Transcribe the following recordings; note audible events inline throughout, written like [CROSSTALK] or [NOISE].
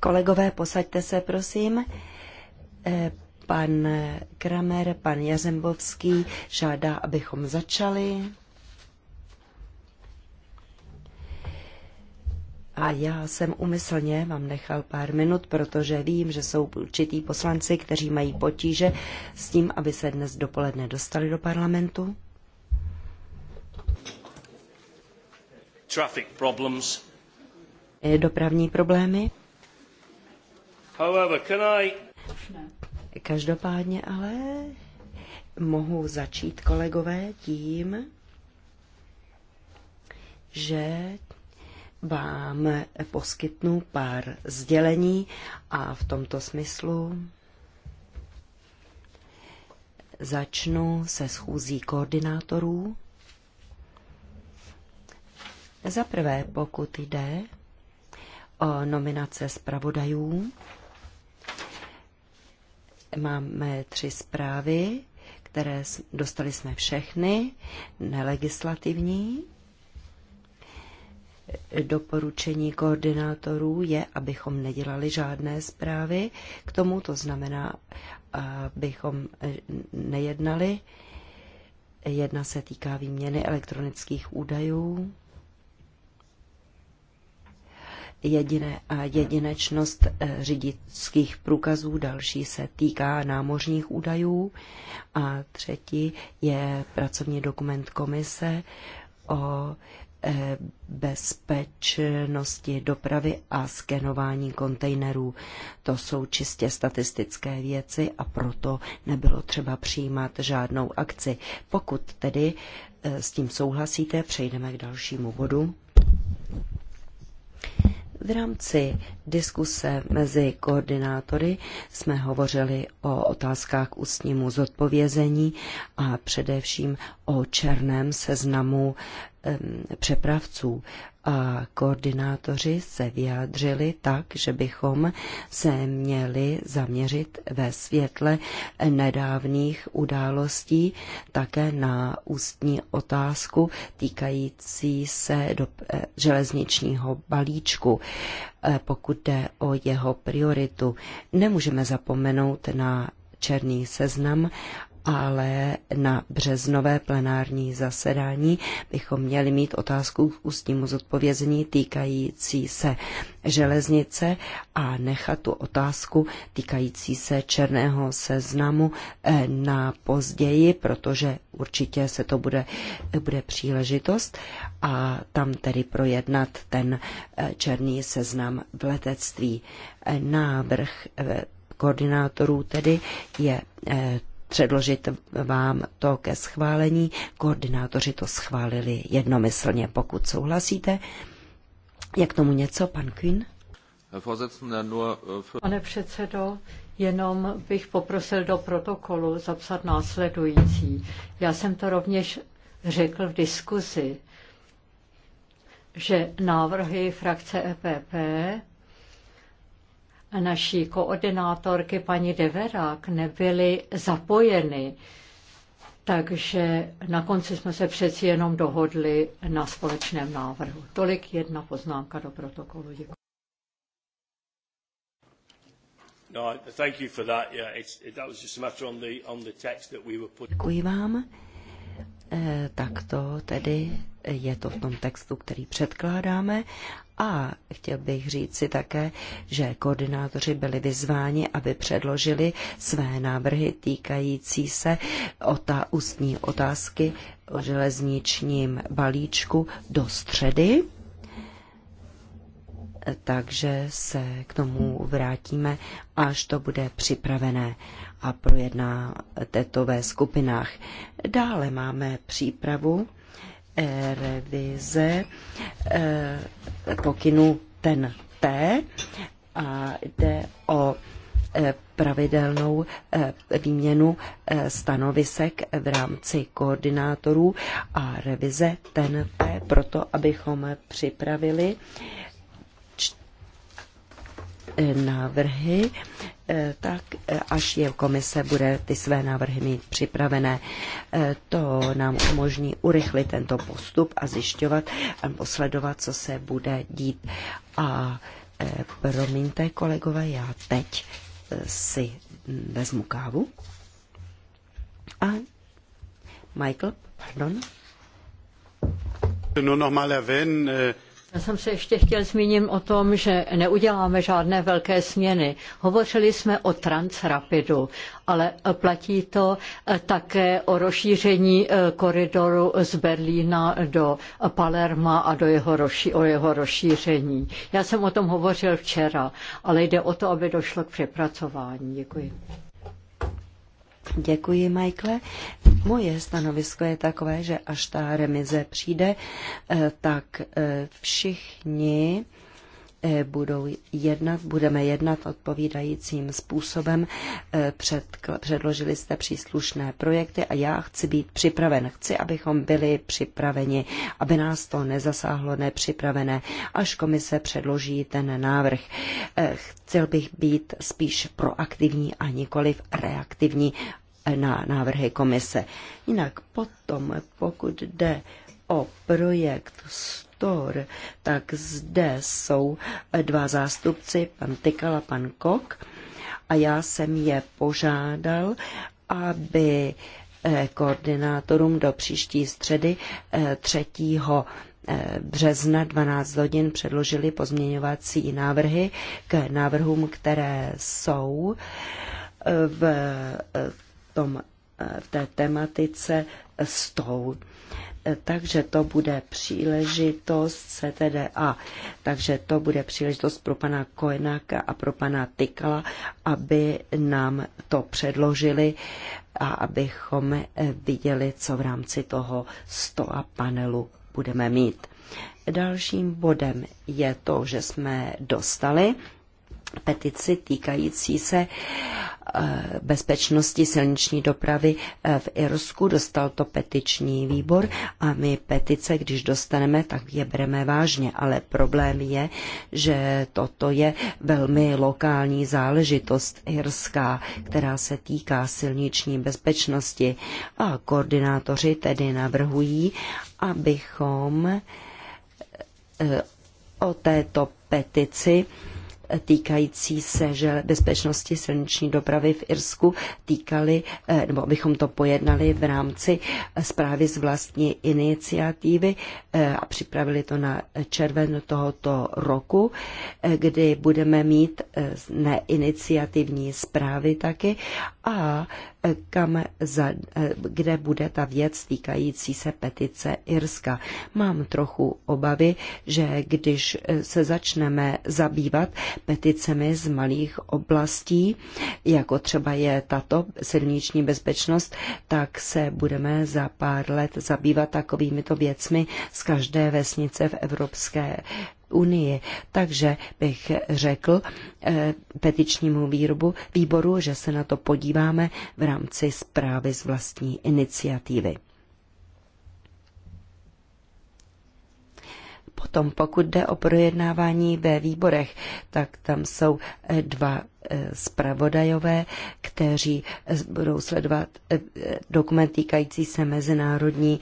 Kolegové, posaďte se, prosím. Eh, pan Kramer, pan Jazembovský žádá, abychom začali. A já jsem umyslně vám nechal pár minut, protože vím, že jsou určití poslanci, kteří mají potíže s tím, aby se dnes dopoledne dostali do parlamentu. Traffic problems Eh, dopravní problémy. Každopádně ale mohu začít, kolegové, tím, že vám poskytnu pár sdělení a v tomto smyslu začnu se schůzí koordinátorů. Za prvé, pokud jde nominace zpravodajů. Máme tři zprávy, které dostali jsme všechny, nelegislativní. Doporučení koordinátorů je, abychom nedělali žádné zprávy. K tomu to znamená, abychom eh, nejednali. Jedna se týká výměny elektronických údajů jediné a jedinečnost eh, řidičských průkazů, další se týká námořních údajů a třetí je pracovní dokument komise o eh, bezpečnosti dopravy a skenování kontejnerů. To jsou čistě statistické věci a proto nebylo třeba přijímat žádnou akci. Pokud tedy eh, s tím souhlasíte, přejdeme k dalšímu bodu. V rámci diskuse mezi koordinátory jsme hovořili o otázkách k ústnímu zodpovězení a především o černém seznamu přepravců a koordinátoři se vyjádřili tak, že bychom se měli zaměřit ve světle nedávných událostí také na ústní otázku týkající se do eh, železničního balíčku, eh, pokud jde o jeho prioritu. Nemůžeme zapomenout na černý seznam ale na březnové plenární zasedání bychom měli mít otázku k ústnímu zodpovězení týkající se železnice a nechat tu otázku týkající se černého seznamu eh, na později, protože určitě se to bude, bude příležitost a tam tedy projednat ten eh, černý seznam v letectví. Eh, návrh koordinátorů tedy je předložit vám to ke schválení. Koordinátoři to schválili jednomyslně, pokud souhlasíte. jak tomu něco, pan Kühn? Äh, Pane předsedo, jenom bych poprosil do protokolu zapsat následující. Já jsem to rovněž řekl v diskuzi, že návrhy frakce EPP naší koordinátorky paní Deverák nebyly zapojeny. Takže na konci jsme se přeci jenom dohodli na společném návrhu. Tolik jedna poznámka do protokolu. Děkuji. No, Děkuji vám. Eh, tak to tedy je to v tom textu, který předkládáme a chtěl bych říct si také, že koordinátoři byli vyzváni, aby předložili své návrhy týkající se ta ústní otázky o železničním balíčku do středy. Takže se k tomu vrátíme, až to bude připravené a projedná této ve skupinách. Dále máme přípravu revize eh, pokynu ten T a jde o eh, pravidelnou eh, výměnu stanovisek v rámci koordinátorů a revize TNP proto, abychom připravili návrhy Eh, tak eh, až je komise bude ty své návrhy mít připravené. Eh, to nám umožní urychlit tento postup a zjišťovat a sledovat, co se bude dít. A promiňte, kolegové, já teď si vezmu kávu. A Michael, pardon. Nur noch mal erwähnen, euh, já jsem se ještě chtěl zmínit o tom, že neuděláme žádné velké změny. Hovořili jsme o Transrapidu, ale platí to eh, také o rozšíření eh, koridoru z Berlína do Palerma a do jeho o jeho rozšíření. Já jsem o tom hovořil včera, ale jde o to, aby došlo k přepracování. Děkuji. Děkuji, Michael. Moje stanovisko je takové, že až ta remize přijde, eh, tak eh, všichni eh, budou jednat, budeme jednat odpovídajícím způsobem. Předložili jste příslušné projekty a já chci být připraven. Chci, abychom byli připraveni, aby nás to nezasáhlo nepřipravené, až komise předloží ten návrh. Chtěl bych být spíš proaktivní a nikoliv reaktivní na návrhy komise. Jinak potom, pokud jde o projekt STOR, tak zde jsou dva zástupci, pan Tykal a pan Kok. A já jsem je požádal, aby eh, koordinátorům do příští středy 3. Eh, eh, března 12 hodin předložili pozměňovací návrhy k návrhům, které jsou v tom, eh, v té tematice stou. Eh, takže to bude příležitost CTDA. Takže to bude příležitost pro pana Kojenáka a pro pana Tykala, aby nám to předložili a abychom eh, viděli, co v rámci toho stoa panelu budeme mít. Dalším bodem je to, že jsme dostali petici týkající se eh, bezpečnosti silniční dopravy eh, v Irsku. Dostal to petiční výbor a my petice, když dostaneme, tak je bereme vážně, ale problém je, že toto je velmi lokální záležitost irská, která se týká silniční bezpečnosti a koordinátoři tedy navrhují, abychom eh, o této petici týkající se že bezpečnosti silniční dopravy v Irsku týkaly, eh, nebo abychom to pojednali v rámci eh, zprávy z vlastní iniciativy eh, a připravili to na červen tohoto roku, kdy budeme mít neiniciativní zprávy taky a, e, kam za, e, kde bude ta věc týkající se petice Irska. Mám trochu obavy, že když e, se začneme zabývat peticemi z malých oblastí, jako třeba je tato silniční bezpečnost, tak se budeme za pár let zabývat takovými to věcmi z každé vesnice v Evropské unii. Takže bych řekl eh, petičnímu výrobu, výboru, že se na to podíváme v rámci zprávy z vlastní iniciativy. Potom, pokud jde o projednávání ve výborech, tak tam jsou eh, dva Eh, zpravodajové, kteří eh, budou sledovat eh, dokument týkající se Mezinárodní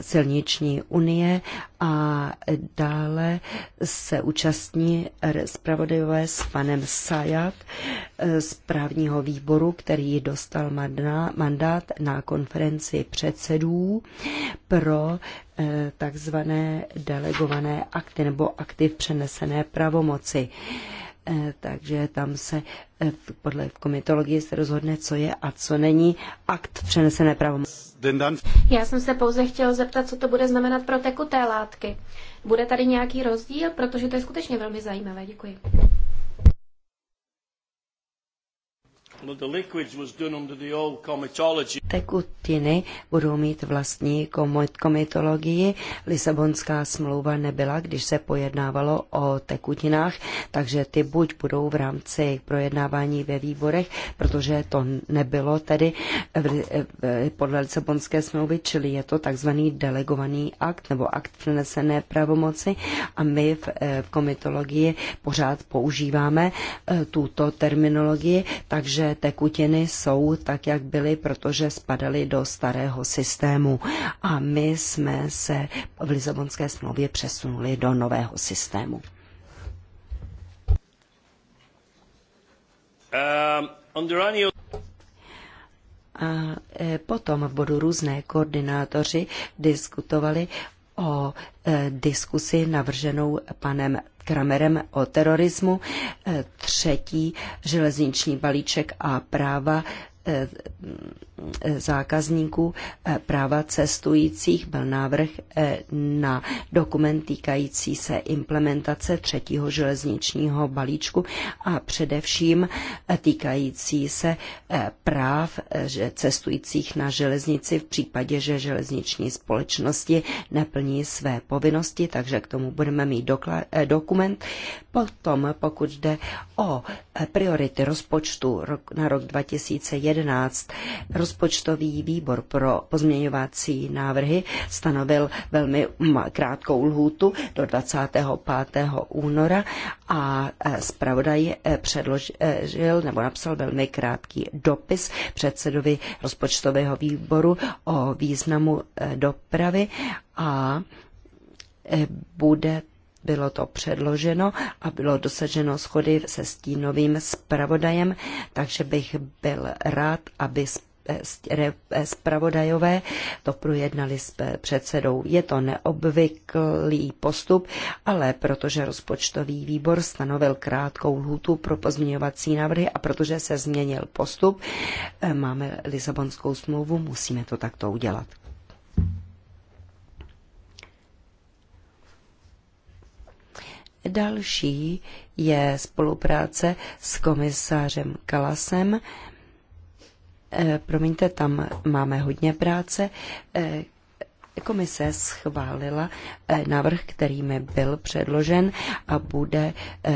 silniční unie a dále se účastní zpravodajové s panem Sajat z právního výboru, který dostal mandát na konferenci předsedů pro takzvané delegované akty nebo akty v přenesené pravomoci. Eh, takže tam se eh, podle komitologie se rozhodne, co je a co není akt přenesené pravomoci. Já jsem se pouze chtěl zeptat, co to bude znamenat pro tekuté látky. Bude tady nějaký rozdíl, protože to je skutečně velmi zajímavé. Děkuji. Tekutiny budou mít vlastní komitologii. Lisabonská smlouva nebyla, když se pojednávalo o tekutinách, takže ty buď budou v rámci projednávání ve výborech, protože to nebylo tedy podle Lisabonské smlouvy, čili je to takzvaný delegovaný akt nebo akt přenesené pravomoci a my v, eh, v komitologii pořád používáme eh, tuto terminologii, takže tekutiny jsou tak, jak byly, protože spadaly do starého systému. A my jsme se v Lizabonské smlouvě přesunuli do nového systému. Um, a e, potom v bodu různé koordinátoři diskutovali o e, diskusi navrženou panem Kramerem o terorismu, eh, třetí železniční balíček a práva eh, Eh, zákazníků eh, práva cestujících byl návrh eh, na dokument týkající se implementace třetího železničního balíčku a především týkající se práv cestujících na železnici v případě, že železniční společnosti neplní své povinnosti, takže k tomu budeme mít dokument. Potom, pokud jde o priority rozpočtu na rok 2011, rozpočtový výbor pro pozměňovací návrhy stanovil velmi krátkou lhůtu do 25. února a e, zpravodaj e, předložil nebo napsal velmi krátký dopis předsedovi rozpočtového výboru o významu e, dopravy a bude bylo to předloženo a bylo dosaženo schody se stínovým zpravodajem, takže bych byl rád, aby zpravodajové to projednali s předsedou. Je to neobvyklý postup, ale protože rozpočtový výbor stanovil krátkou lhůtu pro pozměňovací návrhy a protože se změnil postup, eh, máme Lisabonskou smlouvu, musíme to takto udělat. Další je spolupráce s komisářem Kalasem. Eh, promiňte, tam máme hodně práce. Eh, komise schválila eh, návrh, který mi byl předložen a bude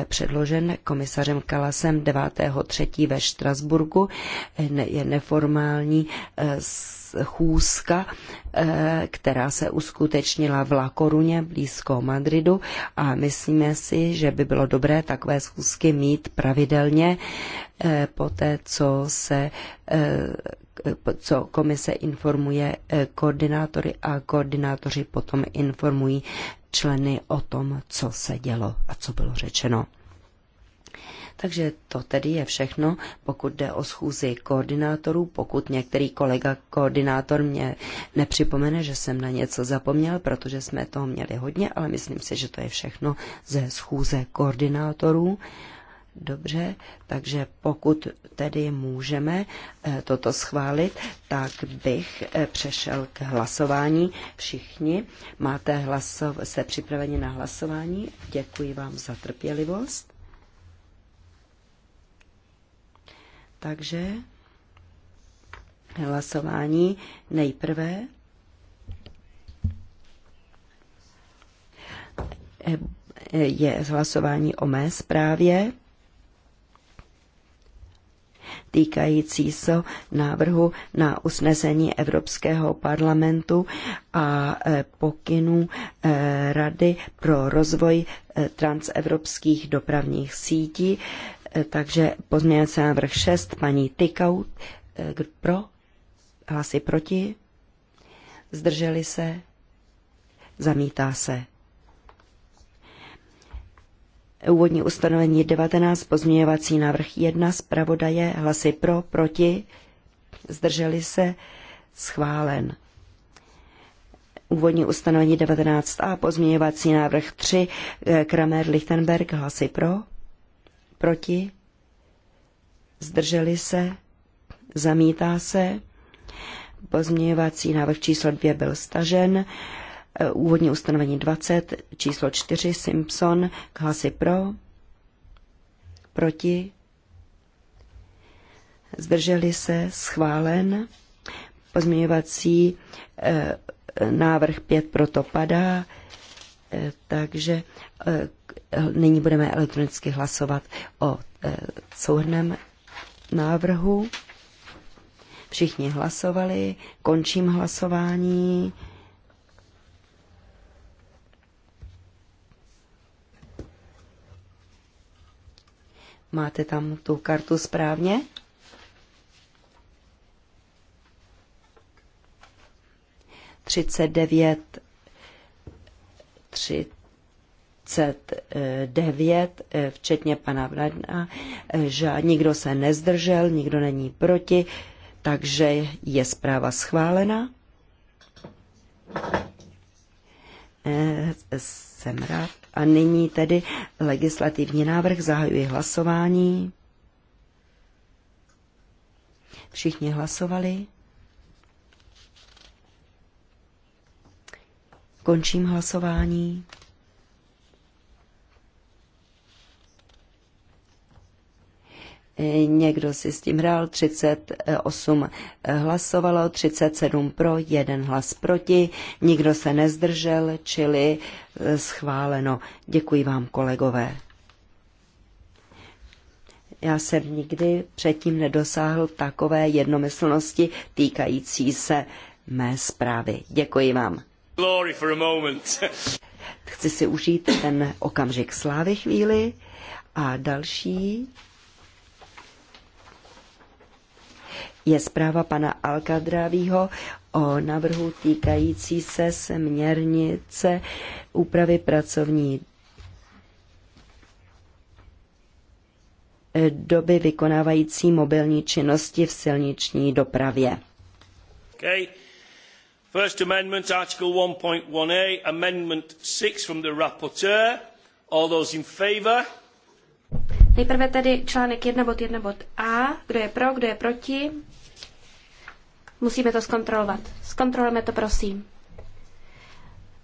předložen komisařem Kalasem 9.3. ve Štrasburgu. Je neformální schůzka, eh, která se uskutečnila v La Coruně blízko Madridu a myslíme si, že by bylo dobré takové schůzky mít pravidelně eh, po té, co se eh, co komise informuje koordinátory a koordinátoři potom informují členy o tom, co se dělo a co bylo řečeno. Takže to tedy je všechno, pokud jde o schůzi koordinátorů. Pokud některý kolega koordinátor mě nepřipomene, že jsem na něco zapomněl, protože jsme toho měli hodně, ale myslím si, že to je všechno ze schůze koordinátorů. Dobře, takže pokud tedy můžeme eh, toto schválit, tak bych eh, přešel k hlasování. Všichni máte hlasov, se připraveni na hlasování. Děkuji vám za trpělivost. Takže hlasování nejprve je hlasování o mé zprávě týkající se návrhu na usnesení Evropského parlamentu a eh, pokynu eh, Rady pro rozvoj eh, transevropských dopravních sítí Eh, takže pozměňovací návrh 6, paní Tykau, eh, pro, hlasy proti, zdrželi se, zamítá se. Úvodní ustanovení 19, pozměňovací návrh 1, zpravodaje, hlasy pro, proti, zdrželi se, schválen. Úvodní ustanovení 19a, pozměňovací návrh 3, eh, Kramer Lichtenberg, hlasy pro, proti, zdrželi se, zamítá se. Pozměňovací návrh číslo 2 byl stažen. Eh, úvodní ustanovení 20, číslo 4, Simpson, k hlasy pro, proti, zdrželi se, schválen. Pozměňovací eh, návrh 5 proto padá, eh, takže Nyní budeme elektronicky hlasovat o e, souhrném návrhu. Všichni hlasovali, končím hlasování. Máte tam tu kartu správně? Třicet devět, tři, 29, eh, včetně pana Vladna, eh, že nikdo se nezdržel, nikdo není proti, takže je zpráva schválena. Eh, jsem rád. A nyní tedy legislativní návrh, zahajuji hlasování. Všichni hlasovali. Končím hlasování. Někdo si s tím hrál, 38 hlasovalo, 37 pro, jeden hlas proti, nikdo se nezdržel, čili eh, schváleno. Děkuji vám, kolegové. Já jsem nikdy předtím nedosáhl takové jednomyslnosti týkající se mé zprávy. Děkuji vám. Chci si užít ten okamžik slávy chvíli a další je zpráva pana Alkadrávího o návrhu týkající se směrnice úpravy pracovní doby vykonávající mobilní činnosti v silniční dopravě. Okay. First Amendment, Article 1.1a, Amendment 6 from the Rapporteur. All those in favour? Nejprve tedy článek 1 bod 1 bod A. Kdo je pro, kdo je proti? Musíme to zkontrolovat. Zkontrolujeme to, prosím.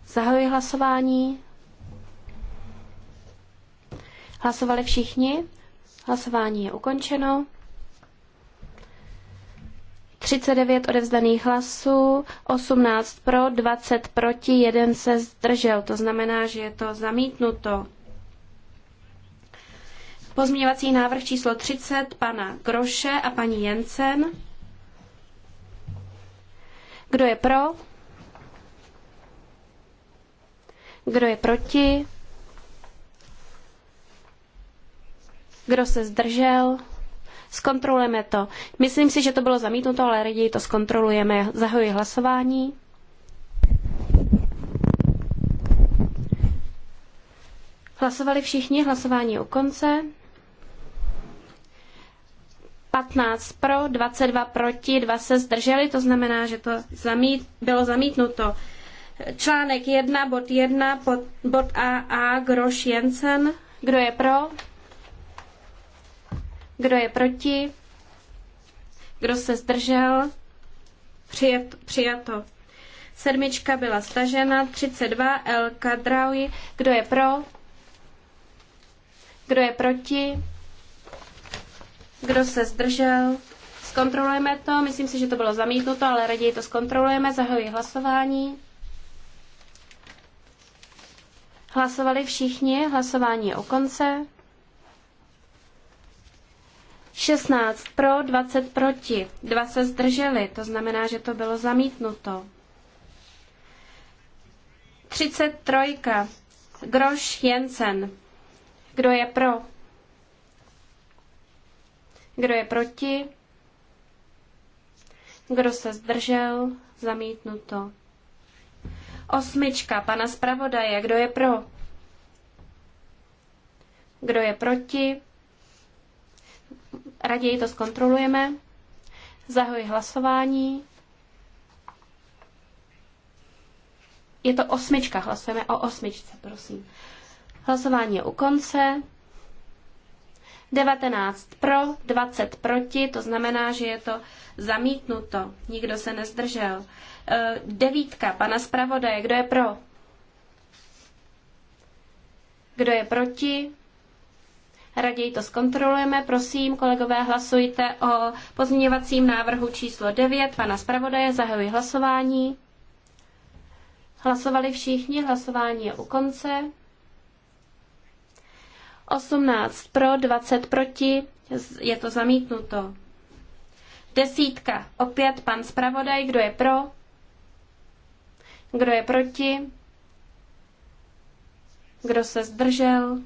Zahajuji hlasování. Hlasovali všichni. Hlasování je ukončeno. 39 odevzdaných hlasů, 18 pro, 20 proti, 1 se zdržel. To znamená, že je to zamítnuto. Pozměňovací návrh číslo 30 pana Groše a paní Jensen. Kdo je pro? Kdo je proti? Kdo se zdržel? Zkontrolujeme to. Myslím si, že to bylo zamítnuto, ale raději to zkontrolujeme. Zahajuji hlasování. Hlasovali všichni, hlasování u konce. 15 pro, 22 proti, 2 se zdrželi, to znamená, že to zamít, bylo zamítnuto. Článek 1, bod 1, pod, bod AA, Groš Jensen. Kdo je pro? Kdo je proti? Kdo se zdržel? Přijet, přijato. Sedmička byla stažena, 32, El Kadraui. Kdo je pro? Kdo je proti? Kdo se zdržel? Zkontrolujeme to. Myslím si, že to bylo zamítnuto, ale raději to zkontrolujeme. Zahajuji hlasování. Hlasovali všichni. Hlasování je o konce. 16 pro, 20 proti. Dva se zdrželi. To znamená, že to bylo zamítnuto. 33. Groš Jensen. Kdo je pro? Kdo je proti? Kdo se zdržel? Zamítnuto. Osmička pana zpravodaje. Kdo je pro? Kdo je proti? Raději to zkontrolujeme. Zahoj hlasování. Je to osmička. Hlasujeme o osmičce, prosím. Hlasování je u konce. 19 pro, 20 proti, to znamená, že je to zamítnuto. Nikdo se nezdržel. E, devítka pana zpravodaje, kdo je pro? Kdo je proti? Raději to zkontrolujeme. Prosím, kolegové, hlasujte o pozměňovacím návrhu číslo 9 pana zpravodaje. Zahajuji hlasování. Hlasovali všichni, hlasování je u konce. 18 pro, 20 proti, je to zamítnuto. Desítka, opět pan zpravodaj, kdo je pro, kdo je proti, kdo se zdržel.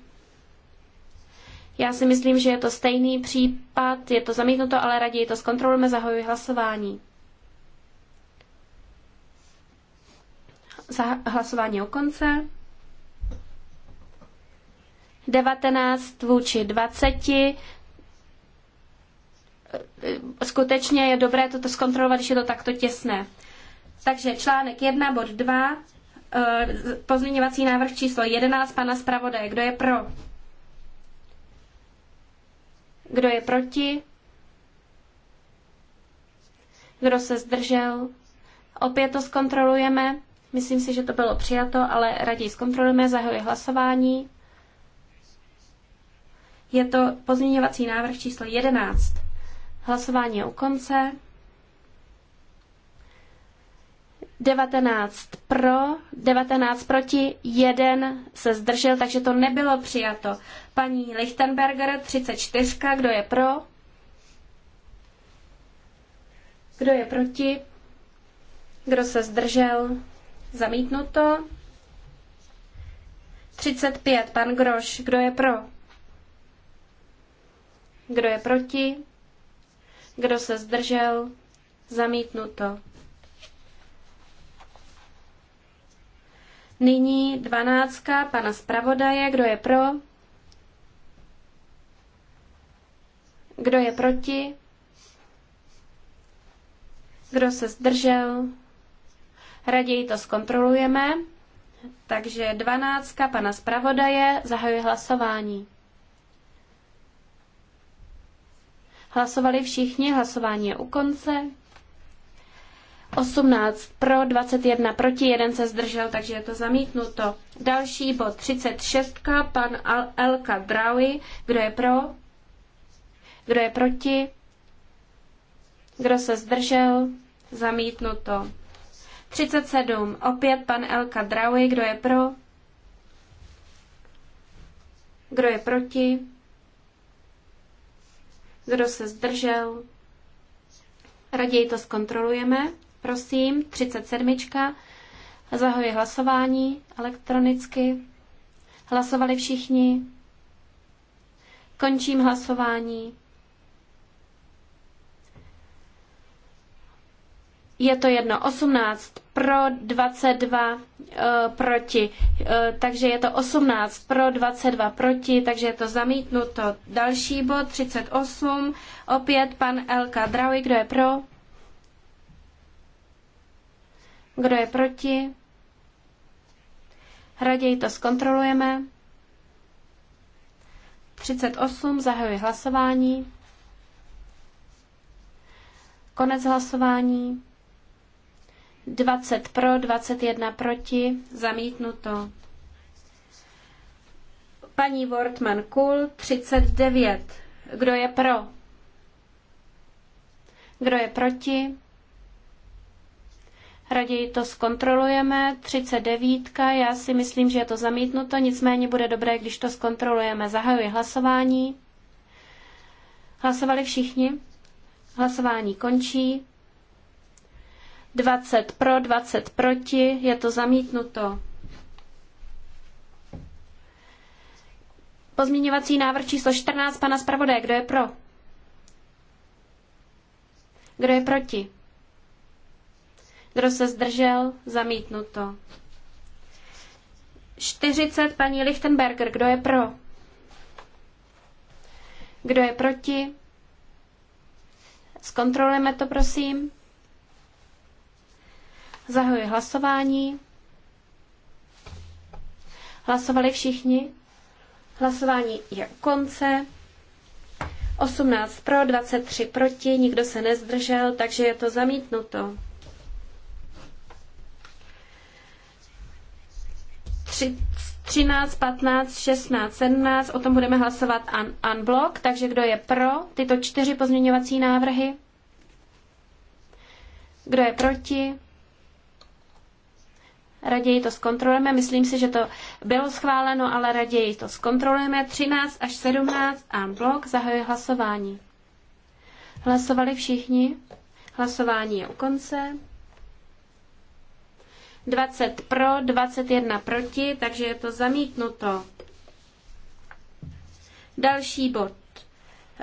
Já si myslím, že je to stejný případ, je to zamítnuto, ale raději to zkontrolujeme, zahajuji hlasování. Za hlasování o konce. 19 vůči 20. Skutečně je dobré toto zkontrolovat, když je to takto těsné. Takže článek 1, bod 2, eh, pozměňovací návrh číslo 11 pana zpravodaje. Kdo je pro? Kdo je proti? Kdo se zdržel? Opět to zkontrolujeme. Myslím si, že to bylo přijato, ale raději zkontrolujeme. Zahajuji hlasování. Je to pozměňovací návrh číslo 11. Hlasování je u konce. 19 pro, 19 proti, 1 se zdržel, takže to nebylo přijato. Paní Lichtenberger 34, kdo je pro? Kdo je proti? Kdo se zdržel? Zamítnuto. 35, pan Groš, kdo je pro? Kdo je proti? Kdo se zdržel? Zamítnuto. Nyní dvanáctka pana zpravodaje. Kdo je pro? Kdo je proti? Kdo se zdržel? Raději to zkontrolujeme. Takže dvanáctka pana zpravodaje. Zahajuji hlasování. Hlasovali všichni, hlasování je u konce. 18 pro, 21 proti, jeden se zdržel, takže je to zamítnuto. Další bod 36, pan Al- Elka Drawi. Kdo je pro? Kdo je proti? Kdo se zdržel? Zamítnuto. 37, opět pan Elka Drawi. Kdo je pro? Kdo je proti? kdo se zdržel. Raději to zkontrolujeme. Prosím, 37. Zahoji hlasování elektronicky. Hlasovali všichni. Končím hlasování. Je to jedno 18 pro 22 uh, eh, proti, uh, takže je to 18 pro 22 proti, takže je to zamítnuto. Další bod 38, opět pan Elka Drauj, kdo je pro? Kdo je proti? Raději to zkontrolujeme. 38, zahajuji hlasování. Konec hlasování. 20 pro, 21 proti, zamítnuto. Paní Wortman Kul, 39. Kdo je pro? Kdo je proti? Raději to zkontrolujeme. 39. Já si myslím, že je to zamítnuto, nicméně bude dobré, když to zkontrolujeme. Zahajuji hlasování. Hlasovali všichni? Hlasování končí. 20 pro, 20 proti, je to zamítnuto. Pozměňovací návrh číslo 14 pana zpravodaje, kdo je pro? Kdo je proti? Kdo se zdržel? Zamítnuto. 40 paní Lichtenberger, kdo je pro? Kdo je proti? Zkontrolujeme to, prosím. Zahajuji hlasování. Hlasovali všichni. Hlasování je u konce. 18 pro, 23 proti, nikdo se nezdržel, takže je to zamítnuto. 13, 15, 16, 17, o tom budeme hlasovat un, unblock, takže kdo je pro tyto čtyři pozměňovací návrhy? Kdo je proti? raději to zkontrolujeme. Myslím si, že to bylo schváleno, ale raději to zkontrolujeme. 13 až 17 a blok zahajuje hlasování. Hlasovali všichni. Hlasování je u konce. 20 pro, 21 proti, takže je to zamítnuto. Další bod.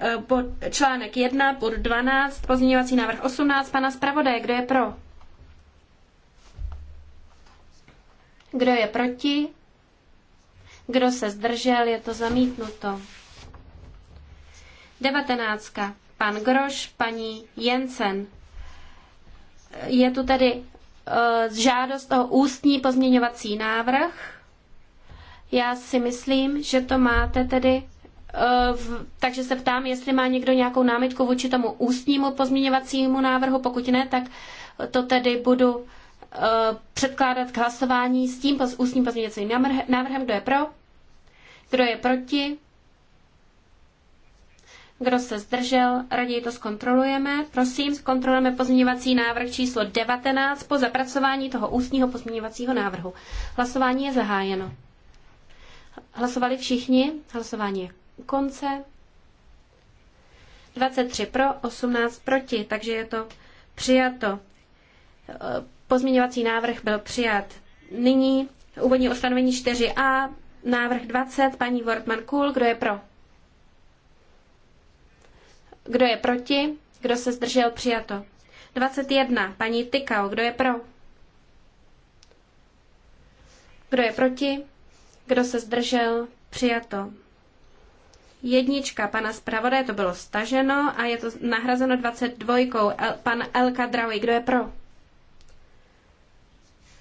Eh, bod článek 1, bod 12, pozměňovací návrh 18 pana zpravodaje. Kdo je pro? Kdo je proti? Kdo se zdržel? Je to zamítnuto. Devatenáctka. Pan Groš, paní Jensen. Je tu tedy uh, žádost o ústní pozměňovací návrh. Já si myslím, že to máte tedy eh, v, takže se ptám, jestli má někdo nějakou námitku vůči tomu ústnímu pozměňovacímu návrhu. Pokud ne, tak to tedy budu Eh, předkládat k hlasování s tím ústním pozměňovacím návrhem, kdo je pro, kdo je proti, kdo se zdržel, raději to zkontrolujeme. Prosím, zkontrolujeme pozměňovací návrh číslo 19 po zapracování toho ústního pozměňovacího návrhu. Hlasování je zahájeno. Hlasovali všichni, hlasování je u konce. 23 pro, 18 proti, takže je to přijato. Eh, Pozměňovací návrh byl přijat. Nyní úvodní ustanovení 4a, návrh 20, paní Wortman Kul, kdo je pro? Kdo je proti? Kdo se zdržel? Přijato. 21. Paní Tykau, kdo je pro? Kdo je proti? Kdo se zdržel? Přijato. Jednička pana zpravodaje, to bylo staženo a je to nahrazeno 22. El, pan Elka Drawi, kdo je pro?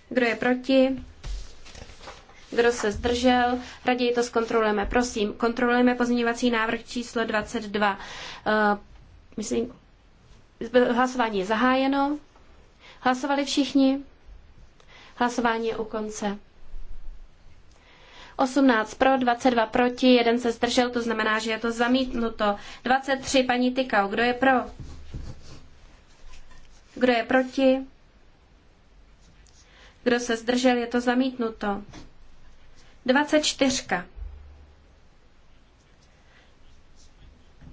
Kdo je proti? Kdo se zdržel? Raději to zkontrolujeme. Prosím, kontrolujeme pozměňovací návrh číslo 22. Uh, eh, myslím, hlasování je zahájeno. Hlasovali všichni? Hlasování je u konce. 18 pro, 22 proti, jeden se zdržel, to znamená, že je to zamítnuto. 23 paní Tykau, kdo je pro? Kdo je proti? Kdo se zdržel, je to zamítnuto. 24.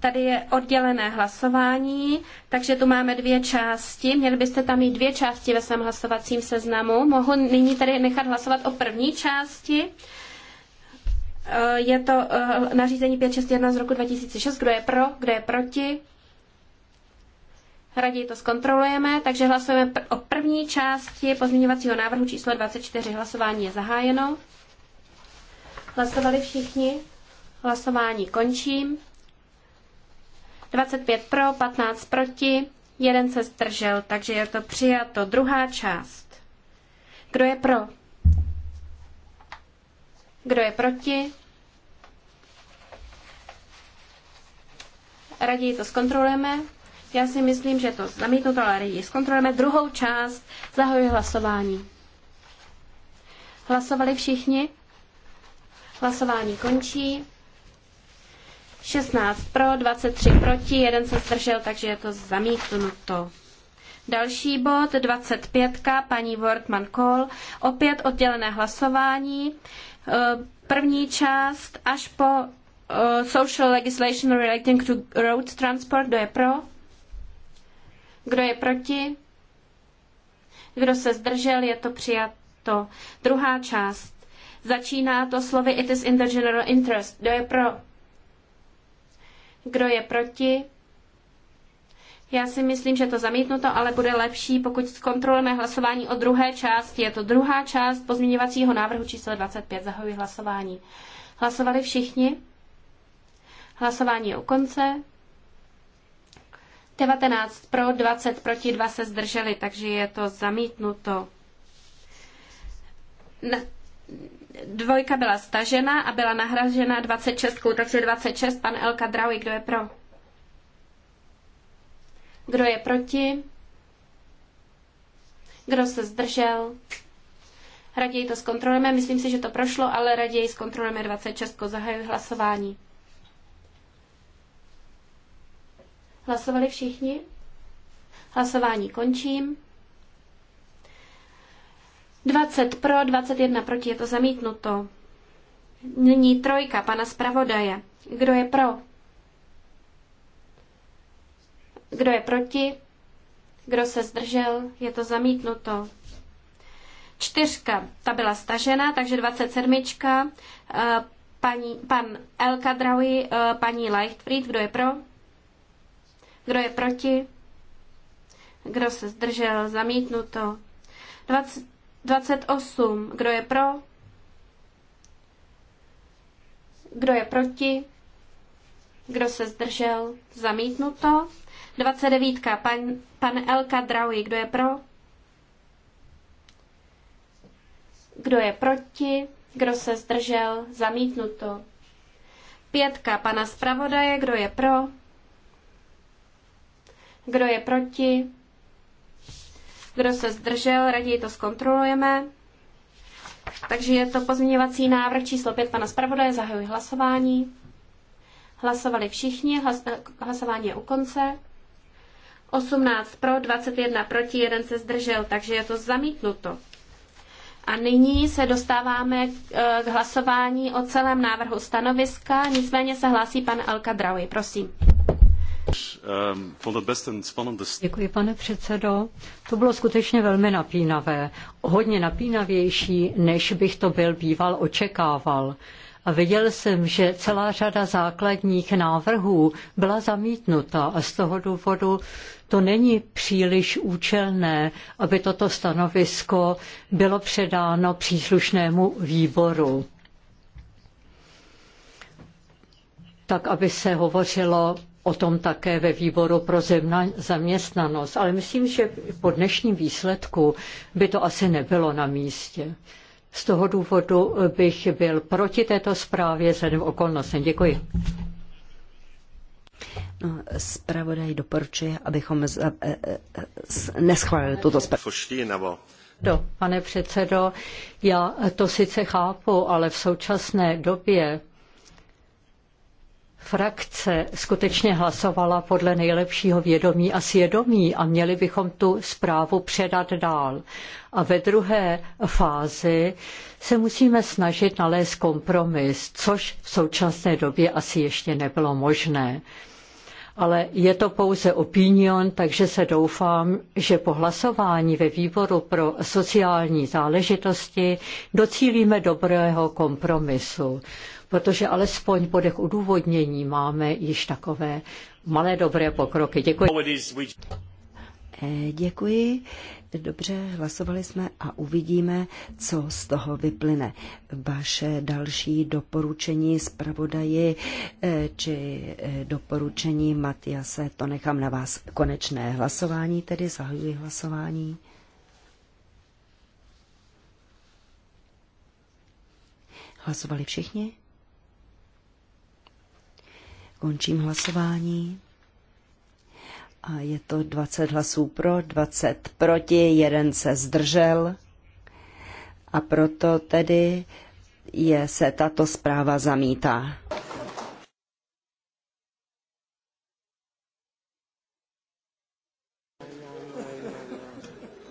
Tady je oddělené hlasování, takže tu máme dvě části. Měli byste tam mít dvě části ve svém hlasovacím seznamu. Mohu nyní tady nechat hlasovat o první části. Eh, je to eh, nařízení 561 z roku 2006. Kdo je pro, kdo je proti? raději to zkontrolujeme, takže hlasujeme o první části pozměňovacího návrhu číslo 24. Hlasování je zahájeno. Hlasovali všichni. Hlasování končím. 25 pro, 15 proti, jeden se zdržel, takže je to přijato. Druhá část. Kdo je pro? Kdo je proti? Raději to zkontrolujeme. Já si myslím, že to zamítnuto, ale lidi. zkontrolujeme. Druhou část zahajuji hlasování. Hlasovali všichni? Hlasování končí. 16 pro, 23 proti, jeden se zdržel, takže je to zamítnuto. Další bod, 25, paní Wortman Kohl, opět oddělené hlasování. E, první část až po e, social legislation relating to road transport, kdo je pro? Kdo je proti? Kdo se zdržel? Je to přijato. Druhá část. Začíná to slovy It is in the general interest. Kdo je pro? Kdo je proti? Já si myslím, že to zamítnuto, ale bude lepší, pokud zkontrolujeme hlasování o druhé části. Je to druhá část pozměňovacího návrhu číslo 25. Zahajuji hlasování. Hlasovali všichni? Hlasování je u konce. 19 pro, 20 proti, 2 se zdrželi, takže je to zamítnuto. Na, Dvojka byla stažena a byla nahražena 26, takže 26, pan Elka Drauj, kdo je pro? Kdo je proti? Kdo se zdržel? Raději to zkontrolujeme, myslím si, že to prošlo, ale raději zkontrolujeme 26, zahajuji hlasování. Hlasovali všichni? Hlasování končím. 20 pro, 21 proti, je to zamítnuto. Nyní trojka pana zpravodaje. Kdo je pro? Kdo je proti? Kdo se zdržel? Je to zamítnuto. Čtyřka, ta byla stažena, takže 27. Eh, paní, pan Elka Drauji, eh, paní Leichtfried, kdo je pro? Kdo je proti? Kdo se zdržel? Zamítnuto. 28. Kdo je pro? Kdo je proti? Kdo se zdržel? Zamítnuto. 29. Pan, pan Elka Drauji. Kdo je pro? Kdo je proti? Kdo se zdržel? Zamítnuto. Pětka pana zpravodaje. Kdo je pro? kdo je proti, kdo se zdržel, raději to zkontrolujeme. Takže je to pozměňovací návrh číslo 5 pana zpravodaje, zahajuji hlasování. Hlasovali všichni, hlas, eh, hlasování je u konce. 18 pro, 21 proti, jeden se zdržel, takže je to zamítnuto. A nyní se dostáváme eh, k hlasování o celém návrhu stanoviska, nicméně se hlásí pan Alka Draui, prosím. Um, Děkuji, pane předsedo. To bylo skutečně velmi napínavé. Hodně napínavější, než bych to byl býval očekával. A viděl jsem, že celá řada základních návrhů byla zamítnuta a z toho důvodu to není příliš účelné, aby toto stanovisko bylo předáno příslušnému výboru tak aby se hovořilo o tom také ve výboru pro zemna, zaměstnanost, ale myslím, že po dnešním výsledku by to asi nebylo na místě. Z toho důvodu bych byl proti této zprávě vzhledem okolnostem. Děkuji. No, spravodaj doporučuje, abychom z, e, e, neschválili tuto zprávu. Do, no, Pane předsedo, já to sice chápu, ale v současné době frakce skutečně hlasovala podle nejlepšího vědomí a svědomí a měli bychom tu zprávu předat dál. A ve druhé fázi se musíme snažit nalézt kompromis, což v současné době asi ještě nebylo možné ale je to pouze opinion, takže se doufám, že po hlasování ve výboru pro sociální záležitosti docílíme dobrého kompromisu protože alespoň po těch udůvodnění máme již takové malé dobré pokroky. Děkuji. Eh, děkuji. Dobře, hlasovali jsme a uvidíme, co z toho vyplyne. Vaše další doporučení zpravodaji eh, či eh, doporučení Matiase, to nechám na vás. Konečné hlasování, tedy zahajuji hlasování. Hlasovali všichni? Končím hlasování. A je to 20 hlasů pro, 20 proti, jeden se zdržel. A proto tedy je, se tato zpráva zamítá.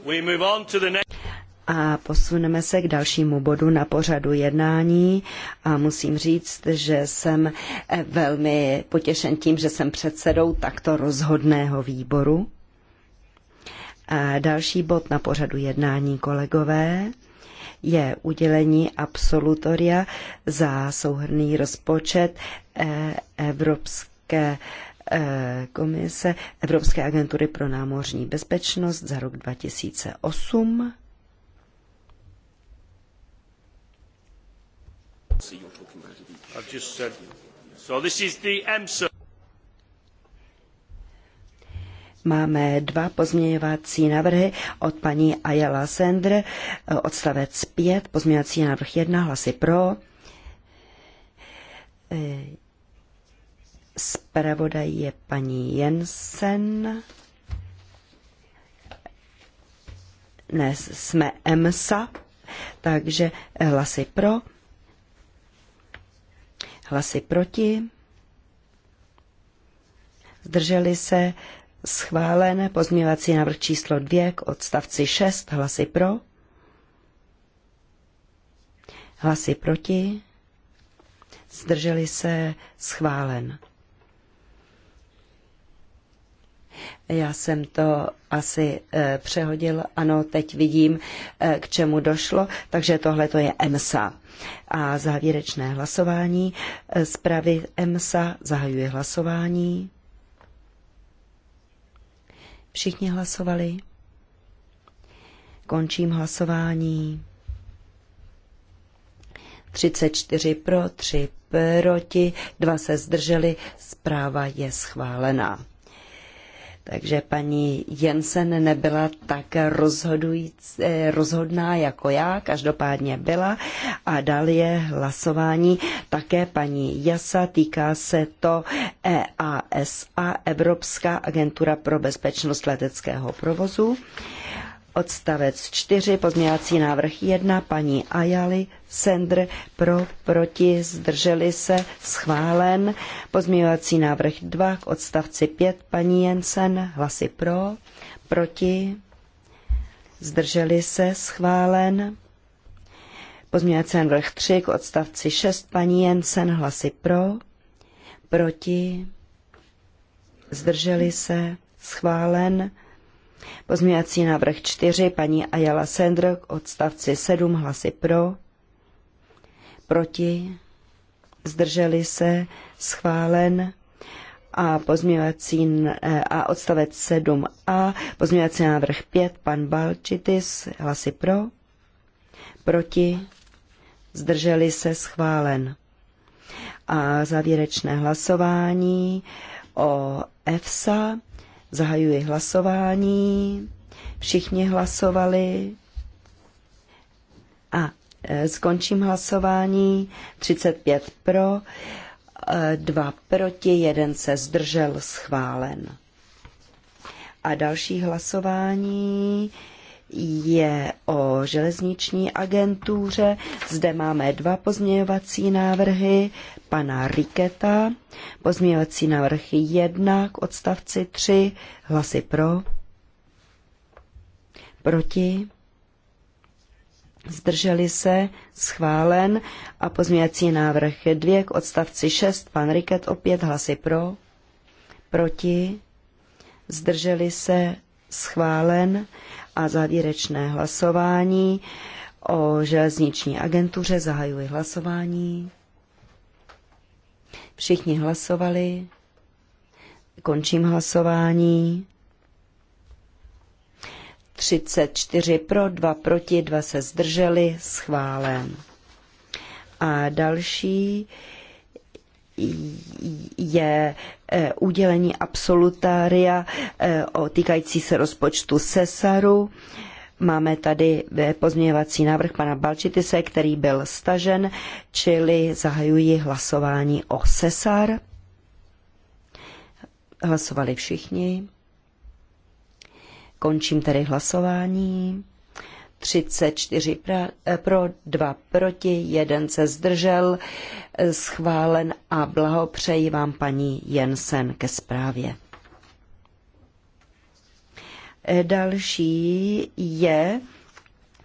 We move on to the next. A posuneme se k dalšímu bodu na pořadu jednání a musím říct, že jsem eh, velmi potěšen tím, že jsem předsedou takto rozhodného výboru. A další bod na pořadu jednání, kolegové, je udělení absolutoria za souhrný rozpočet eh, Evropské eh, komise Evropské agentury pro námořní bezpečnost za rok 2008. Máme dva pozměňovací návrhy od paní Ayala Sender, odstavec 5, pozměňovací návrh 1, hlasy pro. Zpravodaj je paní Jensen. Dnes jsme EMSA, takže hlasy pro hlasy proti, zdrželi se, schválen pozměvací návrh číslo 2 k odstavci 6, hlasy pro, hlasy proti, zdrželi se, schválen. Já jsem to asi e, přehodil. Ano, teď vidím, e, k čemu došlo. Takže tohle to je EMSA. A závěrečné hlasování. E, zprávy EMSA zahajuje hlasování. Všichni hlasovali. Končím hlasování. 34 pro, 3 proti, 2 se zdrželi. Zpráva je schválená. Takže paní Jensen nebyla tak eh, rozhodná jako já, každopádně byla. A dal je hlasování také paní Jasa, týká se to EASA, Evropská agentura pro bezpečnost leteckého provozu. Odstavec 4, pozměňovací návrh 1, paní Ajali, Sendr, pro, proti, zdrželi se, schválen. Pozměňovací návrh 2, k odstavci 5, paní Jensen, hlasy pro, proti, zdrželi se, schválen. Pozměňovací návrh 3, k odstavci 6, paní Jensen, hlasy pro, proti, zdrželi se, schválen. Pozměňovací návrh 4, paní Ayala Sendr, odstavci 7, hlasy pro, proti, zdrželi se, schválen a pozměňovací e, a odstavec 7a, pozměňovací návrh 5, pan Balčitis, hlasy pro, proti, zdrželi se, schválen. A závěrečné hlasování o EFSA Zahajuji hlasování. Všichni hlasovali. A e, skončím hlasování. 35 pro, 2 e, proti, 1 se zdržel schválen. A další hlasování je o železniční agentuře. Zde máme dva pozměňovací návrhy pana Riketa. Pozměňovací návrh 1 k odstavci 3. Hlasy pro. Proti. Zdrželi se, schválen a pozměňovací návrh 2 k odstavci 6, pan Riket opět hlasy pro, proti, zdrželi se, schválen a závěrečné hlasování o železniční agentuře. Zahajuji hlasování. Všichni hlasovali. Končím hlasování. 34 pro, 2 proti, 2 se zdrželi, schválen. A další je e, udělení absolutária e, o týkající se rozpočtu Cesaru. Máme tady e, pozměňovací návrh pana Balčitise, který byl stažen, čili zahajuji hlasování o Cesar. Hlasovali všichni. Končím tedy hlasování. 34 eh, pro, 2 proti, 1 se zdržel, eh, schválen a blahopřeji vám paní Jensen ke zprávě. Eh, další je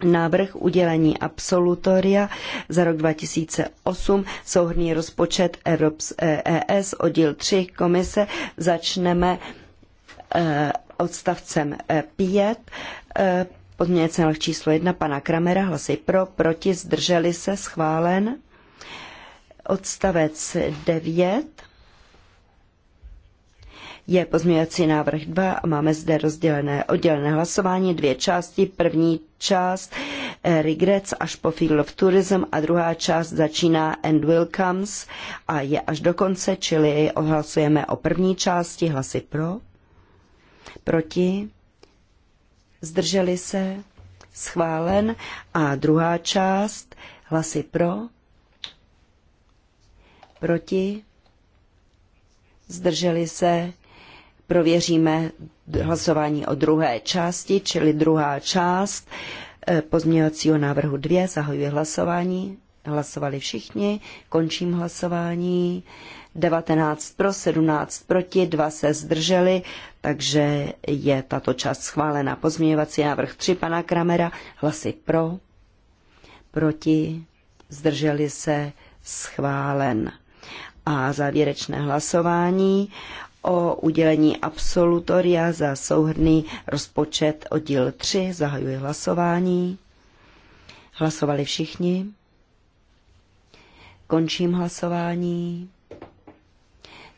návrh udělení absolutoria za rok 2008, souhrný rozpočet Evrops, ES, e oddíl 3 komise. Začneme odstavcem 5 Pozměňovací návrh číslo 1 pana Kramera, hlasy pro, proti, zdrželi se, schválen. Odstavec 9 je pozměňovací návrh 2 a máme zde rozdělené oddělené hlasování, dvě části. První část eh, Regrets až po Field of Tourism a druhá část začíná And Will Comes a je až do konce, čili ohlasujeme o první části, hlasy pro, proti, zdrželi se, schválen. A druhá část, hlasy pro, proti, zdrželi se, prověříme hlasování o druhé části, čili druhá část eh, pozměňovacího návrhu 2, zahajuje hlasování, hlasovali všichni, končím hlasování, 19 pro, 17 proti, 2 se zdrželi, takže je tato část schválena. Pozměňovací návrh 3 pana Kramera, hlasy pro, proti, zdrželi se, schválen. A závěrečné hlasování o udělení absolutoria za souhrný rozpočet oddíl 3. Zahajuji hlasování. Hlasovali všichni. Končím hlasování.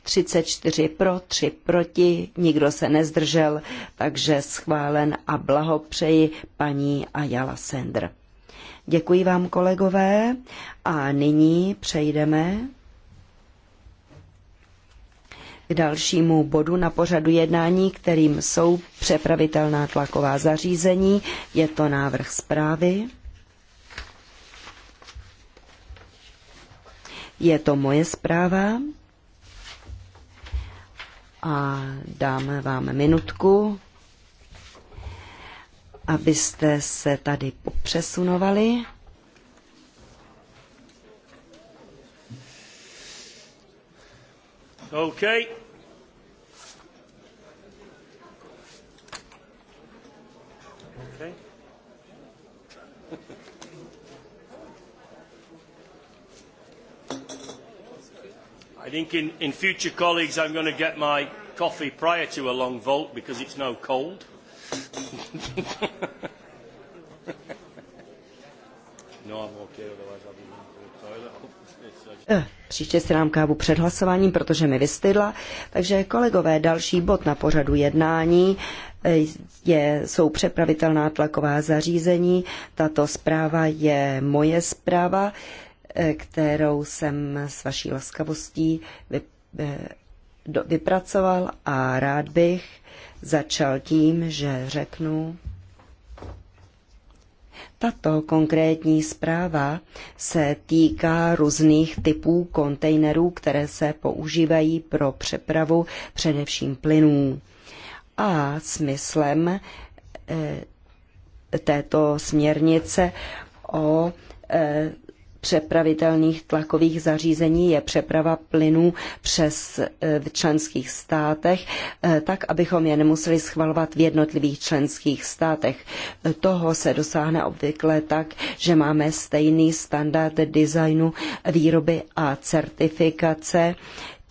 34 pro, 3 proti, nikdo se nezdržel, takže schválen a blahopřeji paní Ajala Sender. Děkuji vám, kolegové, a nyní přejdeme k dalšímu bodu na pořadu jednání, kterým jsou přepravitelná tlaková zařízení. Je to návrh zprávy. Je to moje zpráva a dáme vám minutku, abyste se tady popřesunovali. Okay. I think in, in future, colleagues, I'm going to get my coffee prior to a long vote because it's now cold. [LAUGHS] no, I'm okay, otherwise I'll be going to the toilet. Uh, eh, příště si dám kávu před hlasováním, protože mi vystydla. Takže kolegové, další bod na pořadu jednání eh, je, jsou přepravitelná tlaková zařízení. Tato zpráva je moje zpráva. Eh, kterou jsem s vaší laskavostí eh, vypracoval a rád bych začal tím, že řeknu, tato konkrétní zpráva se týká různých typů kontejnerů, které se používají pro přepravu především plynů. A smyslem eh, této směrnice o přepravitelných tlakových zařízení je přeprava plynů přes e, v členských státech, e, tak abychom je nemuseli schvalovat v jednotlivých členských státech. Toho se dosáhne obvykle tak, že máme stejný standard designu výroby a certifikace,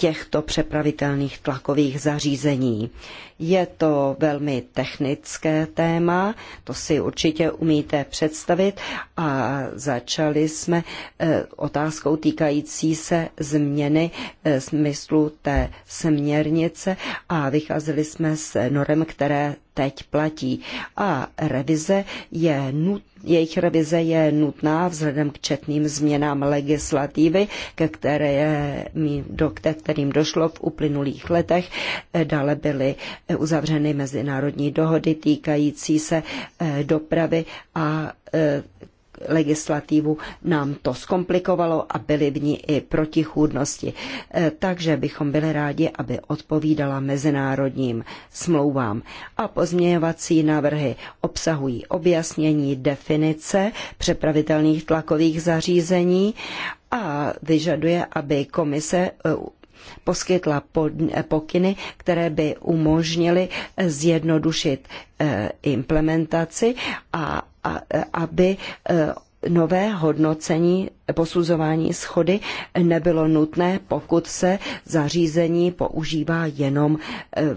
těchto přepravitelných tlakových zařízení. Je to velmi technické téma, to si určitě umíte představit a začali jsme e, otázkou týkající se změny e, smyslu té směrnice a vycházeli jsme z norem, které teď platí. A revize je nut, jejich revize je nutná vzhledem k četným změnám legislativy, ke které, do, ke kterým došlo v uplynulých letech. Dále byly uzavřeny mezinárodní dohody týkající se eh, dopravy a eh, legislativu nám to zkomplikovalo a byly v ní i protichůdnosti. E, takže bychom byli rádi, aby odpovídala mezinárodním smlouvám. A pozměňovací návrhy obsahují objasnění definice přepravitelných tlakových zařízení a vyžaduje, aby komise e, poskytla pokyny, které by umožnily zjednodušit eh, implementaci a aby eh, nové hodnocení posuzování schody nebylo nutné, pokud se zařízení používá jenom eh,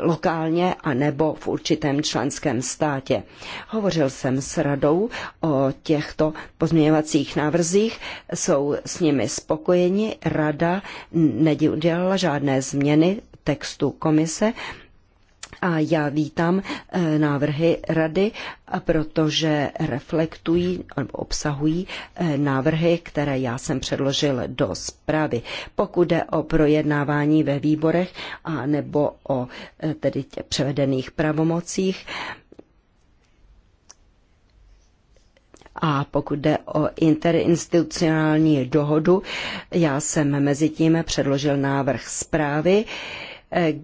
lokálně a nebo v určitém členském státě. Hovořil jsem s radou o těchto pozměňovacích návrzích, jsou s nimi spokojeni, rada neudělala žádné změny textu komise, a já vítám eh, návrhy rady, protože reflektují nebo obsahují eh, návrhy, které já jsem předložil do zprávy. Pokud jde o projednávání ve výborech a nebo o eh, tedy tě převedených pravomocích, A pokud jde o interinstitucionální dohodu, já jsem mezi tím předložil návrh zprávy,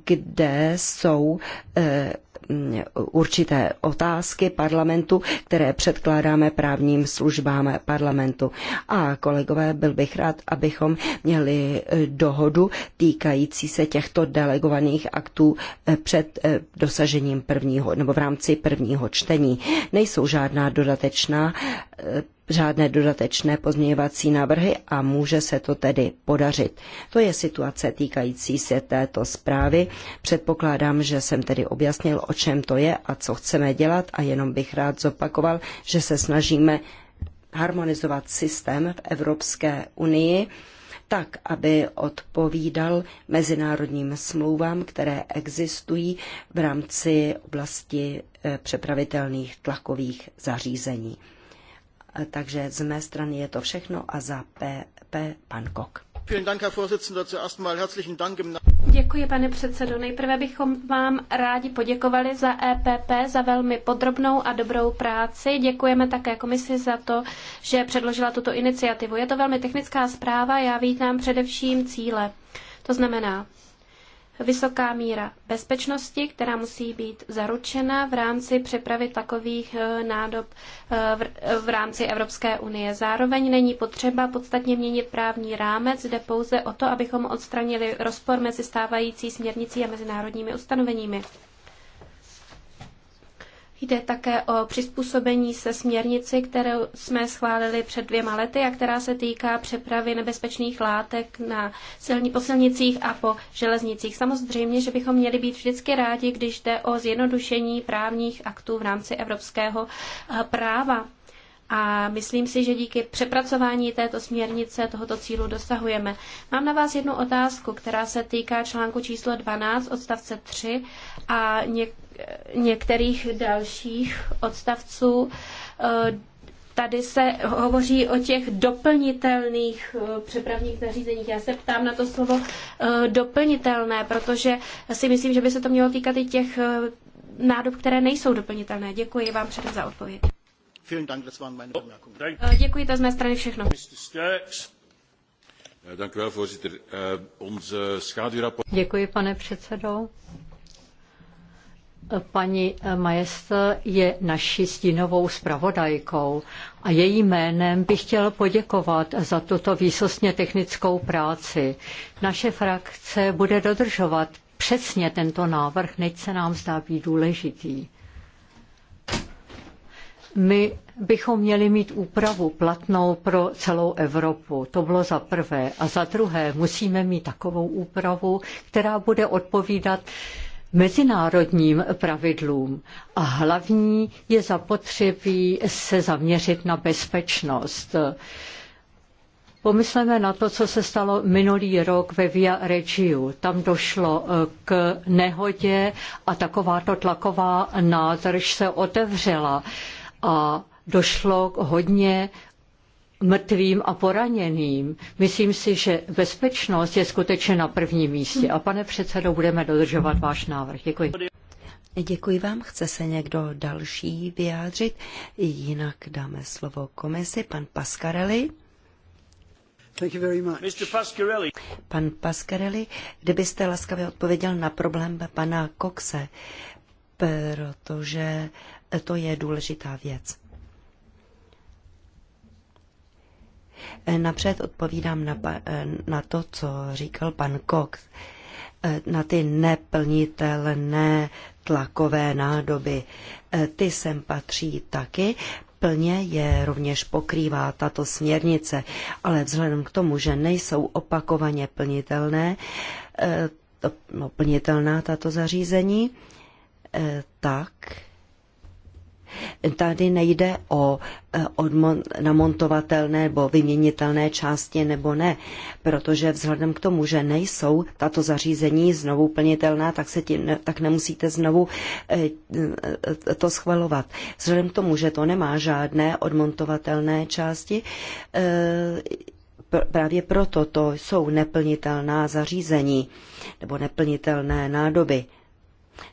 kde jsou eh, mm, určité otázky parlamentu, které předkládáme právním službám parlamentu. A kolegové, byl bych rád, abychom měli eh, dohodu týkající se těchto delegovaných aktů eh, před dosažením prvního nebo v rámci prvního čtení. Nejsou žádná dodatečná žádné dodatečné pozměňovací návrhy a může se to tedy podařit. To je situace týkající se této zprávy. Předpokládám, že jsem tedy objasnil, o čem to je a co chceme dělat a jenom bych rád zopakoval, že se snažíme harmonizovat systém v Evropské unii, tak, aby odpovídal mezinárodním smlouvám, které existují v rámci oblasti eh, přepravitelných tlakových zařízení. Takže z mé strany je to všechno a za PP pan Kok. Děkuji, pane předsedo. Nejprve bychom vám rádi poděkovali za EPP, za velmi podrobnou a dobrou práci. Děkujeme také komisi za to, že předložila tuto iniciativu. Je to velmi technická zpráva, já vítám především cíle. To znamená vysoká míra bezpečnosti, která musí být zaručena v rámci přepravy takových eh, nádob eh, v rámci Evropské unie. Zároveň není potřeba podstatně měnit právní rámec, jde pouze o to, abychom odstranili rozpor mezi stávající směrnicí a mezinárodními ustanoveními. Jde také o přizpůsobení se směrnici, kterou jsme schválili před dvěma lety a která se týká přepravy nebezpečných látek na silni, po silnicích a po železnicích. Samozřejmě, že bychom měli být vždycky rádi, když jde o zjednodušení právních aktů v rámci evropského eh, práva. A myslím si, že díky přepracování této směrnice tohoto cílu dosahujeme. Mám na vás jednu otázku, která se týká článku číslo 12 odstavce 3 a něk- některých dalších odstavců. Eh, tady se hovoří o těch doplnitelných eh, přepravních nařízeních. Já se ptám na to slovo eh, doplnitelné, protože si myslím, že by se to mělo týkat i těch nádob, které nejsou doplnitelné. Děkuji vám předem za odpověď. Děkuji, to z mé strany všechno. Děkuji, pane předsedo. Paní Majestr je naší stínovou zpravodajkou a její jménem bych chtěl poděkovat za tuto výsostně technickou práci. Naše frakce bude dodržovat přesně tento návrh, neď se nám zdá být důležitý. My bychom měli mít úpravu platnou pro celou Evropu. To bylo za prvé. A za druhé musíme mít takovou úpravu, která bude odpovídat mezinárodním pravidlům a hlavní je zapotřebí se zaměřit na bezpečnost. Pomysleme na to, co se stalo minulý rok ve Via Regiu. Tam došlo eh, k nehodě a takováto tlaková nádrž se otevřela a došlo k hodně mrtvým a poraněným. Myslím si, že bezpečnost je skutečně na prvním místě. A pane předsedo, budeme dodržovat váš návrh. Děkuji. Děkuji vám. Chce se někdo další vyjádřit? Jinak dáme slovo komisi. Pan Pascarelli. Thank you very much. Mr. Pascarelli. Pan Pascarelli, kdybyste laskavě odpověděl na problém pana Coxe, protože to je důležitá věc. Eh, napřed odpovídám na, eh, na to, co říkal pan Cox, eh, na ty neplnitelné tlakové nádoby. Ty sem patří taky, plně je rovněž pokrývá tato směrnice, ale vzhledem k tomu, že nejsou opakovaně plnitelné, no, plnitelná tato zařízení, tak Tady nejde o eh, odmon, namontovatelné nebo vyměnitelné části nebo ne, protože vzhledem k tomu, že nejsou tato zařízení znovu plnitelná, tak, se tím, tak nemusíte znovu eh, to schvalovat. Vzhledem k tomu, že to nemá žádné odmontovatelné části, eh, právě proto to jsou neplnitelná zařízení nebo neplnitelné nádoby.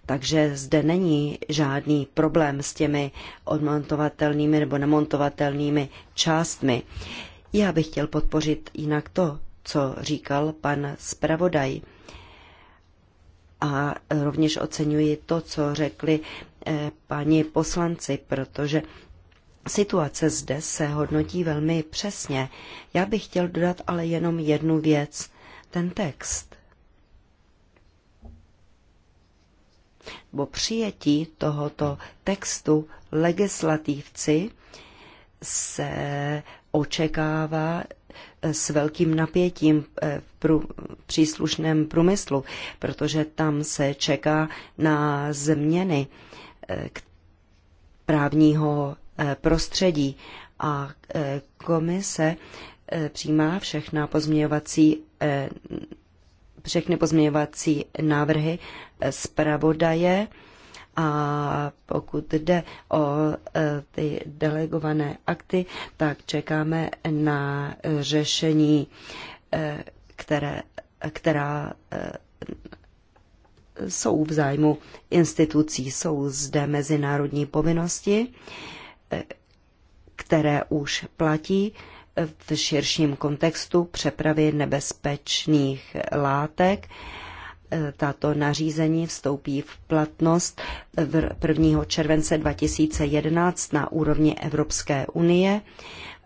Takže zde není žádný problém s těmi odmontovatelnými nebo nemontovatelnými částmi. Já bych chtěl podpořit jinak to, co říkal pan zpravodaj. A rovněž oceňuji to, co řekli eh, paní poslanci, protože situace zde se hodnotí velmi přesně. Já bych chtěl dodat ale jenom jednu věc. Ten text nebo přijetí tohoto textu legislativci se očekává eh, s velkým napětím eh, v příslušném průmyslu, protože tam se čeká na změny eh, právního prostředí a komise přijímá všechna pozměňovací všechny pozměňovací návrhy zpravodaje. A pokud jde o e, ty delegované akty, tak čekáme na řešení, e, které, která e, jsou v zájmu institucí. Jsou zde mezinárodní povinnosti, které už platí v širším kontextu přepravy nebezpečných látek tato nařízení vstoupí v platnost 1. července 2011 na úrovni Evropské unie.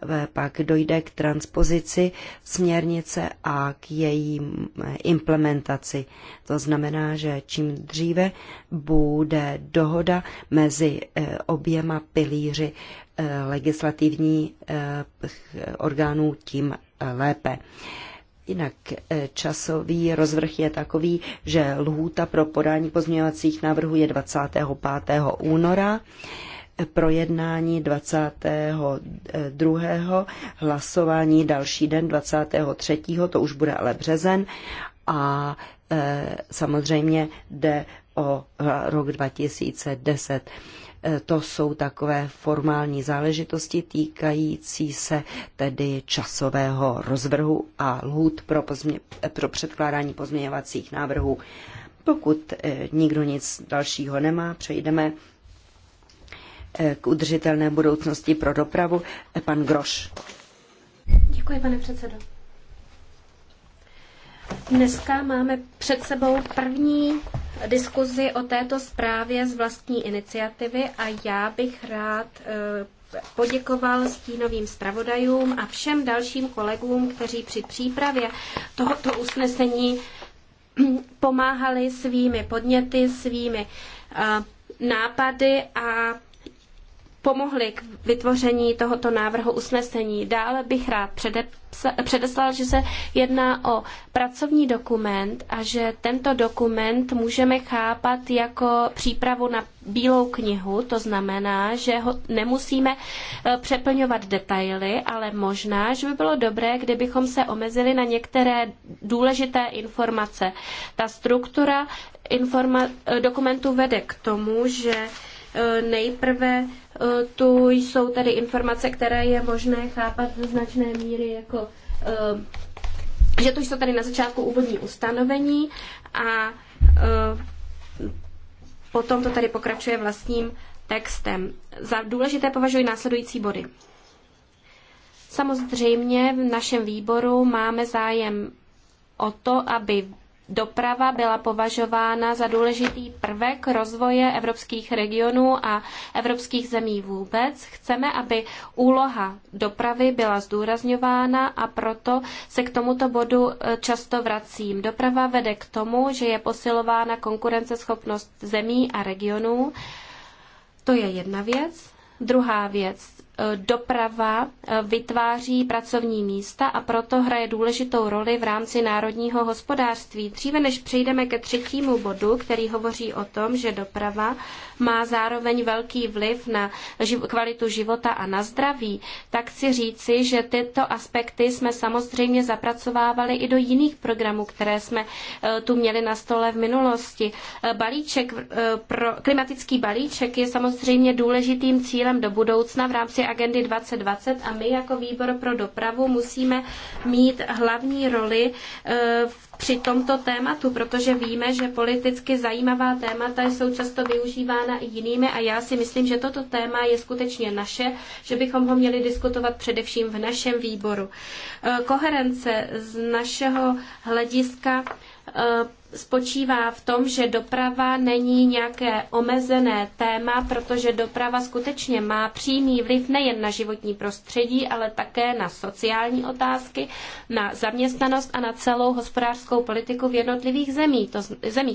Eh, pak dojde k transpozici směrnice a k její eh, implementaci. To znamená, že čím dříve bude dohoda mezi eh, oběma pilíři legislativních orgánů, tím lépe. Jinak eh, časový rozvrh je takový, že lhůta pro podání pozměňovacích návrhů je 25. února, projednání 22. hlasování další den 23. to už bude ale březen a eh, samozřejmě jde o rok 2010. To jsou takové formální záležitosti týkající se tedy časového rozvrhu a lhůt pro, pozmě, pro předkládání pozměňovacích návrhů. Pokud eh, nikdo nic dalšího nemá, přejdeme eh, k udržitelné budoucnosti pro dopravu. Eh, pan Groš. Děkuji, pane předsedo. Dneska máme před sebou první diskuzi o této zprávě z vlastní iniciativy a já bych rád eh, poděkoval stínovým zpravodajům a všem dalším kolegům, kteří při přípravě tohoto usnesení [CLEARS THROAT] pomáhali svými podněty, svými eh, nápady a pomohli k vytvoření tohoto návrhu usnesení. Dále bych rád předeslal, že se jedná o pracovní dokument a že tento dokument můžeme chápat jako přípravu na bílou knihu. To znamená, že ho nemusíme e, přeplňovat detaily, ale možná, že by bylo dobré, kdybychom se omezili na některé důležité informace. Ta struktura informa- e, dokumentu vede k tomu, že e, nejprve Eh, tu jsou tedy informace, které je možné chápat do značné míry jako, eh, že to jsou tady na začátku úvodní ustanovení a eh, potom to tady pokračuje vlastním textem. Za důležité považuji následující body. Samozřejmě v našem výboru máme zájem o to, aby doprava byla považována za důležitý prvek rozvoje evropských regionů a evropských zemí vůbec. Chceme, aby úloha dopravy byla zdůrazňována a proto se k tomuto bodu eh, často vracím. Doprava vede k tomu, že je posilována konkurenceschopnost zemí a regionů. To je jedna věc. Druhá věc doprava eh, vytváří pracovní místa a proto hraje důležitou roli v rámci národního hospodářství. Dříve než přejdeme ke třetímu bodu, který hovoří o tom, že doprava má zároveň velký vliv na kvalitu života a na zdraví, tak chci říci, že tyto aspekty jsme samozřejmě zapracovávali i do jiných programů, které jsme eh, tu měli na stole v minulosti. Eh, balíček pro, klimatický balíček je samozřejmě důležitým cílem do budoucna v rámci agendy 2020 a my jako výbor pro dopravu musíme mít hlavní roli e, při tomto tématu, protože víme, že politicky zajímavá témata jsou často využívána i jinými a já si myslím, že toto téma je skutečně naše, že bychom ho měli diskutovat především v našem výboru. E, koherence z našeho hlediska e, spočívá v tom, že doprava není nějaké omezené téma, protože doprava skutečně má přímý vliv nejen na životní prostředí, ale také na sociální otázky, na zaměstnanost a na celou hospodářskou politiku v jednotlivých zemích.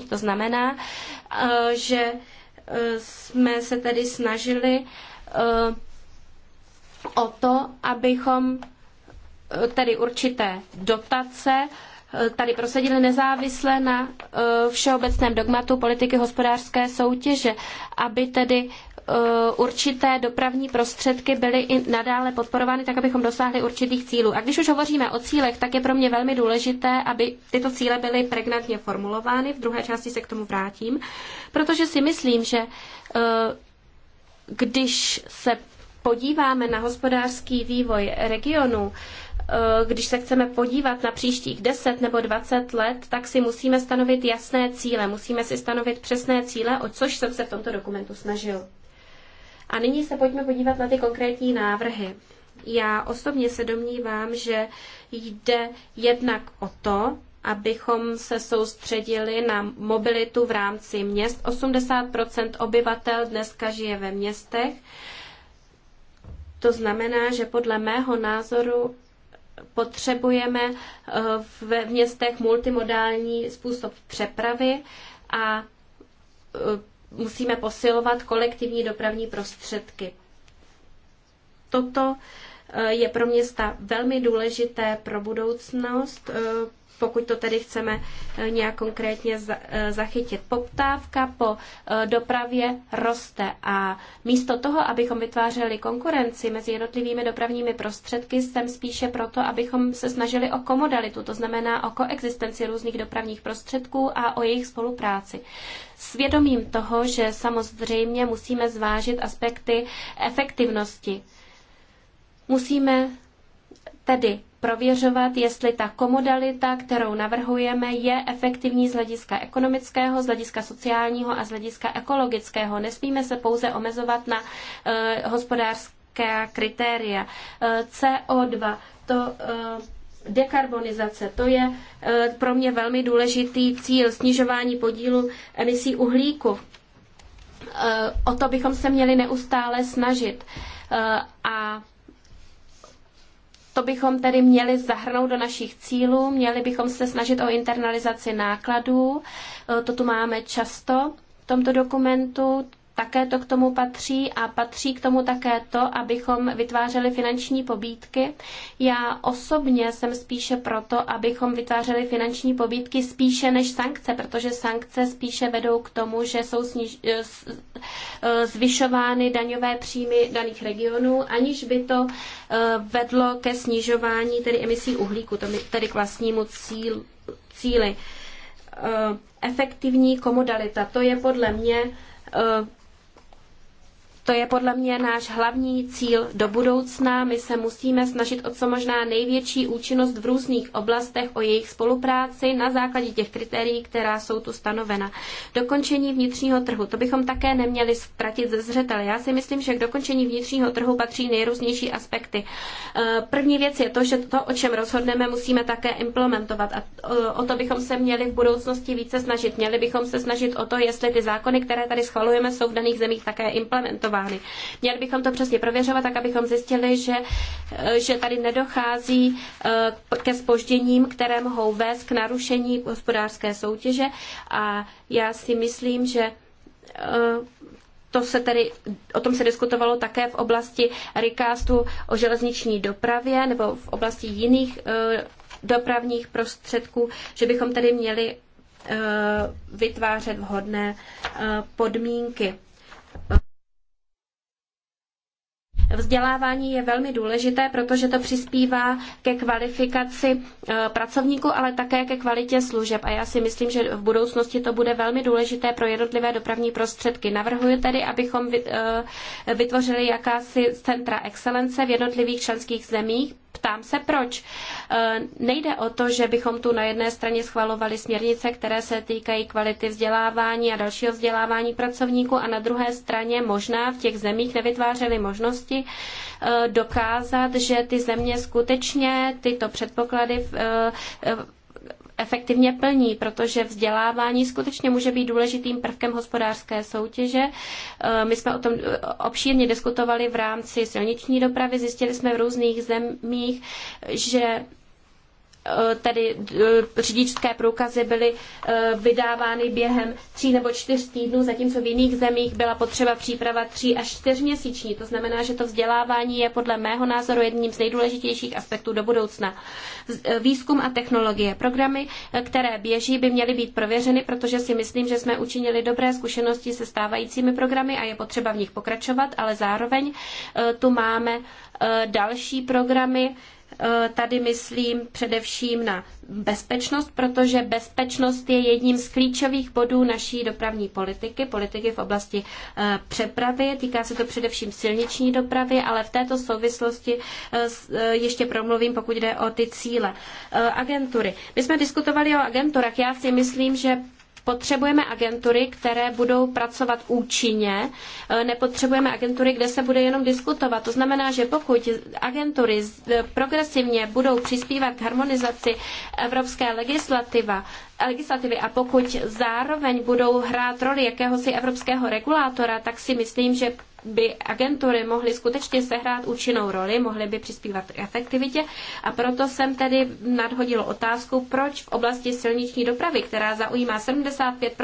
To, znamená, eh, že eh, jsme se tedy snažili eh, o to, abychom tedy určité dotace Eh, tady prosadili nezávisle na eh, všeobecném dogmatu politiky hospodářské soutěže, aby tedy eh, určité dopravní prostředky byly i nadále podporovány, tak abychom dosáhli určitých cílů. A když už hovoříme o cílech, tak je pro mě velmi důležité, aby tyto cíle byly pregnantně formulovány. V druhé části se k tomu vrátím, protože si myslím, že když se podíváme na hospodářský vývoj regionu, Eh, když se chceme podívat na příštích 10 nebo 20 let, tak si musíme stanovit jasné cíle, musíme si stanovit přesné cíle, o což jsem se v tomto dokumentu snažil. A nyní se pojďme podívat na ty konkrétní návrhy. Já osobně se domnívám, že jde jednak o to, abychom se soustředili na mobilitu v rámci měst. 80 obyvatel dneska žije ve městech. To znamená, že podle mého názoru potřebujeme eh, ve městech multimodální způsob přepravy a eh, musíme posilovat kolektivní dopravní prostředky. Toto eh, je pro města velmi důležité pro budoucnost, pokud to tedy chceme eh, nějak konkrétně eh, zachytit. Poptávka po eh, dopravě roste a místo toho, abychom vytvářeli konkurenci mezi jednotlivými dopravními prostředky, jsem spíše proto, abychom se snažili o komodalitu, to znamená o koexistenci různých dopravních prostředků a o jejich spolupráci. Svědomím toho, že samozřejmě musíme zvážit aspekty efektivnosti. Musíme tedy prověřovat, jestli ta komodalita, kterou navrhujeme, je efektivní z hlediska ekonomického, z hlediska sociálního a z hlediska ekologického. Nesmíme se pouze omezovat na e, hospodářská kritéria. E, eh, CO2, to e, dekarbonizace, to je pro mě velmi důležitý cíl snižování podílu emisí uhlíku. O to bychom se měli neustále snažit. A to bychom tedy měli zahrnout do našich cílů, měli bychom se snažit o internalizaci nákladů, e, to tu máme často v tomto dokumentu, také to k tomu patří a patří k tomu také to, abychom vytvářeli finanční pobídky. Já osobně jsem spíše proto, abychom vytvářeli finanční pobídky spíše než sankce, protože sankce spíše vedou k tomu, že jsou sniž, eh, eh, zvyšovány daňové příjmy daných regionů, aniž by to eh, vedlo ke snižování tedy emisí uhlíku, tedy k vlastnímu cíl, cíli. Efektivní komodalita, to je podle mě to je podle mě náš hlavní cíl do budoucna. My se musíme snažit o co možná největší účinnost v různých oblastech o jejich spolupráci na základě těch kritérií, která jsou tu stanovena. Dokončení vnitřního trhu. To bychom také neměli ztratit ze zřetele. Já si myslím, že k dokončení vnitřního trhu patří nejrůznější aspekty. Eh, první věc je to, že to, o čem rozhodneme, musíme také implementovat. A eh, o to bychom se měli v budoucnosti více snažit. Měli bychom se snažit o to, jestli ty zákony, které tady schvalujeme, jsou v daných zemích také implementovány porušovány. Měli bychom to přesně prověřovat, tak abychom zjistili, že, eh, že tady nedochází eh, ke spožděním, které mohou vést k narušení hospodářské soutěže. A já si myslím, že eh, to se tedy, o tom se diskutovalo také v oblasti recastu o železniční dopravě nebo v oblasti jiných dopravních prostředků, že bychom tedy měli vytvářet vhodné podmínky. Vzdělávání je velmi důležité, protože to přispívá ke kvalifikaci eh, pracovníků, ale také ke kvalitě služeb. A já si myslím, že v budoucnosti to bude velmi důležité pro jednotlivé dopravní prostředky. Navrhuji tedy, abychom eh, vytvořili jakási centra excelence v jednotlivých členských zemích ptám se proč. Eh, nejde o to, že bychom tu na jedné straně schvalovali směrnice, které se týkají kvality vzdělávání a dalšího vzdělávání pracovníků a na druhé straně možná v těch zemích nevytvářely možnosti eh, dokázat, že ty země skutečně tyto předpoklady eh, efektivně plní, protože vzdělávání skutečně může být důležitým prvkem hospodářské soutěže. Eh, my jsme o tom eh, obšírně diskutovali v rámci silniční dopravy, zjistili jsme v různých zemích, že Eh, tedy eh, řidičské průkazy byly eh, vydávány během tří nebo čtyř týdnů, zatímco v jiných zemích byla potřeba příprava tří až čtyřměsíční. To znamená, že to vzdělávání je podle mého názoru jedním z nejdůležitějších aspektů do budoucna. Výzkum a technologie. Programy, které běží, by měly být prověřeny, protože si myslím, že jsme učinili dobré zkušenosti se stávajícími programy a je potřeba v nich pokračovat, ale zároveň tu máme další programy, Eh, tady myslím především na bezpečnost, protože bezpečnost je jedním z klíčových bodů naší dopravní politiky, politiky v oblasti eh, přepravy. Týká se to především silniční dopravy, ale v této souvislosti eh, ještě promluvím, pokud jde o ty cíle agentury. My jsme diskutovali o agenturách. Já si myslím, že Potřebujeme agentury, které budou pracovat účinně, e, nepotřebujeme agentury, kde se bude jenom diskutovat. To znamená, že pokud agentury e, progresivně budou přispívat k harmonizaci evropské legislativa, legislativy a pokud zároveň budou hrát roli jakéhosi evropského regulátora, tak si myslím, že by agentury mohly skutečně sehrát účinnou roli, mohly by přispívat k efektivitě a proto jsem tedy nadhodil otázku, proč v oblasti silniční dopravy, která zaujímá 75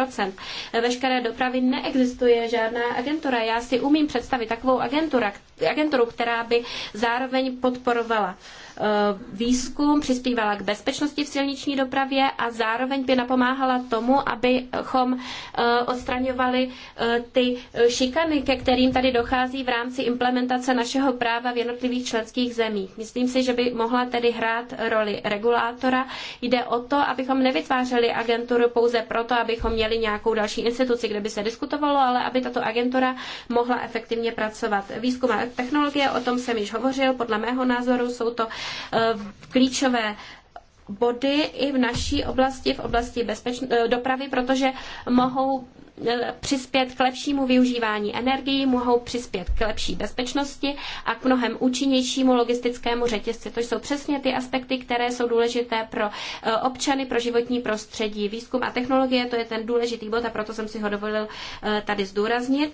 veškeré dopravy, neexistuje žádná agentura. Já si umím představit takovou agenturu, která by zároveň podporovala uh, Eh, výzkum, přispívala k bezpečnosti v silniční dopravě a zároveň by napomáhala tomu, abychom eh, odstraňovali eh, ty šikany, ke kterým tady dochází v rámci implementace našeho práva v jednotlivých členských zemích. Myslím si, že by mohla tedy hrát roli regulátora. Jde o to, abychom nevytvářeli agenturu pouze proto, abychom měli nějakou další instituci, kde by se diskutovalo, ale aby tato agentura mohla efektivně pracovat. Výzkum a technologie, o tom jsem již hovořil, podle mého názoru jsou to Eh, klíčové body i v naší oblasti, v oblasti eh, dopravy, protože mohou eh, přispět k lepšímu využívání energií, mohou přispět k lepší bezpečnosti a k mnohem účinnějšímu logistickému řetězci. To jsou přesně ty aspekty, které jsou důležité pro občany, pro životní prostředí. Výzkum a technologie, to je ten důležitý bod a proto jsem si ho dovolil tady zdůraznit.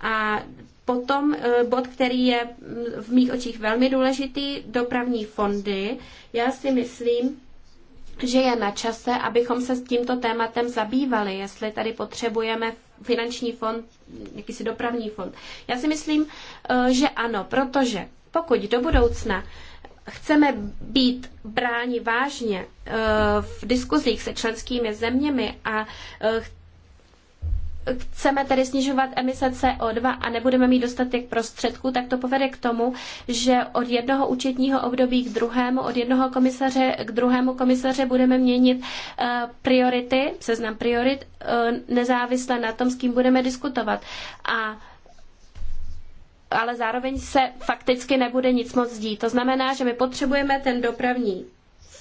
A Potom eh, bod, který je mm, v mých očích velmi důležitý, dopravní fondy. Já si myslím, že je na čase, abychom se s tímto tématem zabývali, jestli tady potřebujeme finanční fond, jakýsi dopravní fond. Já si myslím, eh, že ano, protože pokud do budoucna chceme být bráni vážně eh, v diskuzích se členskými zeměmi a chceme tedy snižovat emise CO2 a nebudeme mít dostatek prostředků, tak to povede k tomu, že od jednoho účetního období k druhému, od jednoho komisaře k druhému komisaře budeme měnit eh, priority, seznam priorit, eh, nezávisle na tom, s kým budeme diskutovat. A ale zároveň se fakticky nebude nic moc dít. To znamená, že my potřebujeme ten dopravní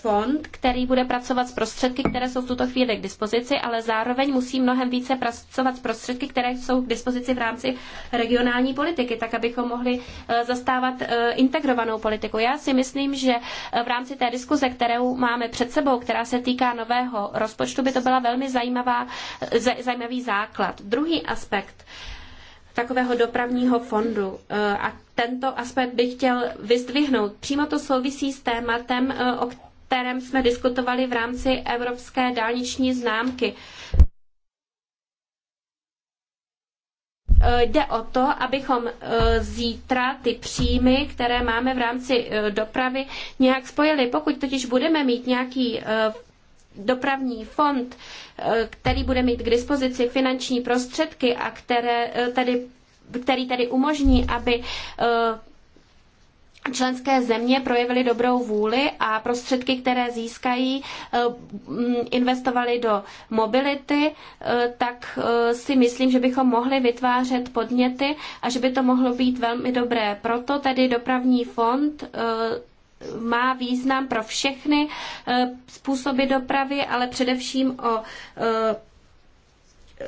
fond, který bude pracovat s prostředky, které jsou v tuto chvíli k dispozici, ale zároveň musí mnohem více pracovat s prostředky, které jsou k dispozici v rámci regionální politiky, tak abychom mohli eh, zastávat eh, integrovanou politiku. Já si myslím, že eh, v rámci té diskuze, kterou máme před sebou, která se týká nového rozpočtu, by to byla velmi zajímavá, zajímavý základ. Druhý aspekt takového dopravního fondu. A tento aspekt bych chtěl vyzdvihnout. Přímo to souvisí s tématem, o kterém jsme diskutovali v rámci Evropské dálniční známky. Eh, jde o to, abychom eh, zítra ty příjmy, které máme v rámci eh, dopravy, nějak spojili. Pokud totiž budeme mít nějaký dopravní fond, který bude mít k dispozici finanční prostředky a které tady, který tady umožní, aby členské země projevily dobrou vůli a prostředky, které získají, eh, investovali do mobility, eh, tak eh, si myslím, že bychom mohli vytvářet podněty a že by to mohlo být velmi dobré. Proto tedy dopravní fond má význam pro všechny způsoby dopravy, ale především o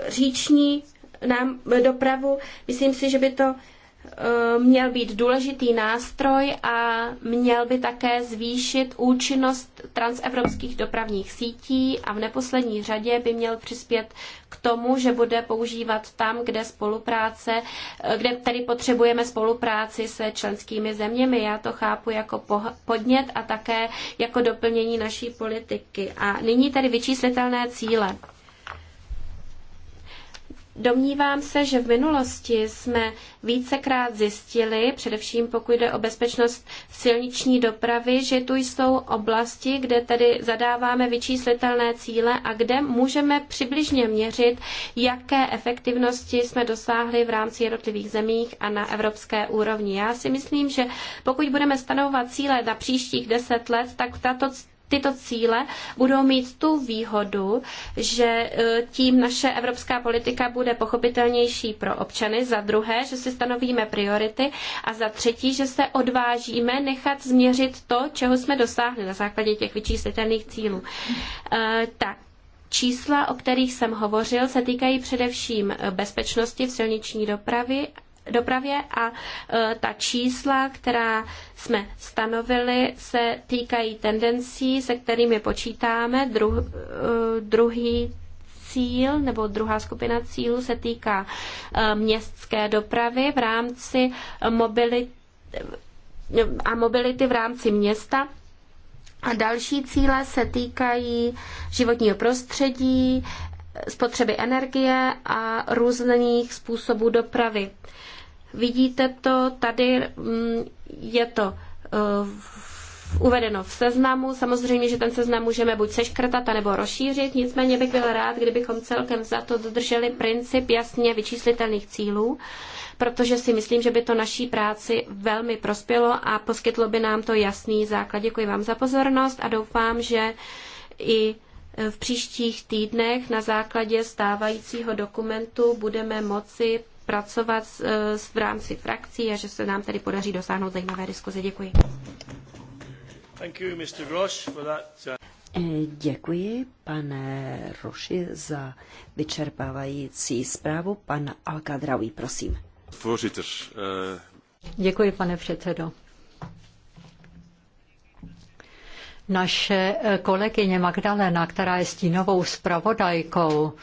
říční dopravu. Myslím si, že by to Eh, měl být důležitý nástroj a měl by také zvýšit účinnost transevropských dopravních sítí a v neposlední řadě by měl přispět k tomu, že bude používat tam, kde spolupráce, eh, kde tedy potřebujeme spolupráci se členskými zeměmi. Já to chápu jako podnět a také jako doplnění naší politiky. A nyní tedy vyčíslitelné cíle. Domnívám se, že v minulosti jsme vícekrát zjistili, především pokud jde o bezpečnost silniční dopravy, že tu jsou oblasti, kde tedy zadáváme vyčíslitelné cíle a kde můžeme přibližně měřit, jaké efektivnosti jsme dosáhli v rámci jednotlivých zemích a na evropské úrovni. Já si myslím, že pokud budeme stanovovat cíle na příštích deset let, tak tato tyto cíle budou mít tu výhodu, že e, tím naše evropská politika bude pochopitelnější pro občany, za druhé, že si stanovíme priority a za třetí, že se odvážíme nechat změřit to, čeho jsme dosáhli na základě těch vyčíslitelných cílů. E, tak, Čísla, o kterých jsem hovořil, se týkají především bezpečnosti v silniční dopravě dopravě a e, ta čísla, která jsme stanovili, se týkají tendencí, se kterými počítáme. Dru, e, druhý cíl nebo druhá skupina cílů se týká e, městské dopravy v rámci mobility a mobility v rámci města. A další cíle se týkají životního prostředí, spotřeby energie a různých způsobů dopravy. Vidíte to tady, mm, je to eh, uvedeno v seznamu. Samozřejmě, že ten seznam můžeme buď seškrtat, nebo rozšířit. Nicméně bych byl rád, kdybychom celkem za to dodrželi princip jasně vyčíslitelných cílů, protože si myslím, že by to naší práci velmi prospělo a poskytlo by nám to jasný základ. Děkuji vám za pozornost a doufám, že i v příštích týdnech na základě stávajícího dokumentu budeme moci pracovat v rámci frakcí a že se nám tedy podaří dosáhnout zajímavé diskuze. Děkuji. You, uh, Děkuji, pane Roši, za vyčerpávající zprávu. Pan Alkadraui, prosím. Eh, Děkuji, pane předsedo. Naše eh, kolegyně Magdalena, která je stínovou zpravodajkou,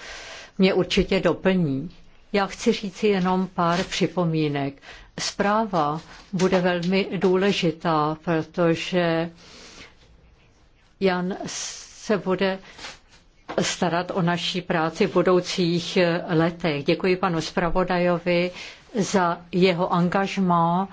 mě určitě doplní. Já chci říci jenom pár připomínek. Zpráva bude velmi důležitá, protože Jan se bude starat o naší práci v budoucích letech. Děkuji panu zpravodajovi za jeho angažmá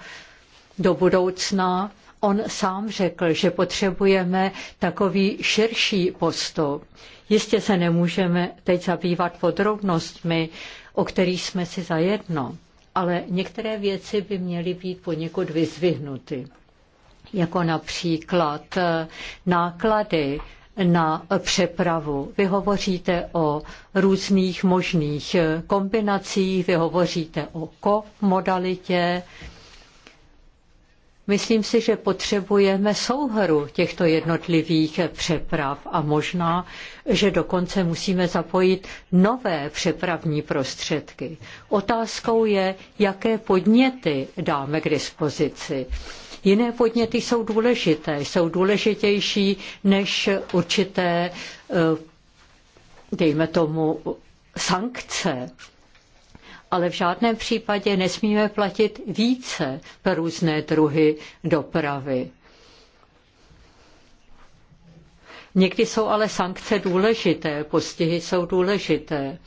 do budoucna. On sám řekl, že potřebujeme takový širší postup. Jistě se nemůžeme teď zabývat podrobnostmi, o kterých jsme si zajedno, ale některé věci by měly být poněkud vyzvihnuty, jako například eh, náklady na přepravu. Vy hovoříte o různých možných eh, kombinacích, vy hovoříte o komodalitě, modalitě Myslím si, že potřebujeme souhru těchto jednotlivých přeprav a možná, že dokonce musíme zapojit nové přepravní prostředky. Otázkou je, jaké podněty dáme k dispozici. Jiné podněty jsou důležité, jsou důležitější než určité, eh, dejme tomu, sankce ale v žádném případě nesmíme platit více pro různé druhy dopravy. Někdy jsou ale sankce důležité, postihy jsou důležité.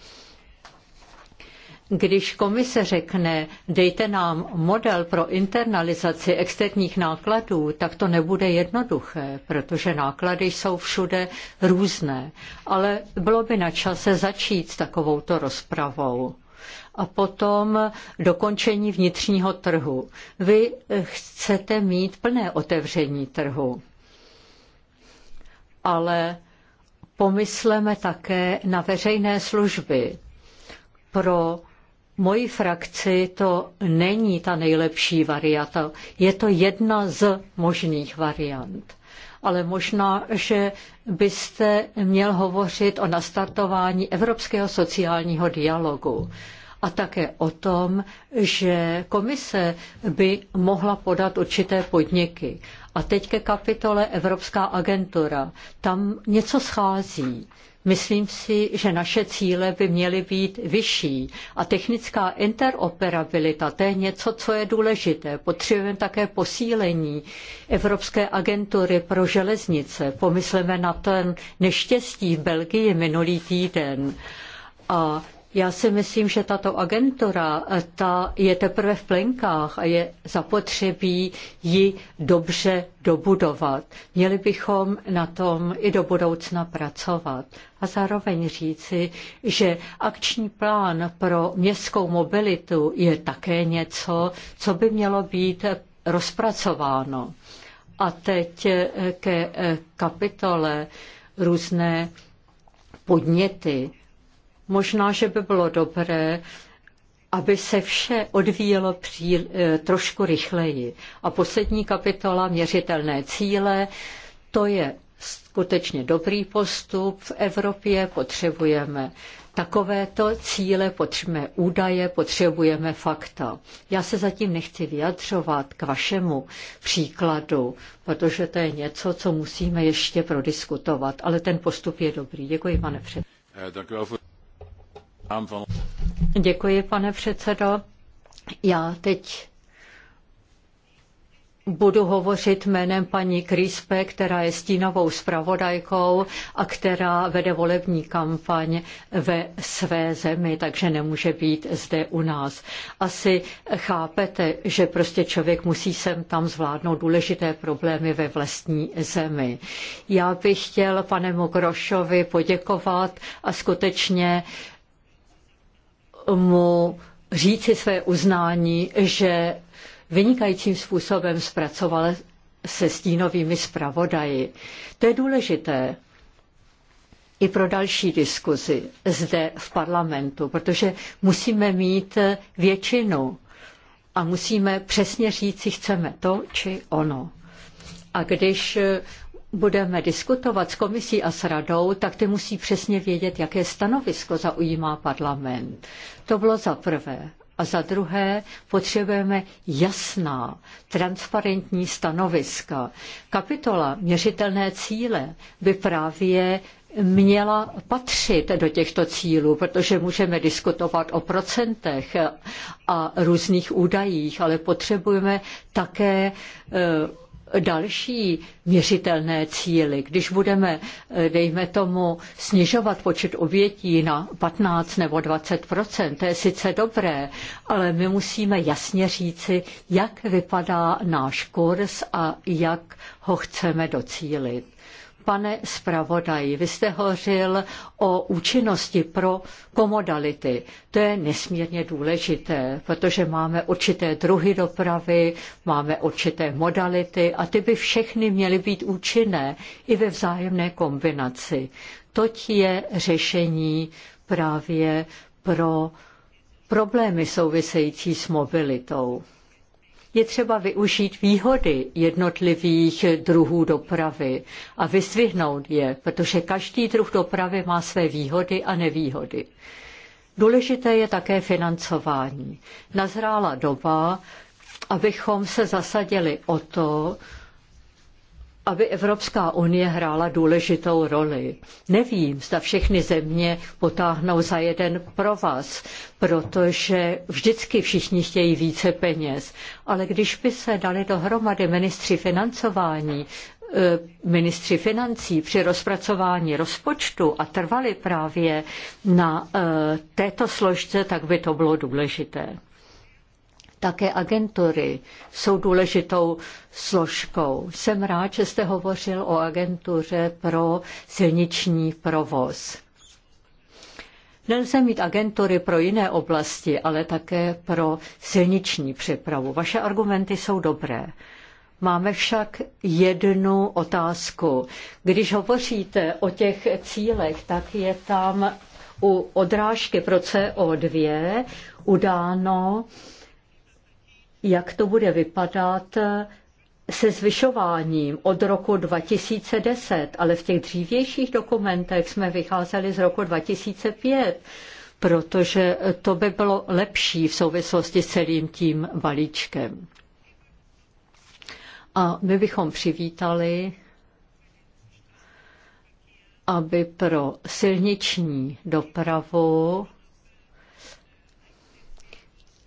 Když komise řekne, dejte nám model pro internalizaci externích nákladů, tak to nebude jednoduché, protože náklady jsou všude různé. Ale bylo by na čase začít s takovouto rozpravou a potom dokončení vnitřního trhu. Vy chcete mít plné otevření trhu, ale pomysleme také na veřejné služby. Pro moji frakci to není ta nejlepší varianta. Je to jedna z možných variant. Ale možná, že byste měl hovořit o nastartování evropského sociálního dialogu. Hmm a také o tom, že komise by mohla podat určité podniky. A teď ke kapitole Evropská agentura. Tam něco schází. Myslím si, že naše cíle by měly být vyšší a technická interoperabilita, to je něco, co je důležité. Potřebujeme také posílení Evropské agentury pro železnice. Pomysleme na ten neštěstí v Belgii minulý týden. A já si myslím, že tato agentura eh, ta je teprve v plenkách a je zapotřebí ji dobře dobudovat. Měli bychom na tom i do budoucna pracovat. A zároveň říci, že akční plán pro městskou mobilitu je také něco, co by mělo být rozpracováno. A teď eh, ke eh, kapitole různé podněty Možná, že by bylo dobré, aby se vše odvíjelo e, trošku rychleji. A poslední kapitola, měřitelné cíle, to je skutečně dobrý postup. V Evropě potřebujeme takovéto cíle, potřebujeme údaje, potřebujeme fakta. Já se zatím nechci vyjadřovat k vašemu příkladu, protože to je něco, co musíme ještě prodiskutovat, ale ten postup je dobrý. Děkuji, pane předsedo. Eh, Děkuji, pane předsedo. Já teď budu hovořit jménem paní Krispe, která je stínovou zpravodajkou a která vede volební kampaň ve své zemi, takže nemůže být zde u nás. Asi chápete, že prostě člověk musí sem tam zvládnout důležité problémy ve vlastní zemi. Já bych chtěl panemu Grošovi poděkovat a skutečně mu říci své uznání, že vynikajícím způsobem zpracoval se stínovými zpravodaji. To je důležité i pro další diskuzi zde v parlamentu, protože musíme mít většinu a musíme přesně říct, si chceme to či ono. A když budeme diskutovat s komisí a s radou, tak ty musí přesně vědět, jaké stanovisko zaujímá parlament. To bylo za prvé. A za druhé potřebujeme jasná, transparentní stanoviska. Kapitola měřitelné cíle by právě měla patřit do těchto cílů, protože můžeme diskutovat o procentech a různých údajích, ale potřebujeme také eh, další měřitelné cíly. Když budeme, eh, dejme tomu, snižovat počet obětí na 15 nebo 20 to je sice dobré, ale my musíme jasně říci, jak vypadá náš kurz a jak ho chceme docílit. Pane zpravodaji, vy jste hořil o účinnosti pro komodality. To je nesmírně důležité, protože máme určité druhy dopravy, máme určité modality a ty by všechny měly být účinné i ve vzájemné kombinaci. Toť je řešení právě pro problémy související s mobilitou je třeba využít výhody jednotlivých druhů dopravy a vysvihnout je, protože každý druh dopravy má své výhody a nevýhody. Důležité je také financování. Nazrála doba, abychom se zasadili o to, aby Evropská unie hrála důležitou roli. Nevím, zda všechny země potáhnou za jeden pro vás, protože vždycky všichni chtějí více peněz. Ale když by se dali dohromady ministři financování, eh, ministři financí při rozpracování rozpočtu a trvali právě na eh, této složce, tak by to bylo důležité. Také agentury jsou důležitou složkou. Jsem rád, že jste hovořil o agentuře pro silniční provoz. Nelze mít agentury pro jiné oblasti, ale také pro silniční přepravu. Vaše argumenty jsou dobré. Máme však jednu otázku. Když hovoříte o těch cílech, tak je tam u odrážky pro CO2 udáno jak to bude vypadat eh, se zvyšováním od roku 2010, ale v těch dřívějších dokumentech jsme vycházeli z roku 2005, protože to by bylo lepší v souvislosti s celým tím balíčkem. A my bychom přivítali, aby pro silniční dopravu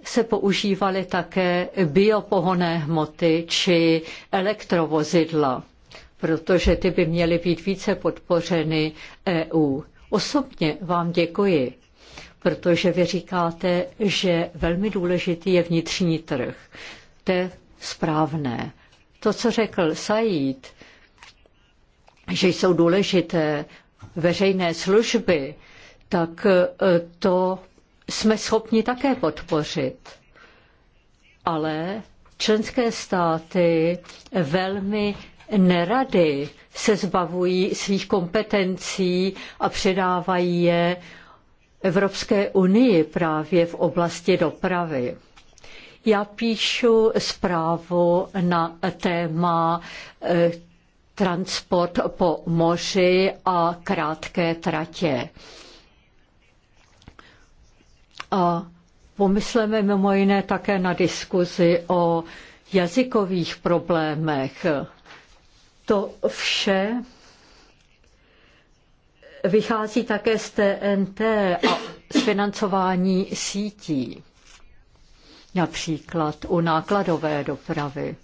se používaly také biopohonné hmoty či elektrovozidla, protože ty by měly být více podpořeny EU. Osobně vám děkuji, protože vy říkáte, že velmi důležitý je vnitřní trh. To je správné. To, co řekl Said, že jsou důležité veřejné služby, tak e, to jsme schopni také podpořit. Ale členské státy velmi nerady se zbavují svých kompetencí a předávají je Evropské unii právě v oblasti dopravy. Já píšu zprávu na téma eh, transport po moři a krátké tratě. A pomysleme mimo jiné také na diskuzi o jazykových problémech. To vše vychází také z TNT a z financování sítí, například u nákladové dopravy.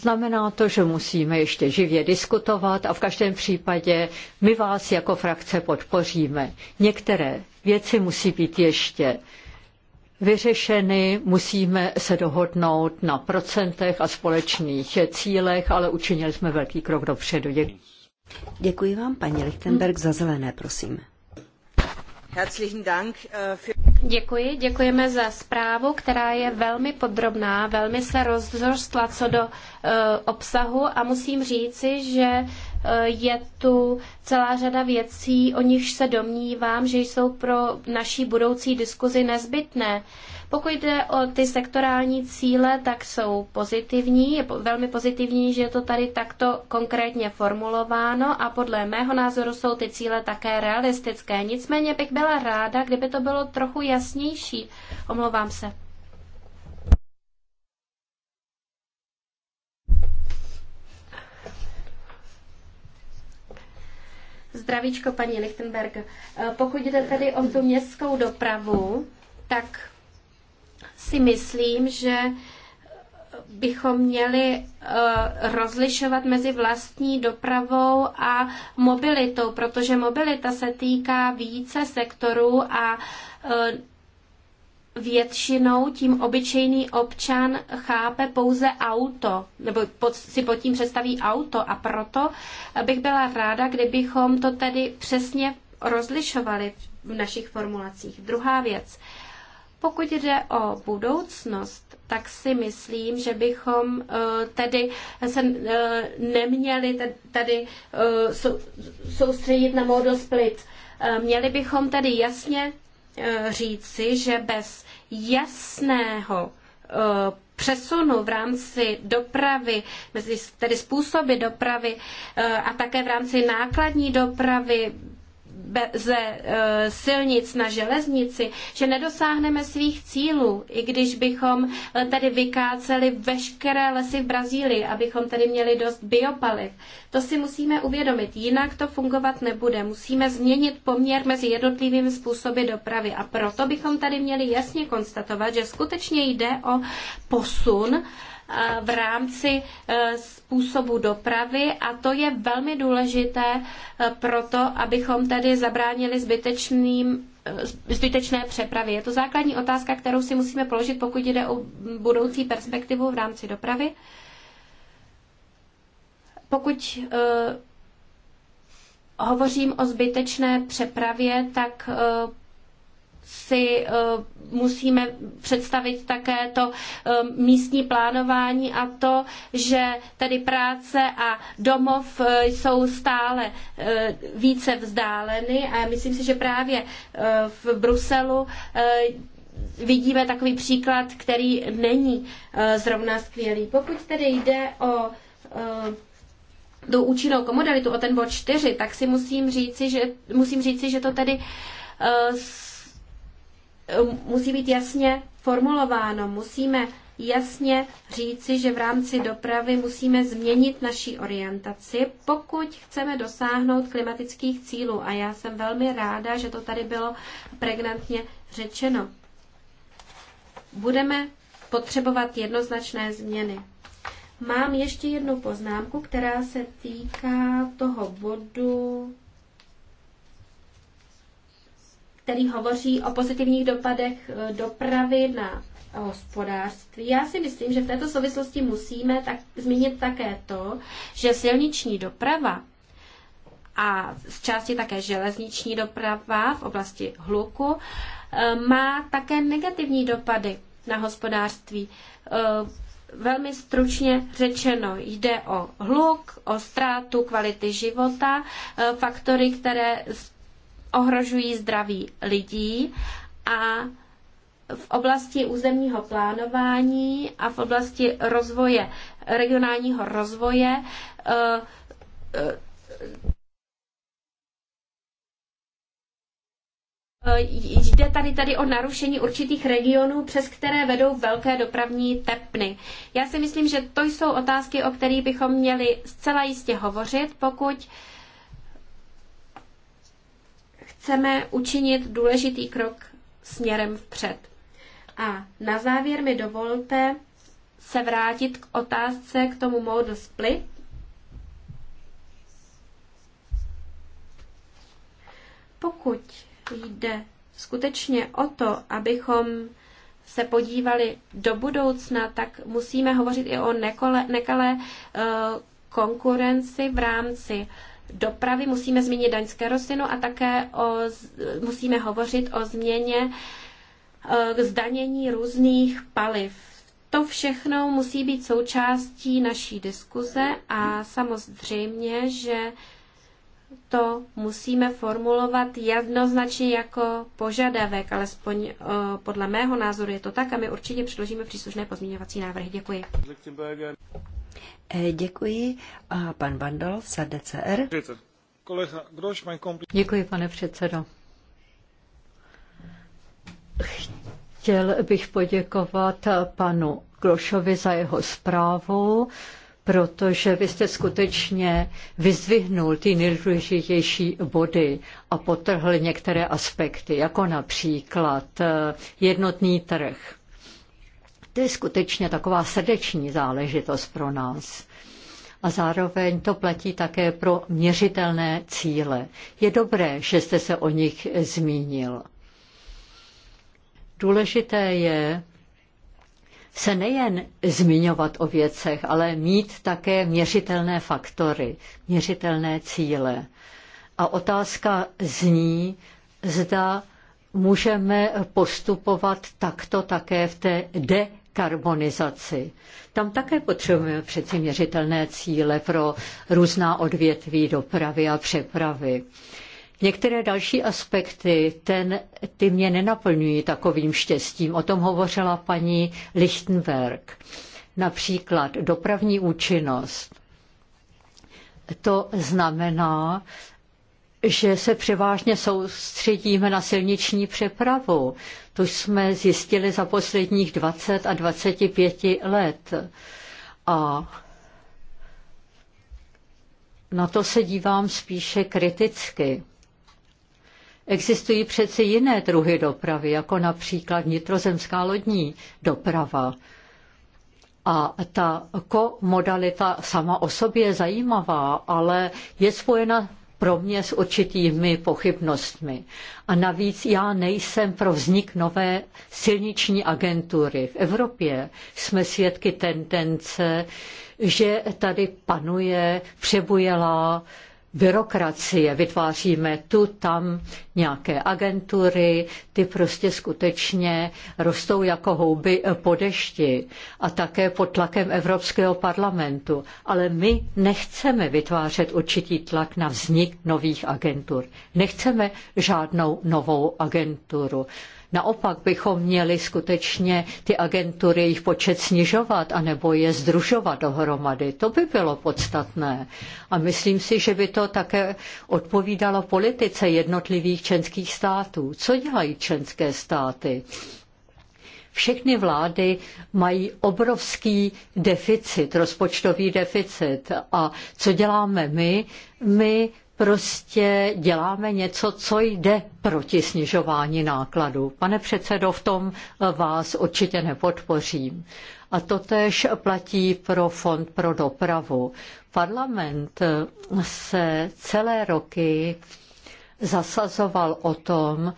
Znamená to, že musíme ještě živě diskutovat a v každém případě my vás jako frakce podpoříme. Některé věci musí být ještě vyřešeny, musíme se dohodnout na procentech a společných cílech, ale učinili jsme velký krok dopředu. Děkuji, vám, paní Lichtenberg, za zelené, prosím. Äh, Děkuji, děkujeme za zprávu, která je velmi podrobná, velmi se rozrostla co do e, obsahu a musím říci, že e, je tu celá řada věcí, o nichž se domnívám, že jsou pro naší budoucí diskuzi nezbytné. Pokud jde o ty sektorální cíle, tak jsou pozitivní. Je velmi pozitivní, že je to tady takto konkrétně formulováno a podle mého názoru jsou ty cíle také realistické. Nicméně bych byla ráda, kdyby to bylo trochu jasnější. Omlouvám se. Zdravíčko, paní Lichtenberg. Eh, pokud jde tedy o tu městskou dopravu, tak si myslím, že bychom měli eh, rozlišovat mezi vlastní dopravou a mobilitou, protože mobilita se týká více sektorů a eh, většinou tím obyčejný občan chápe pouze auto, nebo pod, si pod tím představí auto a proto bych byla ráda, kdybychom to tedy přesně rozlišovali v našich formulacích. Druhá věc. Uh, pokud jde o budoucnost, tak si myslím, že bychom eh, tedy se eh, neměli tady eh, soustředit na model split. Měli bychom tedy jasně říci, že bez jasného přesunu v rámci dopravy, tedy způsoby dopravy a také v rámci nákladní dopravy ze eh, silnic na železnici, že nedosáhneme svých cílů, i když bychom eh, tady vykáceli veškeré lesy v Brazílii, abychom tady měli dost biopaliv. To si musíme uvědomit, jinak to fungovat nebude. Musíme změnit poměr mezi jednotlivými způsoby dopravy a proto bychom tady měli jasně konstatovat, že skutečně jde o posun v rámci e, způsobu dopravy a to je velmi důležité e, pro to, abychom tedy zabránili zbytečným e, zbytečné přepravy. Je to základní otázka, kterou si musíme položit, pokud jde o budoucí perspektivu v rámci dopravy. Pokud hovořím o zbytečné přepravě, tak si eh, musíme představit také to eh, místní plánování a to, že tedy práce a domov eh, jsou stále více vzdáleny a myslím si, že právě v Bruselu vidíme takový příklad, který není zrovna skvělý. Pokud tedy jde o do účinnou komodalitu, o ten bod 4, tak si musím říci, že, musím říci, že to tedy Eh, musí být jasně formulováno. Musíme jasně říci, že v rámci dopravy musíme změnit naší orientaci, pokud chceme dosáhnout klimatických cílů. A já jsem velmi ráda, že to tady bylo pregnantně řečeno. Budeme potřebovat jednoznačné změny. Mám ještě jednu poznámku, která se týká toho bodu který hovoří o pozitivních dopadech eh, dopravy na eh, hospodářství. Já si myslím, že v této souvislosti musíme tak, zmínit také to, že silniční doprava a z části také železniční doprava v oblasti hluku eh, má také negativní dopady na hospodářství. Velmi stručně řečeno, jde o hluk, o ztrátu kvality života, faktory, které ohrožují zdraví lidí a v oblasti územního plánování a v oblasti rozvoje, regionálního rozvoje eh, eh, Jde tady tady o narušení určitých regionů, přes které vedou velké dopravní tepny. Já si myslím, že to jsou otázky, o kterých bychom měli zcela jistě hovořit, pokud uh, chceme učinit důležitý krok směrem vpřed. A na závěr mi dovolte se vrátit k otázce k tomu modu split. Pokud jde skutečně o to, abychom se podívali do budoucna, tak musíme hovořit i o nekole, nekalé uh, konkurenci v rámci dopravy, musíme změnit daň z kerosinu a také o, musíme hovořit o změně k eh, zdanění různých paliv. To všechno musí být součástí naší diskuze a samozřejmě, že to musíme formulovat jednoznačně jako požadavek, alespoň eh, podle mého názoru je to tak a my určitě předložíme příslušné pozměňovací návrhy. Děkuji. Eh, děkuji. A pan Vandal z DCR. Děkuji, pane předsedo. Chtěl bych poděkovat panu Grošovi za jeho zprávu, protože vy jste skutečně vyzvihnul ty nejdůležitější body a potrhl některé aspekty, jako například eh, jednotný trh to je skutečně taková srdeční záležitost pro nás. A zároveň to platí také pro měřitelné cíle. Je dobré, že jste se o nich zmínil. Důležité je se nejen zmiňovat o věcech, ale mít také měřitelné faktory, měřitelné cíle. A otázka zní, zda můžeme postupovat takto také v té de dekarbonizaci. Tam také potřebujeme přeci měřitelné cíle pro různá odvětví dopravy a přepravy. Některé další aspekty, ten, ty mě nenaplňují takovým štěstím. O tom hovořila paní Lichtenberg. Například dopravní účinnost. To znamená, že se převážně soustředíme na silniční přepravu, to jsme zjistili za posledních 20 a 25 let. A na to se dívám spíše kriticky. Existují přeci jiné druhy dopravy, jako například nitrozemská lodní doprava. A ta komodalita sama o sobě je zajímavá, ale je spojena pro mě s určitými pochybnostmi. A navíc já nejsem pro vznik nové silniční agentury. V Evropě jsme svědky tendence, že tady panuje přebujelá byrokracie, vytváříme tu, tam nějaké agentury, ty prostě skutečně rostou jako houby po dešti a také pod tlakem Evropského parlamentu. Ale my nechceme vytvářet určitý tlak na vznik nových agentur. Nechceme žádnou novou agenturu. Naopak bychom měli skutečně ty agentury, jejich počet snižovat, anebo je združovat dohromady. To by bylo podstatné. A myslím si, že by to také odpovídalo politice jednotlivých členských států. Co dělají členské státy? všechny vlády mají obrovský deficit, rozpočtový deficit. A co děláme my? My prostě děláme něco, co jde proti snižování nákladů. Pane předsedo, v tom vás určitě nepodpořím. A tež platí pro Fond pro dopravu. Parlament se celé roky zasazoval o tom,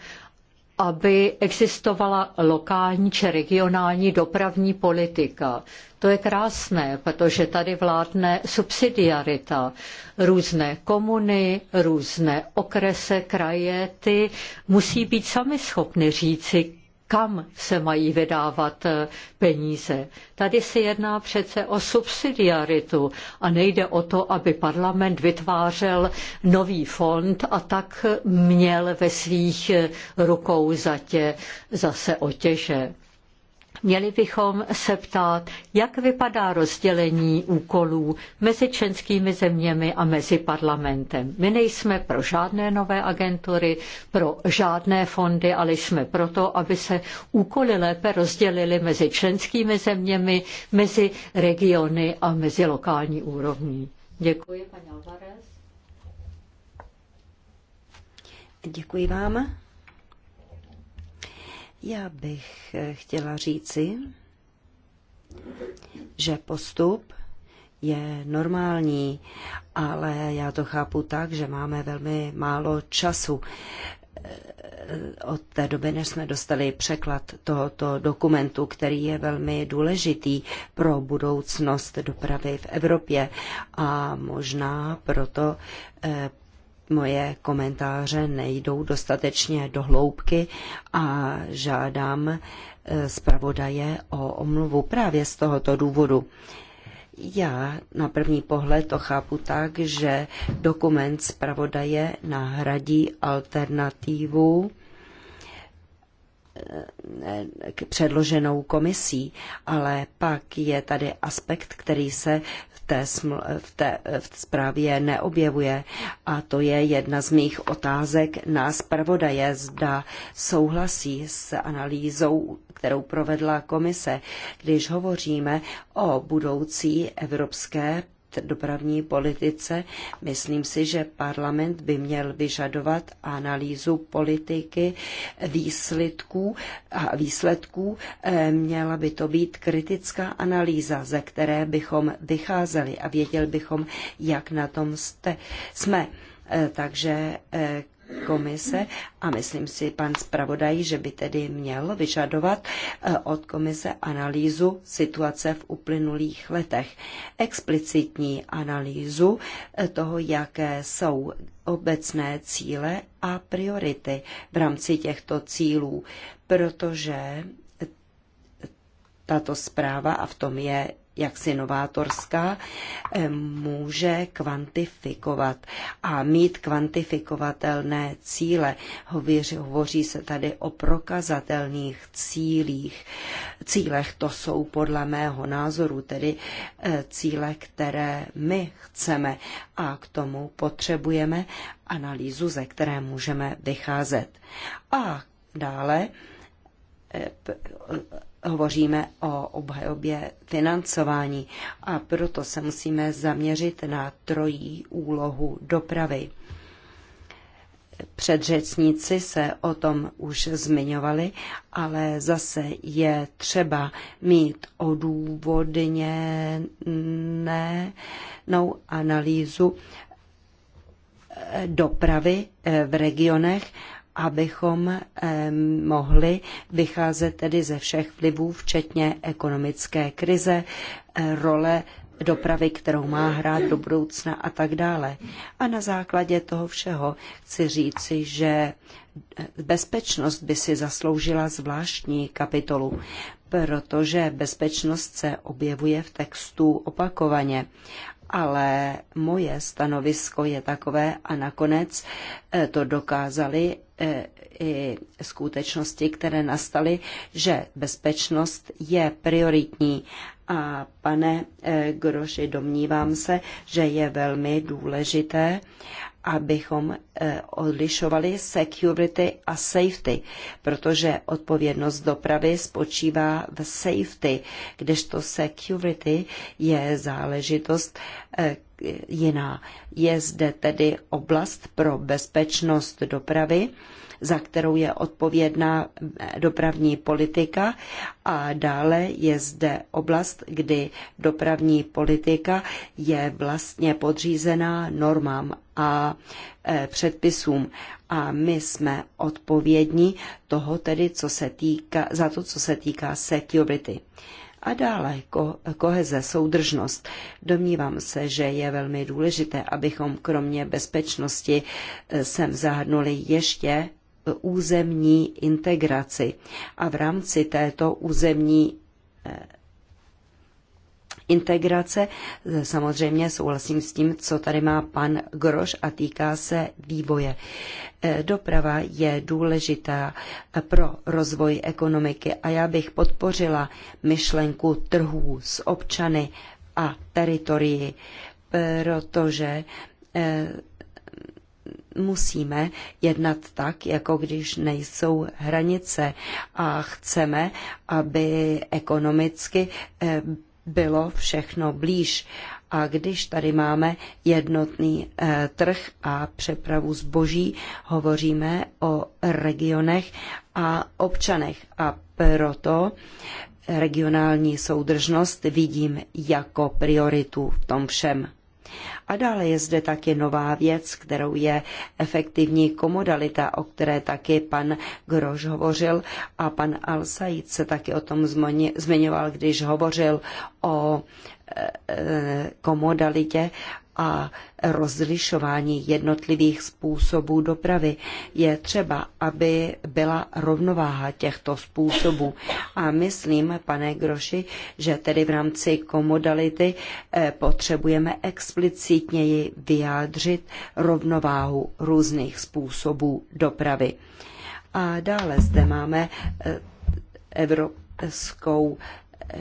aby existovala lokální či regionální dopravní politika. To je krásné, protože tady vládne subsidiarita. Různé komuny, různé okrese, kraje, ty musí být sami schopny říci, kam se mají vydávat eh, peníze. Tady se jedná přece o subsidiaritu a nejde o to, aby parlament vytvářel nový fond a tak měl ve svých eh, rukou zatě zase otěže. Měli bychom se ptát, jak vypadá rozdělení úkolů mezi členskými zeměmi a mezi parlamentem. My nejsme pro žádné nové agentury, pro žádné fondy, ale jsme proto, aby se úkoly lépe rozdělily mezi členskými zeměmi, mezi regiony a mezi lokální úrovní. Děkuji, paní Alvarez. Děkuji vám. Já bych eh, chtěla říci, že postup je normální, ale já to chápu tak, že máme velmi málo času eh, od té doby, než jsme dostali překlad tohoto dokumentu, který je velmi důležitý pro budoucnost dopravy v Evropě a možná proto eh, moje komentáře nejdou dostatečně do hloubky a žádám eh, zpravodaje o omluvu právě z tohoto důvodu. Já na první pohled to chápu tak, že dokument zpravodaje nahradí alternativu eh, předloženou komisí, ale pak je tady aspekt, který se té, sml, v té v zprávě neobjevuje. A to je jedna z mých otázek na zpravodaje, zda souhlasí s analýzou, kterou provedla komise, když hovoříme o budoucí evropské dopravní politice, myslím si, že parlament by měl vyžadovat analýzu politiky výsledků a výsledků. Eh, měla by to být kritická analýza, ze které bychom vycházeli a věděl bychom, jak na tom jste, jsme. Eh, takže eh, komise a myslím si, pan zpravodaj, že by tedy měl vyžadovat eh, od komise analýzu situace v uplynulých letech. Explicitní analýzu eh, toho, jaké jsou obecné cíle a priority v rámci těchto cílů, protože eh, tato zpráva, a v tom je jaksi novátorská, eh, může kvantifikovat a mít kvantifikovatelné cíle. Hověř, hovoří se tady o prokazatelných cílích. Cílech to jsou podle mého názoru tedy eh, cíle, které my chceme a k tomu potřebujeme analýzu, ze které můžeme vycházet. A dále eh, hovoříme o obhajobě financování a proto se musíme zaměřit na trojí úlohu dopravy. Předřečníci se o tom už zmiňovali, ale zase je třeba mít odůvodněnou analýzu dopravy v regionech abychom mohli vycházet tedy ze všech vlivů, včetně ekonomické krize, eh, role dopravy, kterou má hrát do budoucna a tak dále. A na základě toho všeho chci říci, že eh, bezpečnost by si zasloužila zvláštní kapitolu, protože bezpečnost se objevuje v textu opakovaně ale moje stanovisko je takové a nakonec eh, to dokázali eh, i skutečnosti, které nastaly, že bezpečnost je prioritní. A pane eh, Groši, domnívám se, že je velmi důležité, abychom eh, odlišovali security a safety, protože odpovědnost dopravy spočívá v safety, kdežto security je záležitost eh, jiná. Je zde tedy oblast pro bezpečnost dopravy, za kterou je odpovědná dopravní politika. A dále je zde oblast, kdy dopravní politika je vlastně podřízená normám a e, předpisům. A my jsme odpovědní toho tedy, co se týká, za to, co se týká security. A dále ko- koheze, soudržnost. Domnívám se, že je velmi důležité, abychom kromě bezpečnosti e, sem zahrnuli ještě územní integraci. A v rámci této územní eh, integrace. Eh, samozřejmě souhlasím s tím, co tady má pan Groš a týká se vývoje. Eh, doprava je důležitá pro rozvoj ekonomiky a já bych podpořila myšlenku trhů s občany a teritorií, protože musíme jednat tak, jako když nejsou hranice a chceme, aby ekonomicky eh, bylo všechno blíž. A když tady máme jednotný eh, trh a přepravu zboží, hovoříme o regionech a občanech. A proto regionální soudržnost vidím jako prioritu v tom všem. A dále je zde taky nová věc, kterou je efektivní komodalita, o které taky pan Grož hovořil a pan Alsaid se taky o tom zmiňoval, když hovořil o e, e, komodalitě a rozlišování jednotlivých způsobů dopravy. Je třeba, aby byla rovnováha těchto způsobů. A myslím, pane Groši, že tedy v rámci komodality eh, potřebujeme explicitněji vyjádřit rovnováhu různých způsobů dopravy. A dále zde máme eh, Evropskou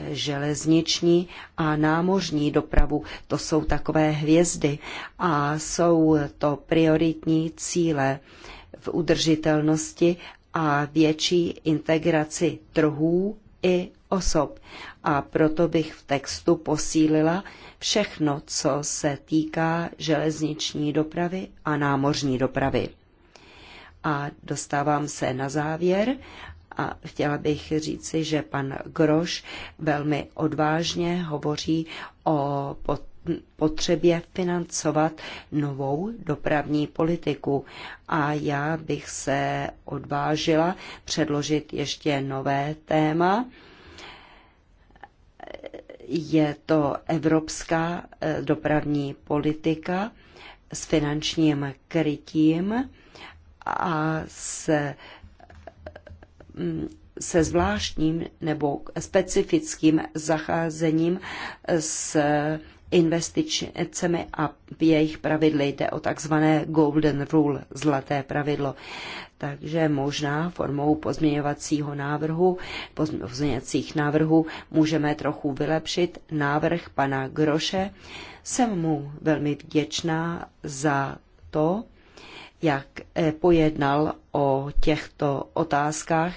železniční a námořní dopravu. To jsou takové hvězdy a jsou to prioritní cíle v udržitelnosti a větší integraci trhů i osob. A proto bych v textu posílila všechno, co se týká železniční dopravy a námořní dopravy. A dostávám se na závěr a chtěla bych říci, že pan Groš velmi odvážně hovoří o potřebě financovat novou dopravní politiku. A já bych se odvážila předložit ještě nové téma je to evropská e, dopravní politika s finančním krytím a s Mm, se zvláštním nebo specifickým zacházením s investicemi a jejich pravidly. Jde o takzvané golden rule, zlaté pravidlo. Takže možná formou pozměňovacího návrhu, pozměňovacích návrhů můžeme trochu vylepšit návrh pana Groše. Jsem mu velmi vděčná za to, jak eh, pojednal o těchto otázkách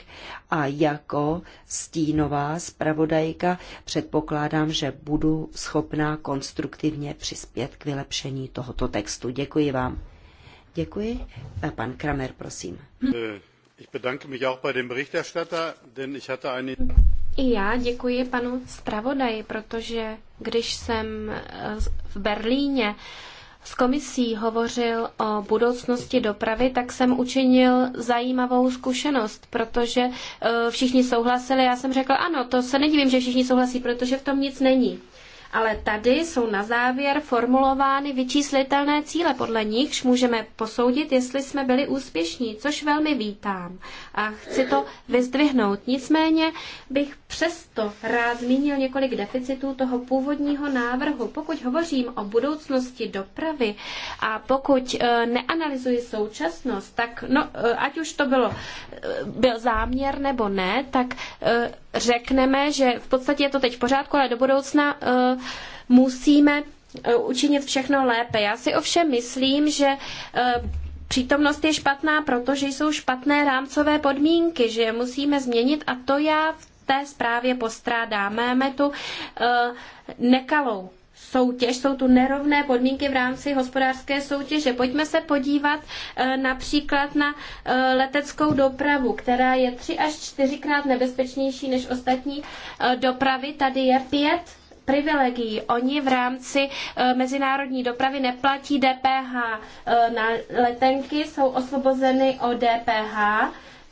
a jako stínová zpravodajka předpokládám, že budu schopná konstruktivně přispět k vylepšení tohoto textu. Děkuji vám. Děkuji. Eh, pan Kramer, prosím. I já děkuji panu zpravodaji, protože když jsem eh, v Berlíně s komisí hovořil o budoucnosti dopravy, tak jsem učinil zajímavou zkušenost, protože eh, všichni souhlasili. Já jsem řekl, ano, to se nedivím, že všichni souhlasí, protože v tom nic není ale tady jsou na závěr formulovány vyčíslitelné cíle, podle nichž můžeme posoudit, jestli jsme byli úspěšní, což velmi vítám a chci to vyzdvihnout. Nicméně bych přesto rád zmínil několik deficitů toho původního návrhu. Pokud hovořím o budoucnosti dopravy a pokud e, neanalyzuji současnost, tak no, e, ať už to bylo, e, byl záměr nebo ne, tak řekneme, že v podstatě je to teď v pořádku, ale do budoucna uh, musíme e, učinit všechno lépe. Já si ovšem myslím, že e, přítomnost je špatná, protože jsou špatné rámcové podmínky, že je musíme změnit a to já v té zprávě postrádám. Máme tu e, nekalou soutěž, jsou tu nerovné podmínky v rámci hospodářské soutěže. Pojďme se podívat například na leteckou dopravu, která je tři až čtyřikrát nebezpečnější než ostatní dopravy. Tady je pět privilegií. Oni v rámci eh, mezinárodní dopravy neplatí DPH eh, na letenky, jsou osvobozeny od DPH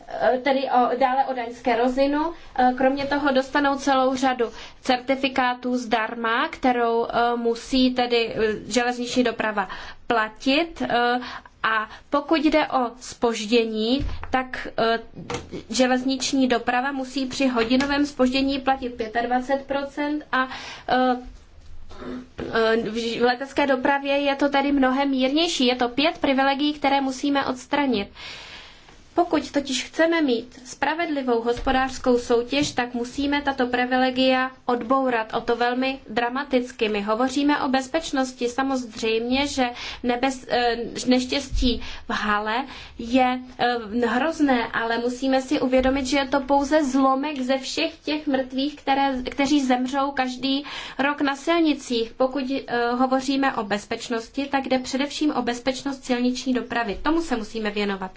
eh, tedy o, dále o daňské rozinu. Kromě toho dostanou celou řadu certifikátů zdarma, kterou musí tedy železniční doprava platit a pokud jde o spoždění, tak e, železniční doprava musí při hodinovém spoždění platit 25 a e, e, v letecké dopravě je to tedy mnohem mírnější. Je to pět privilegií, které musíme odstranit. Pokud totiž chceme mít spravedlivou hospodářskou soutěž, tak musíme tato privilegia odbourat o to velmi dramaticky. My hovoříme o bezpečnosti. Samozřejmě, že nebez, eh, neštěstí v hale je eh, hrozné, ale musíme si uvědomit, že je to pouze zlomek ze všech těch mrtvých, které, kteří zemřou každý rok na silnicích. Pokud eh, hovoříme o bezpečnosti, tak jde především o bezpečnost silniční dopravy. Tomu se musíme věnovat.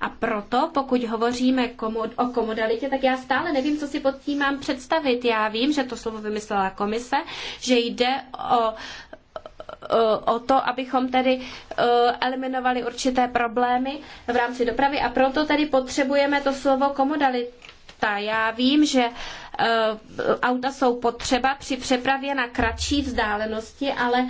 A proto, pokud hovoříme komod, o komodalitě, tak já stále nevím, co si pod tím mám představit. Já vím, že to slovo vymyslela komise, že jde o o to, abychom tedy e, eliminovali určité problémy v rámci dopravy a proto tedy potřebujeme to slovo komodalita. Já vím, že e, auta jsou potřeba při přepravě na kratší vzdálenosti, ale e,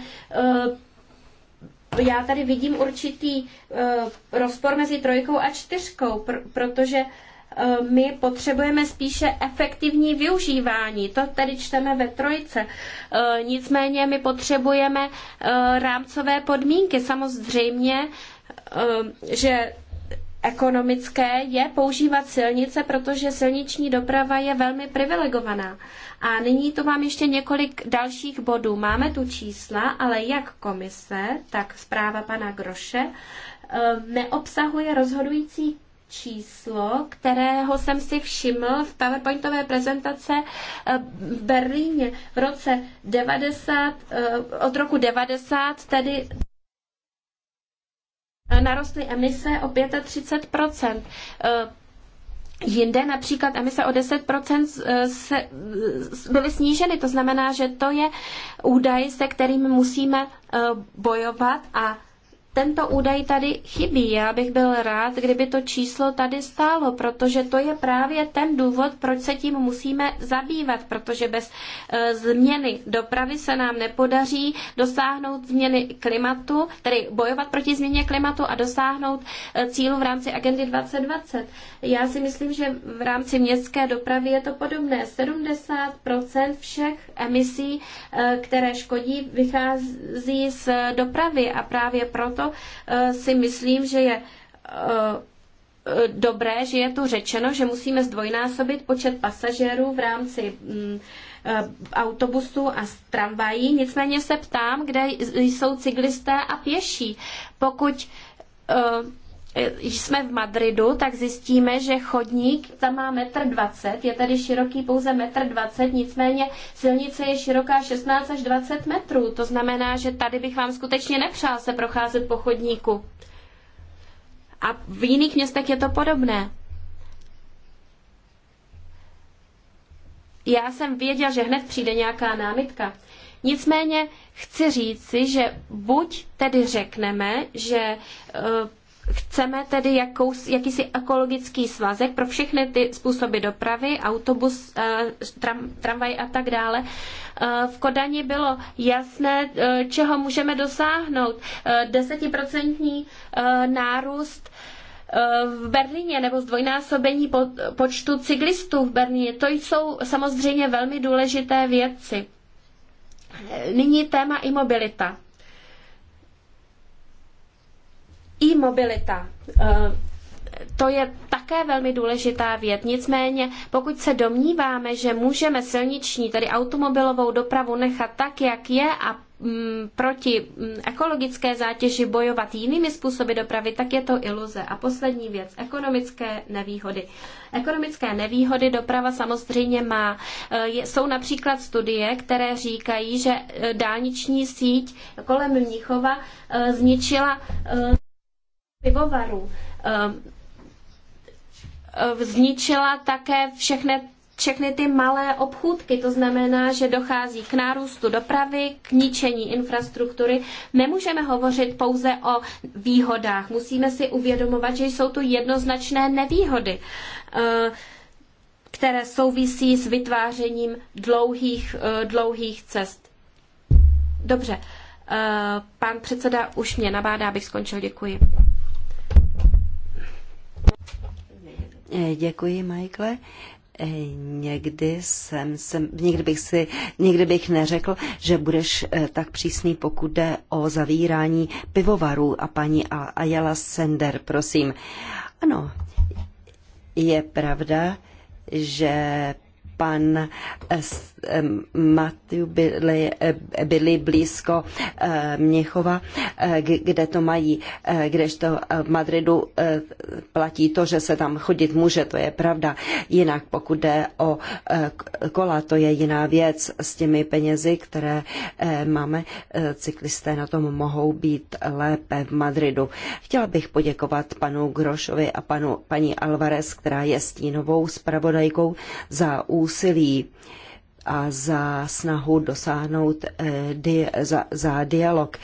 já tady vidím určitý eh, rozpor mezi trojkou a čtyřkou, protože eh, my potřebujeme spíše efektivní využívání. To tady čteme ve trojce. Eh, nicméně my potřebujeme rámcové podmínky. Samozřejmě, že ekonomické je používat silnice, protože silniční doprava je velmi privilegovaná. A nyní tu mám ještě několik dalších bodů. Máme tu čísla, ale jak komise, tak zpráva pana Groše eh, neobsahuje rozhodující číslo, kterého jsem si všiml v PowerPointové prezentace eh, v Berlíně v roce 90, eh, od roku 90, tedy Eh, narostly emise o 35 eh, Jinde například emise o 10% eh, se, byly sníženy, to znamená, že to je údaj, se kterým musíme bojovat a tento údaj tady chybí. Já bych byl rád, kdyby to číslo tady stálo, protože to je právě ten důvod, proč se tím musíme zabývat, protože bez e, změny dopravy se nám nepodaří dosáhnout změny klimatu, tedy bojovat proti změně klimatu a dosáhnout e, cílu v rámci agendy 2020. Já si myslím, že v rámci městské dopravy je to podobné. 70 všech emisí, e, které škodí, vychází z dopravy a právě proto Eh, si myslím, že je eh, eh, dobré, že je tu řečeno, že musíme zdvojnásobit počet pasažérů v rámci mm, autobusů a tramvají. Nicméně se ptám, kde jsou cyklisté a pěší. Pokud Eh, jsme v Madridu, tak zjistíme, že chodník tam má metr 20, je tady široký pouze metr 20, nicméně silnice je široká 16 až 20 metrů. To znamená, že tady bych vám skutečně nepřál se procházet po chodníku. A v jiných městech je to podobné. Já jsem věděl, že hned přijde nějaká námitka. Nicméně chci říci, že buď tedy řekneme, že eh, Chceme tedy jakous, jakýsi ekologický svazek pro všechny ty způsoby dopravy, autobus, eh, tram, tramvaj a tak dále. Eh, v Kodani bylo jasné, eh, čeho můžeme dosáhnout. Desetiprocentní nárůst v Berlíně nebo zdvojnásobení počtu cyklistů v Berlíně. To jsou samozřejmě velmi důležité věci. Nyní téma i mobilita. E-mobilita. Eh, to je také velmi důležitá věc. Nicméně, pokud se domníváme, že můžeme silniční, tedy automobilovou dopravu nechat tak, jak je a mm, proti mm, ekologické zátěži bojovat jinými způsoby dopravy, tak je to iluze. A poslední věc, ekonomické nevýhody. Ekonomické nevýhody doprava samozřejmě má. Eh, jsou například studie, které říkají, že eh, dálniční síť kolem Mnichova zničila pivovarů ehm, ehm, zničila také všechny, všechny ty malé obchůdky. To znamená, že dochází k nárůstu dopravy, k ničení infrastruktury. Nemůžeme hovořit pouze o výhodách. Musíme si uvědomovat, že jsou tu jednoznačné nevýhody ehm, které souvisí s vytvářením dlouhých, eh, dlouhých cest. Dobře, eh, pan předseda už mě nabádá, abych skončil. Děkuji. Děkuji, Michaele. Eh, někdy, jsem, jsem, někdy, bych si, někdy bych neřekl, že budeš eh, tak přísný, pokud jde o zavírání pivovarů. A paní Ayala Sender, prosím. Ano, je pravda, že pan eh, Matthew byli, eh, byli blízko eh, Měchova, kde to mají, kdežto v Madridu platí to, že se tam chodit může, to je pravda. Jinak pokud jde o kola, to je jiná věc s těmi penězi, které máme. Cyklisté na tom mohou být lépe v Madridu. Chtěla bych poděkovat panu Grošovi a panu, paní Alvarez, která je stínovou zpravodajkou za úsilí úsilí a za snahu dosáhnout eh, di, za, za dialog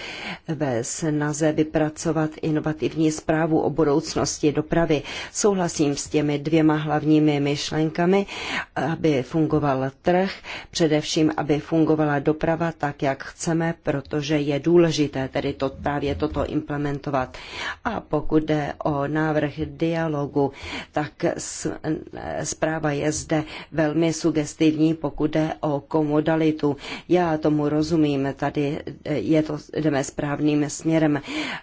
ve snaze vypracovat inovativní zprávu o budoucnosti dopravy. Souhlasím s těmi dvěma hlavními myšlenkami, aby fungoval trh, především aby fungovala doprava tak, jak chceme, protože je důležité tedy to, právě toto implementovat. A pokud jde o návrh dialogu, tak eh, zpráva je zde velmi sugestivní, pokud jde o komodalitu. Já tomu rozumím, tady eh, je to, jdeme správným směrem.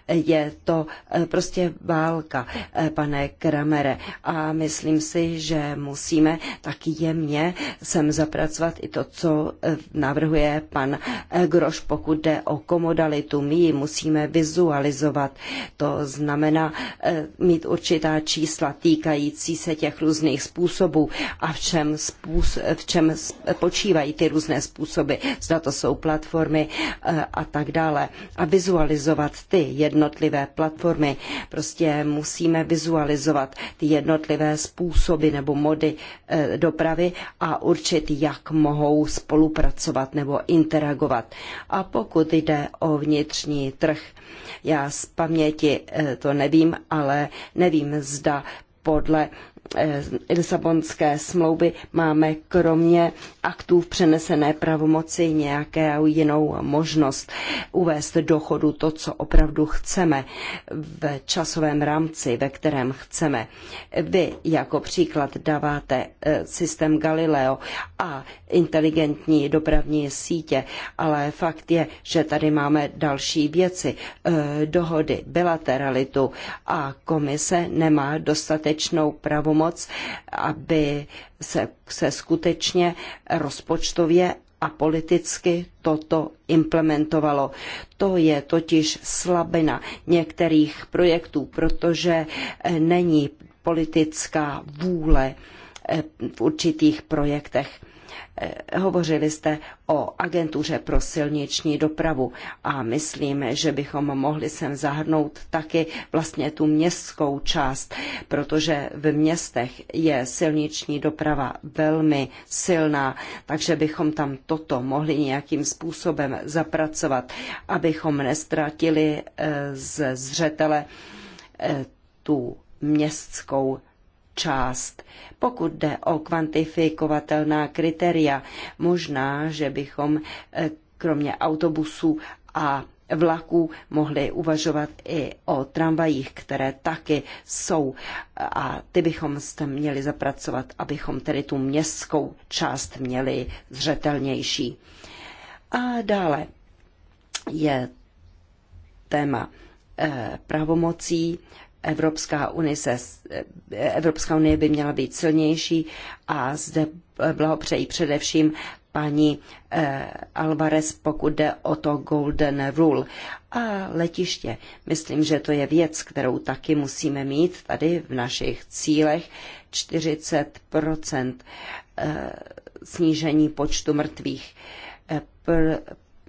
Je to eh, prostě válka, eh, pane Kramere. A myslím si, že musíme taky jemně sem zapracovat i to, co navrhuje pan Groš, pokud jde o komodalitu. My ji musíme vizualizovat. To znamená mít určitá čísla týkající se těch různých způsobů a v čem, způsob, v čem spočívají ty různé způsoby, zda to jsou platformy eh, a tak dále. A vizualizovat ty jednotlivé platformy, prostě musíme vizualizovat ty jednotlivé způsoby nebo mody eh, dopravy a určit, jak mohou spolupracovat nebo interagovat. A pokud jde o vnitřní trh, já z paměti eh, to nevím, ale nevím, zda podle Lisabonské smlouvy máme kromě aktů v přenesené pravomoci nějakou jinou možnost uvést do chodu to, co opravdu chceme v časovém rámci, ve kterém chceme. Vy jako příklad dáváte eh, systém Galileo a inteligentní dopravní sítě, ale fakt je, že tady máme další věci, eh, dohody, bilateralitu a komise nemá dostatečnou pravomoc, aby se, se skutečně rozpočtově a politicky toto implementovalo. To je totiž slabina některých projektů, protože eh, není politická vůle eh, v určitých projektech. Eh, hovořili jste o agentuře pro silniční dopravu a myslím, že bychom mohli sem zahrnout taky vlastně tu městskou část, protože v městech je silniční doprava velmi silná, takže bychom tam toto mohli nějakým způsobem zapracovat, abychom nestratili eh, z zřetele eh, tu městskou část. Pokud jde o kvantifikovatelná kritéria, možná, že bychom eh, kromě autobusů a vlaků mohli uvažovat i o tramvajích, které taky jsou a ty bychom jste měli zapracovat, abychom tedy tu městskou část měli zřetelnější. A dále je téma eh, pravomocí Evropská unie, se, Evropská unie by měla být silnější a zde blahopřeji především paní eh, Alvarez, pokud jde o to Golden Rule. A letiště. Myslím, že to je věc, kterou taky musíme mít tady v našich cílech. 40 eh, snížení počtu mrtvých. Eh,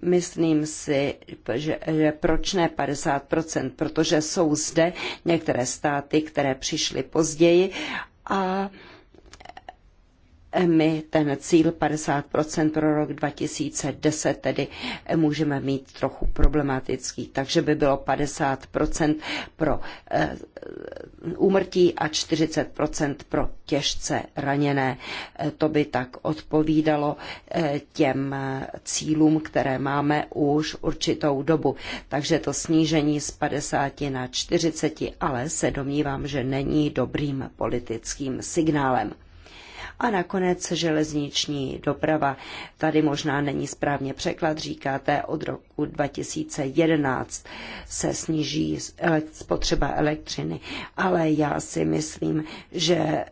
Myslím si, že, že proč ne 50%, protože jsou zde některé státy, které přišly později a my ten cíl 50% pro rok 2010 tedy můžeme mít trochu problematický, takže by bylo 50% pro eh, úmrtí a 40% pro těžce raněné. Eh, to by tak odpovídalo eh, těm cílům, které máme už určitou dobu. Takže to snížení z 50 na 40, ale se domnívám, že není dobrým politickým signálem. A nakonec železniční doprava. Tady možná není správně překlad, říkáte, od roku 2011 se sníží spotřeba elektřiny, ale já si myslím, že e,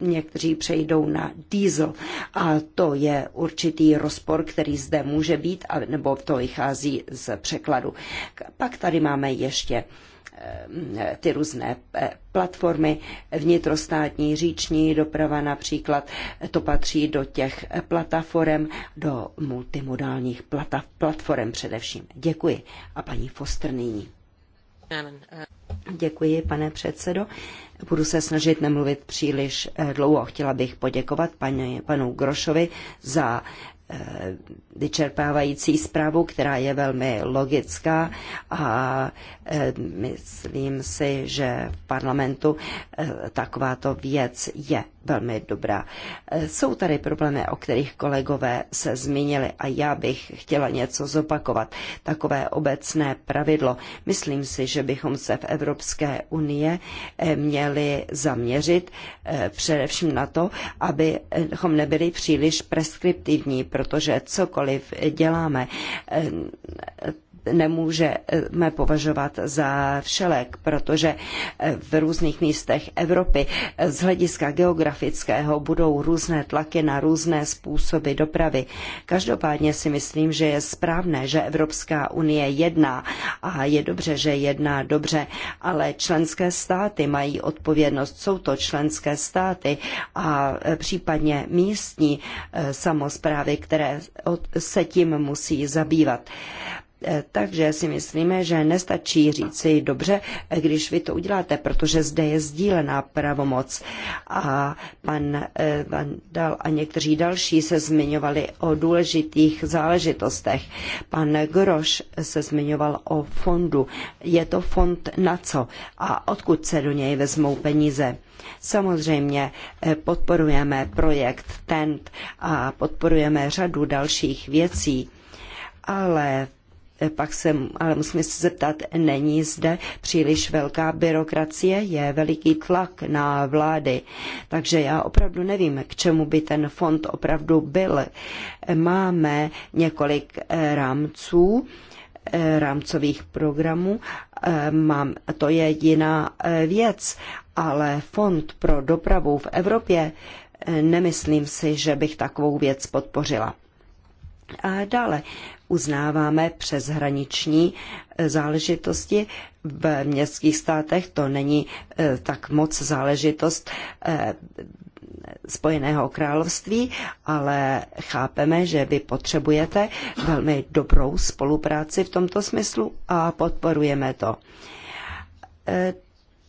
někteří přejdou na diesel a to je určitý rozpor, který zde může být, nebo to vychází z překladu. Pak tady máme ještě Eh, ty různé eh, platformy, vnitrostátní říční doprava například, to patří do těch platform, do multimodálních plata, platform především. Děkuji. A paní Foster nyní. Děkuji, pane předsedo. Budu se snažit nemluvit příliš eh, dlouho. Chtěla bych poděkovat panu, panu Grošovi za Eh, vyčerpávající zprávu, která je velmi logická a eh, myslím si, že v parlamentu eh, takováto věc je velmi dobrá. Eh, jsou tady problémy, o kterých kolegové se zmínili a já bych chtěla něco zopakovat. Takové obecné pravidlo. Myslím si, že bychom se v Evropské unie eh, měli zaměřit eh, především na to, abychom nebyli příliš preskriptivní, protože cokoliv děláme, nemůžeme považovat za všelek, protože eh, v různých místech Evropy eh, z hlediska geografického budou různé tlaky na různé způsoby dopravy. Každopádně si myslím, že je správné, že Evropská unie jedná a je dobře, že jedná dobře, ale členské státy mají odpovědnost. Jsou to členské státy a eh, případně místní samozprávy, které se tím musí zabývat. Eh, takže si myslíme, že nestačí říci dobře, eh, když vy to uděláte, protože zde je sdílená pravomoc. A pan Vandal eh, a někteří další se zmiňovali o důležitých záležitostech. Pan Groš se zmiňoval o fondu. Je to fond na co a odkud se do něj vezmou peníze? Samozřejmě podporujeme projekt TENT a podporujeme řadu dalších věcí, ale v pak se, ale musíme se zeptat, není zde příliš velká byrokracie, je veliký tlak na vlády, takže já opravdu nevím, k čemu by ten fond opravdu byl. Máme několik eh, rámců, eh, rámcových programů, eh, mám, to je jiná věc, ale fond pro dopravu v Evropě, nemyslím si, že bych takovou věc podpořila. A dále uznáváme přeshraniční eh, záležitosti. V městských státech to není eh, tak moc záležitost eh, Spojeného království, ale chápeme, že vy potřebujete velmi dobrou spolupráci v tomto smyslu a podporujeme to.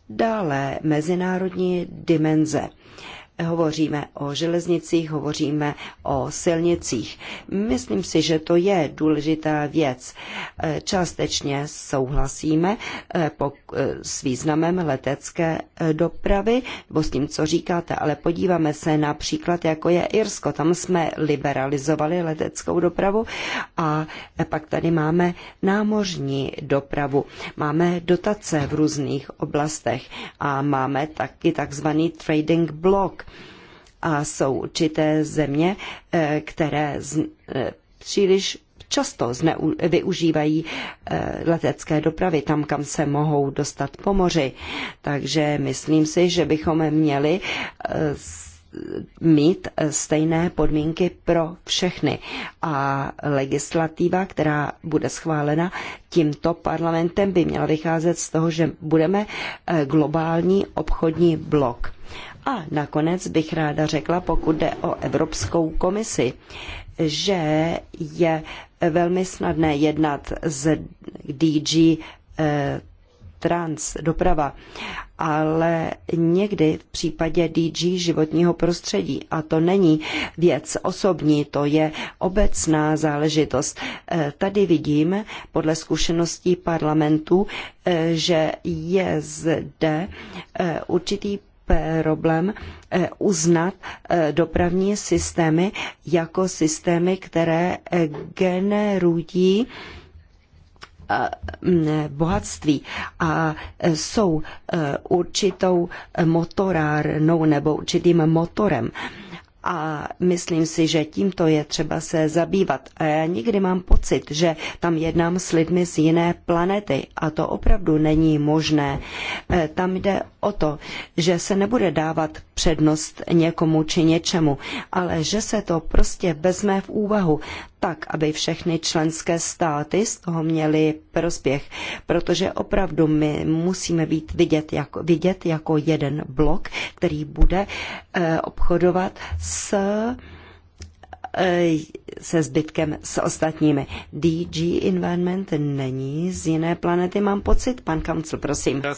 Dále mezinárodní dimenze. Hovoříme o železnicích, hovoříme o silnicích. Myslím si, že to je důležitá věc. Částečně souhlasíme eh, eh, s významem letecké eh, dopravy, nebo s tím, co říkáte, ale podíváme se na příklad jako je Irsko. Tam jsme liberalizovali leteckou dopravu a pak tady máme námořní dopravu. Máme dotace v různých oblastech a máme taky takzvaný trading block, a jsou určité země, eh, které eh, příliš často zneu, využívají eh, letecké dopravy tam, kam se mohou dostat po moři. Takže myslím si, že bychom měli mít stejné podmínky pro všechny. A legislativa, která bude schválena tímto parlamentem, by měla vycházet z toho, že budeme eh, globální obchodní blok. A nakonec bych ráda řekla, pokud jde o Evropskou komisi, že je velmi snadné jednat s DG eh, trans, doprava, ale někdy v případě DG životního prostředí, a to není věc osobní, to je obecná záležitost. E, tady vidím podle zkušeností parlamentu, e, že je zde e, určitý problém uznat dopravní systémy jako systémy, které generují Eh, bohatství a eh, jsou eh, určitou motorárnou nebo určitým motorem. A myslím si, že tímto je třeba se zabývat. A já nikdy mám pocit, že tam jednám s lidmi z jiné planety. A to opravdu není možné. Tam jde o to, že se nebude dávat přednost někomu či něčemu, ale že se to prostě vezme v úvahu tak, aby všechny členské státy z toho měly prospěch, protože opravdu my musíme být vidět jako, vidět jako jeden blok, který bude eh, obchodovat s eh, se zbytkem s ostatními. DG Environment není z jiné planety, mám pocit. Pan Kancl, prosím. Eh,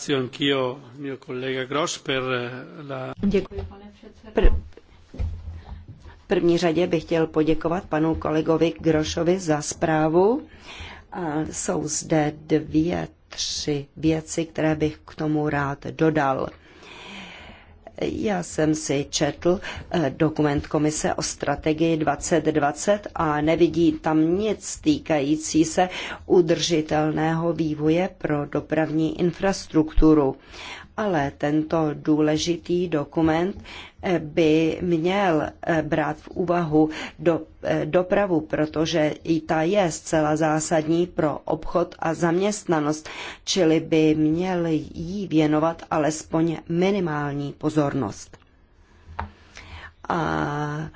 Děkuji, pane předsedo první řadě bych chtěl poděkovat panu kolegovi Grošovi za zprávu. jsou zde dvě, tři věci, které bych k tomu rád dodal. Já jsem si četl eh, dokument Komise o strategii 2020 a nevidí tam nic týkající se udržitelného vývoje pro dopravní infrastrukturu. Ale tento důležitý dokument by měl eh, brát v úvahu do, eh, dopravu, protože i ta je zcela zásadní pro obchod a zaměstnanost, čili by měl jí věnovat alespoň minimální pozornost. A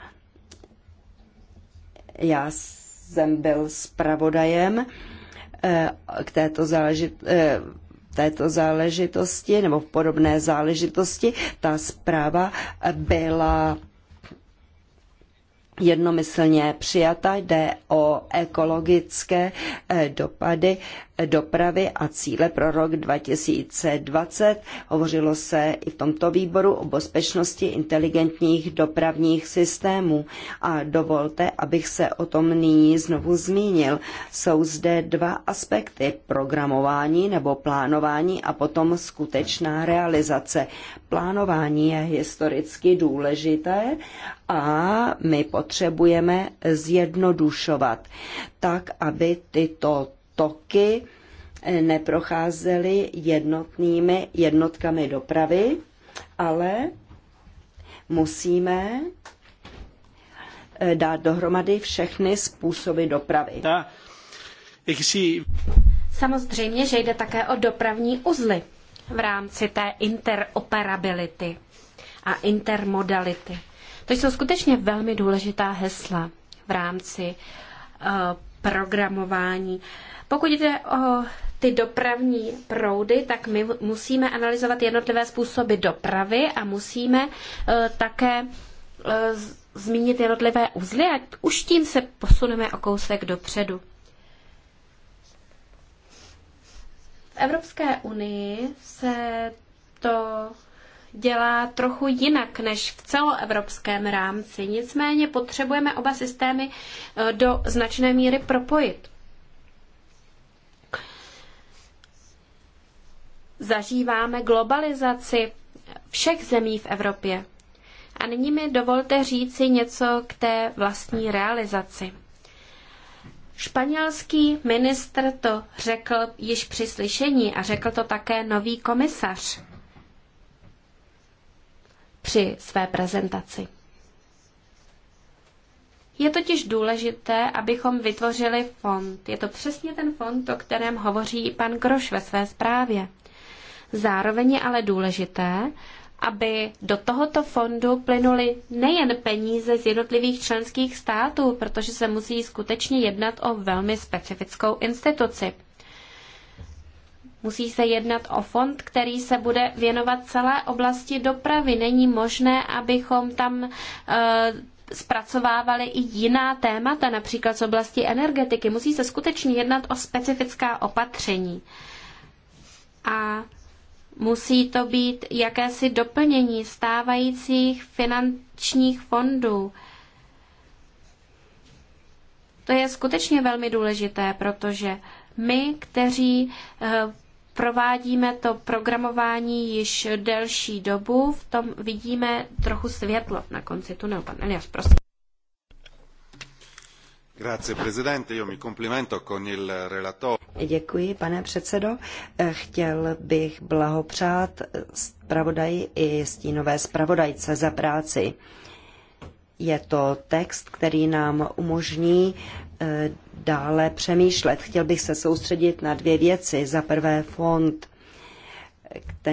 já jsem byl zpravodajem eh, k této záležitosti této záležitosti nebo v podobné záležitosti ta zpráva byla jednomyslně přijata. Jde o ekologické eh, dopady eh, dopravy a cíle pro rok 2020. Hovořilo se i v tomto výboru o bezpečnosti inteligentních dopravních systémů. A dovolte, abych se o tom nyní znovu zmínil. Jsou zde dva aspekty. Programování nebo plánování a potom skutečná realizace. Plánování je historicky důležité a my pod potřebujeme zjednodušovat, tak aby tyto toky eh, neprocházely jednotnými jednotkami dopravy, ale musíme eh, dát dohromady všechny způsoby dopravy. Samozřejmě, že jde také o dopravní uzly v rámci té interoperability a intermodality. To jsou skutečně velmi důležitá hesla v rámci eh, programování. Pokud jde o ty dopravní proudy, tak my musíme analyzovat jednotlivé způsoby dopravy a musíme eh, také eh, zmínit jednotlivé uzly a už tím se posuneme o kousek dopředu. V Evropské unii se to dělá trochu jinak než v celoevropském rámci. Nicméně potřebujeme oba systémy e, do značné míry propojit. Zažíváme globalizaci všech zemí v Evropě. A nyní mi dovolte říci něco k té vlastní realizaci. Španělský ministr to řekl již při slyšení a řekl to také nový komisař při své prezentaci. Je totiž důležité, abychom vytvořili fond. Je to přesně ten fond, o kterém hovoří i pan Groš ve své zprávě. Zároveň je ale důležité, aby do tohoto fondu plynuly nejen peníze z jednotlivých členských států, protože se musí skutečně jednat o velmi specifickou instituci. Musí se jednat o fond, který se bude věnovat celé oblasti dopravy. Není možné, abychom tam e, zpracovávali i jiná témata, například z oblasti energetiky. Musí se skutečně jednat o specifická opatření. A musí to být jakési doplnění stávajících finančních fondů. To je skutečně velmi důležité, protože my, kteří e, Provádíme to programování již delší dobu, v tom vidíme trochu světlo na konci tunelu. Pan Elias, prosím. Děkuji, pane předsedo. Chtěl bych blahopřát zpravodaji i stínové zpravodajce za práci. Je to text, který nám umožní Eh, dále přemýšlet. Chtěl bych se soustředit na dvě věci. Za prvé fond,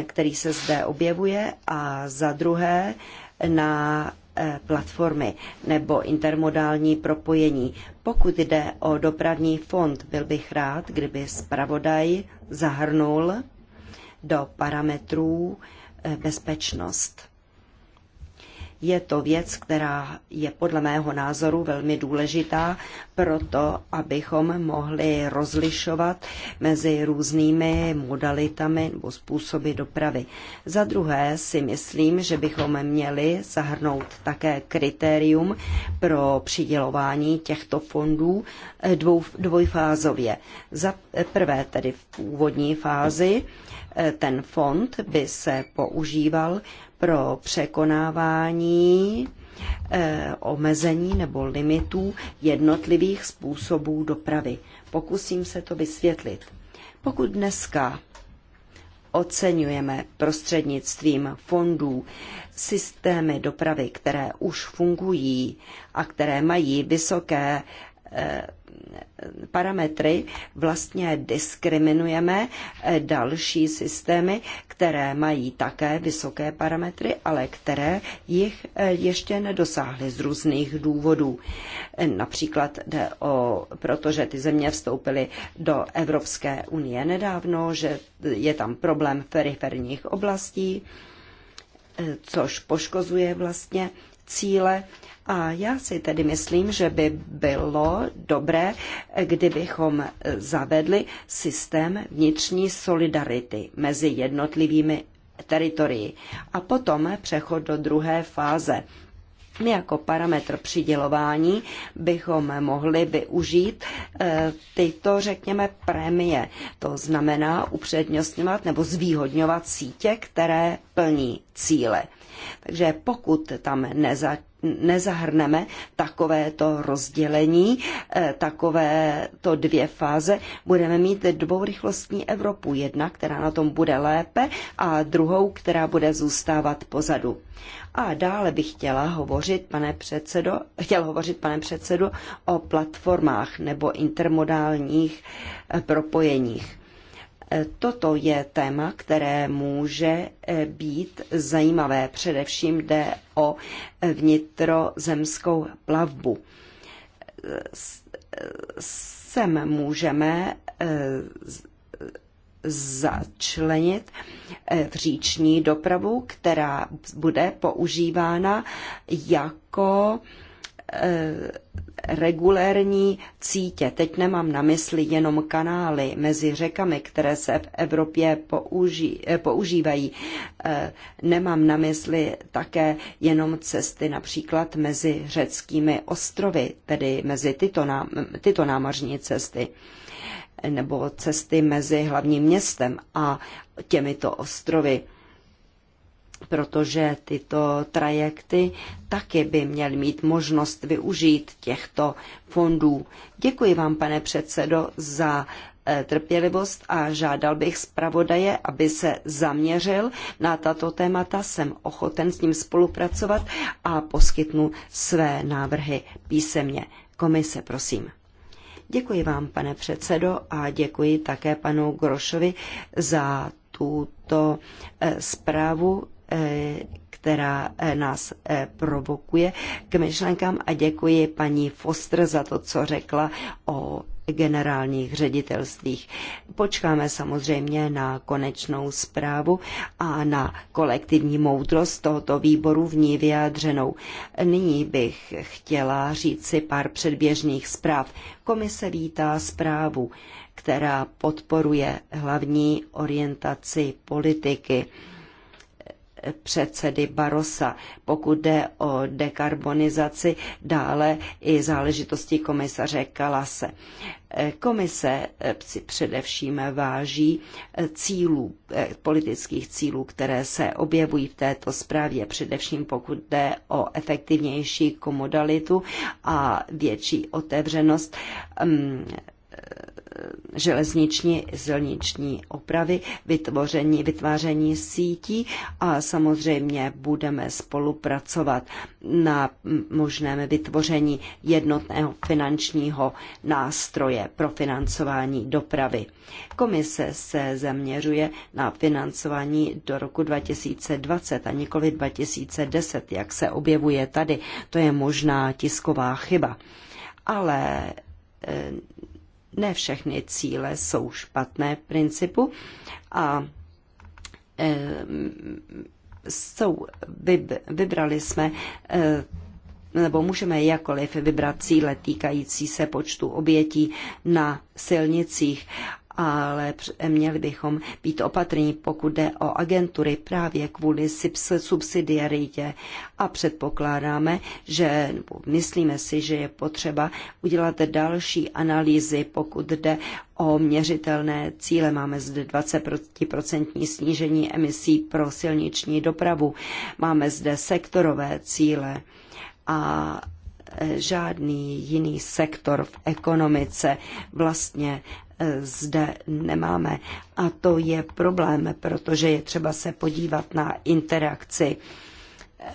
který se zde objevuje, a za druhé na eh, platformy nebo intermodální propojení. Pokud jde o dopravní fond, byl bych rád, kdyby zpravodaj zahrnul do parametrů eh, bezpečnost. Je to věc, která je podle mého názoru velmi důležitá pro to, abychom mohli rozlišovat mezi různými modalitami nebo způsoby dopravy. Za druhé si myslím, že bychom měli zahrnout také kritérium pro přidělování těchto fondů eh, dvou, dvojfázově. Za prvé tedy v původní fázi eh, ten fond by se používal pro překonávání eh, omezení nebo limitů jednotlivých způsobů dopravy. Pokusím se to vysvětlit. Pokud dneska oceňujeme prostřednictvím fondů systémy dopravy, které už fungují a které mají vysoké eh, parametry vlastně diskriminujeme eh, další systémy, které mají také vysoké parametry, ale které jich eh, ještě nedosáhly z různých důvodů. Eh, například jde o, protože ty země vstoupily do Evropské unie nedávno, že je tam problém v periferních oblastí, což poškozuje vlastně cíle a já si tedy myslím, že by bylo dobré, kdybychom zavedli systém vnitřní solidarity mezi jednotlivými teritorii a potom přechod do druhé fáze. My jako parametr přidělování bychom mohli využít eh, tyto, řekněme, prémie. To znamená upřednostňovat nebo zvýhodňovat sítě, které plní cíle. Takže pokud tam neza, nezahrneme takovéto rozdělení, eh, takovéto dvě fáze, budeme mít dvourychlostní Evropu. Jedna, která na tom bude lépe a druhou, která bude zůstávat pozadu. A dále bych chtěla hovořit, pane předsedo, chtěl hovořit, pane předsedo, o platformách nebo intermodálních eh, propojeních. Toto je téma, které může eh, být zajímavé. Především jde o eh, vnitrozemskou plavbu. Sem můžeme eh, začlenit říční dopravu, která bude používána jako Eh, regulérní cítě, teď nemám na mysli jenom kanály mezi řekami, které se v Evropě použí, eh, používají, eh, nemám na mysli také jenom cesty například mezi řeckými ostrovy, tedy mezi tyto, ná, tyto námořní cesty nebo cesty mezi hlavním městem a těmito ostrovy protože tyto trajekty taky by měl mít možnost využít těchto fondů. Děkuji vám, pane předsedo, za eh, trpělivost a žádal bych zpravodaje, aby se zaměřil na tato témata. Jsem ochoten s ním spolupracovat a poskytnu své návrhy písemně. Komise, prosím. Děkuji vám, pane předsedo, a děkuji také panu Grošovi za tuto eh, zprávu Eh, která eh, nás eh, provokuje k myšlenkám a děkuji paní Foster za to, co řekla o generálních ředitelstvích. Počkáme samozřejmě na konečnou zprávu a na kolektivní moudrost tohoto výboru v ní vyjádřenou. Nyní bych chtěla říct si pár předběžných zpráv. Komise vítá zprávu, která podporuje hlavní orientaci politiky předsedy Barosa, pokud jde o dekarbonizaci, dále i záležitosti komisaře Kalase. Komise eh, si především váží eh, cílů, eh, politických cílů, které se objevují v této zprávě, především pokud jde o efektivnější komodalitu a větší otevřenost mm, železniční silniční opravy, vytvoření, vytváření sítí a samozřejmě budeme spolupracovat na možném vytvoření jednotného finančního nástroje pro financování dopravy. Komise se zaměřuje na financování do roku 2020 a nikoli 2010, jak se objevuje tady. To je možná tisková chyba. Ale eh, ne všechny cíle jsou špatné v principu a eh, jsou, vybrali jsme eh, nebo můžeme jakoliv vybrat cíle týkající se počtu obětí na silnicích ale měli bychom být opatrní, pokud jde o agentury právě kvůli subsidiaritě a předpokládáme, že nebo myslíme si, že je potřeba udělat další analýzy, pokud jde o měřitelné cíle. Máme zde 20% snížení emisí pro silniční dopravu, máme zde sektorové cíle a e, žádný jiný sektor v ekonomice vlastně Eh, zde nemáme. A to je problém, protože je třeba se podívat na interakci eh,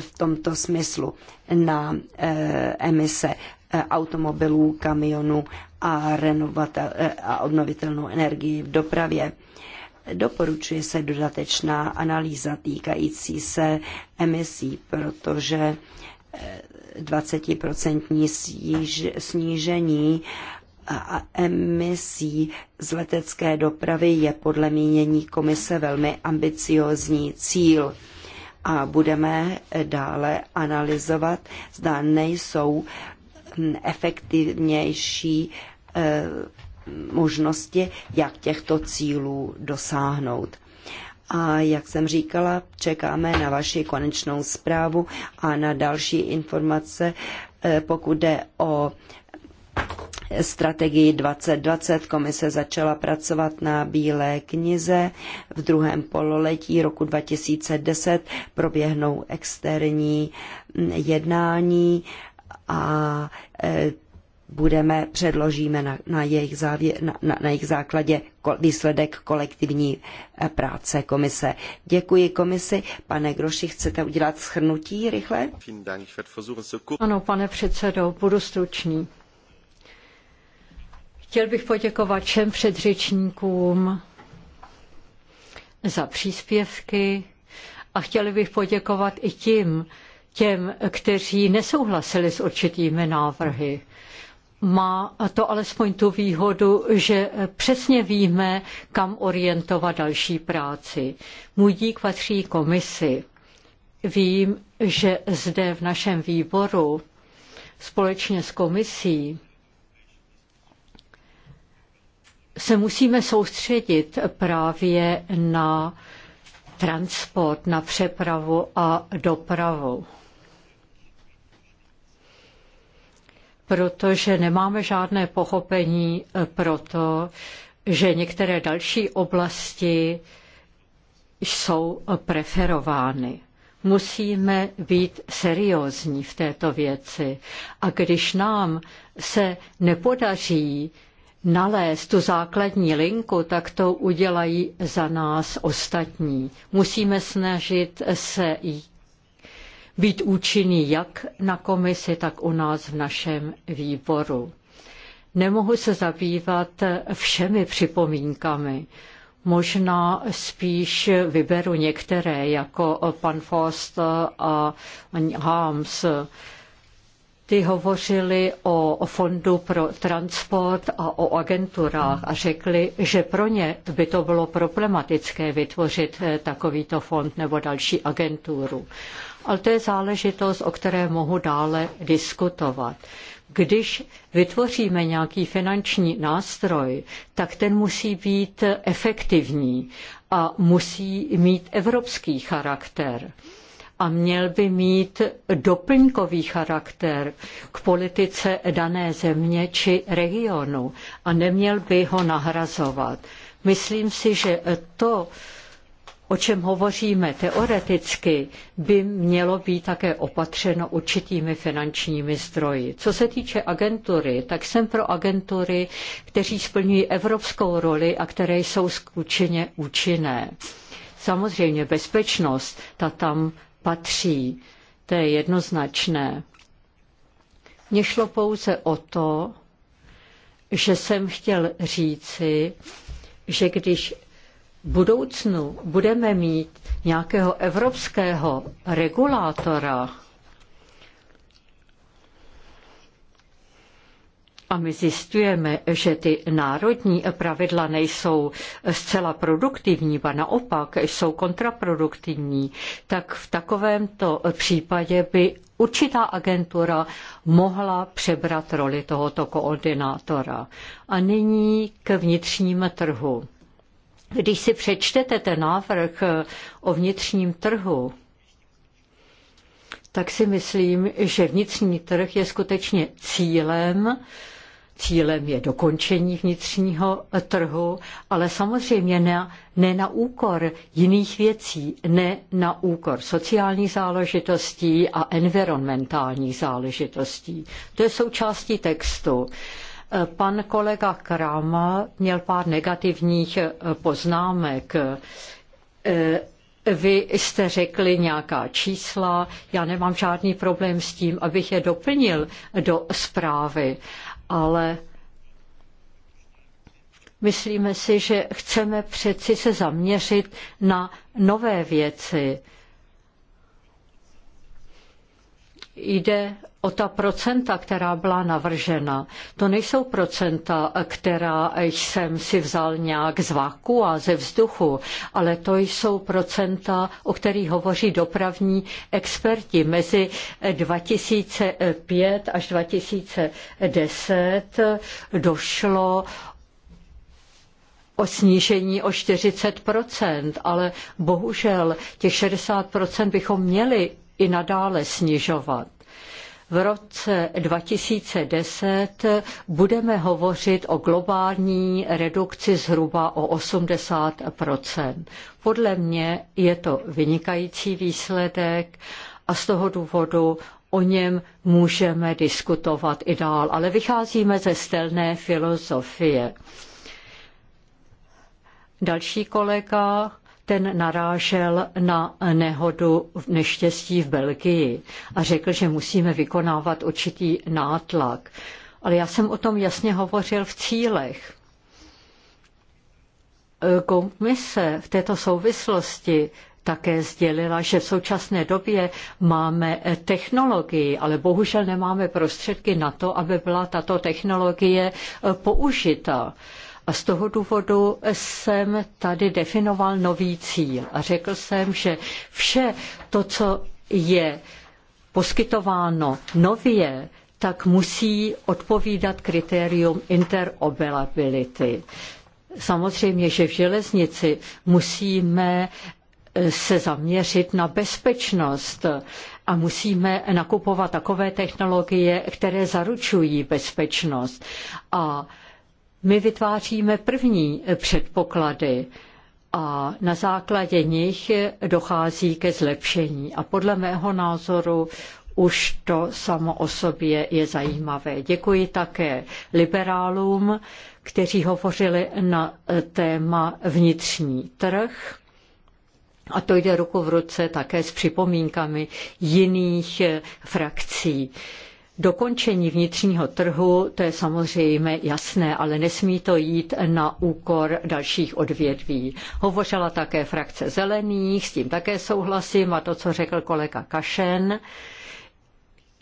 v tomto smyslu na eh, emise automobilů, kamionů a, a obnovitelnou energii v dopravě. Doporučuje se dodatečná analýza týkající se emisí, protože 20% snížení a emisí z letecké dopravy je podle mínění komise velmi ambiciózní cíl a budeme dále analyzovat, zda nejsou hm, efektivnější eh, možnosti, jak těchto cílů dosáhnout. A jak jsem říkala, čekáme na vaši konečnou zprávu a na další informace, eh, pokud jde o strategii 2020. Komise začala pracovat na Bílé knize. V druhém pololetí roku 2010 proběhnou externí jednání a e, budeme, předložíme na, na, jejich, na, na, na jejich základě výsledek kolektivní e, práce komise. Děkuji komisi. Pane Groši, chcete udělat schrnutí rychle? Ano, pane předsedo, budu stručný. Chtěl bych poděkovat všem předřečníkům za příspěvky a chtěl bych poděkovat i tím, těm, kteří nesouhlasili s určitými návrhy. Má to alespoň tu výhodu, že přesně víme, kam orientovat další práci. Můj dík patří komisi. Vím, že zde v našem výboru společně s komisí se musíme soustředit právě na transport, na přepravu a dopravu. Protože nemáme žádné pochopení pro to, že některé další oblasti jsou preferovány. Musíme být seriózní v této věci. A když nám se nepodaří nalézt tu základní linku, tak to udělají za nás ostatní. Musíme snažit se být účinný jak na komisi, tak u nás v našem výboru. Nemohu se zabývat všemi připomínkami. Možná spíš vyberu některé, jako pan Foster a Harms ty hovořili o, o fondu pro transport a o agenturách a řekli, že pro ně by to bylo problematické vytvořit eh, takovýto fond nebo další agenturu. Ale to je záležitost, o které mohu dále diskutovat. Když vytvoříme nějaký finanční nástroj, tak ten musí být efektivní a musí mít evropský charakter a měl by mít doplňkový charakter k politice dané země či regionu a neměl by ho nahrazovat. Myslím si, že to, o čem hovoříme teoreticky, by mělo být také opatřeno určitými finančními zdroji. Co se týče agentury, tak jsem pro agentury, kteří splňují evropskou roli a které jsou skutečně účinné. Samozřejmě bezpečnost, ta tam patří. To je jednoznačné. Mně šlo pouze o to, že jsem chtěl říci, že když v budoucnu budeme mít nějakého evropského regulátora, a my zjistujeme, že ty národní pravidla nejsou zcela produktivní, ba naopak jsou kontraproduktivní, tak v takovémto případě by určitá agentura mohla přebrat roli tohoto koordinátora. A nyní k vnitřním trhu. Když si přečtete ten návrh o vnitřním trhu, tak si myslím, že vnitřní trh je skutečně cílem, Cílem je dokončení vnitřního trhu, ale samozřejmě ne, ne na úkor jiných věcí, ne na úkor sociálních záležitostí a environmentálních záležitostí. To je součástí textu. Pan kolega Krama měl pár negativních poznámek. Vy jste řekli nějaká čísla, já nemám žádný problém s tím, abych je doplnil do zprávy, ale myslíme si, že chceme přeci se zaměřit na nové věci. Jde O ta procenta, která byla navržena, to nejsou procenta, která jsem si vzal nějak z váku a ze vzduchu, ale to jsou procenta, o kterých hovoří dopravní experti. Mezi 2005 až 2010 došlo o snížení o 40 ale bohužel těch 60 bychom měli i nadále snižovat. V roce 2010 budeme hovořit o globální redukci zhruba o 80 Podle mě je to vynikající výsledek a z toho důvodu o něm můžeme diskutovat i dál, ale vycházíme ze stelné filozofie. Další kolega ten narážel na nehodu v neštěstí v Belgii a řekl, že musíme vykonávat určitý nátlak. Ale já jsem o tom jasně hovořil v cílech. Komise v této souvislosti také sdělila, že v současné době máme technologii, ale bohužel nemáme prostředky na to, aby byla tato technologie použita. A z toho důvodu jsem tady definoval nový cíl a řekl jsem, že vše to, co je poskytováno nově, tak musí odpovídat kritérium interoperability. Samozřejmě, že v železnici musíme eh, se zaměřit na bezpečnost a musíme nakupovat takové technologie, které zaručují bezpečnost. A my vytváříme první předpoklady a na základě nich dochází ke zlepšení. A podle mého názoru už to samo o sobě je zajímavé. Děkuji také liberálům, kteří hovořili na téma vnitřní trh. A to jde ruku v ruce také s připomínkami jiných frakcí. Dokončení vnitřního trhu, to je samozřejmě jasné, ale nesmí to jít na úkor dalších odvětví. Hovořila také frakce zelených, s tím také souhlasím a to, co řekl kolega Kašen,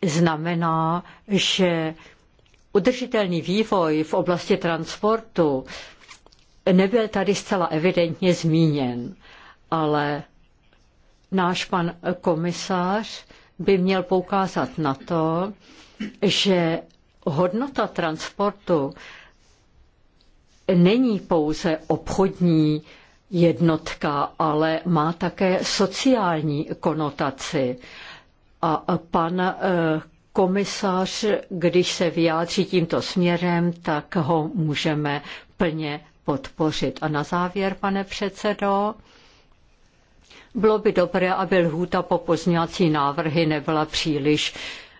znamená, že udržitelný vývoj v oblasti transportu nebyl tady zcela evidentně zmíněn, ale náš pan komisař by měl poukázat na to, že hodnota transportu není pouze obchodní jednotka, ale má také sociální konotaci. A pan eh, komisař, když se vyjádří tímto směrem, tak ho můžeme plně podpořit. A na závěr, pane předsedo, bylo by dobré, aby lhůta po pozňací návrhy nebyla příliš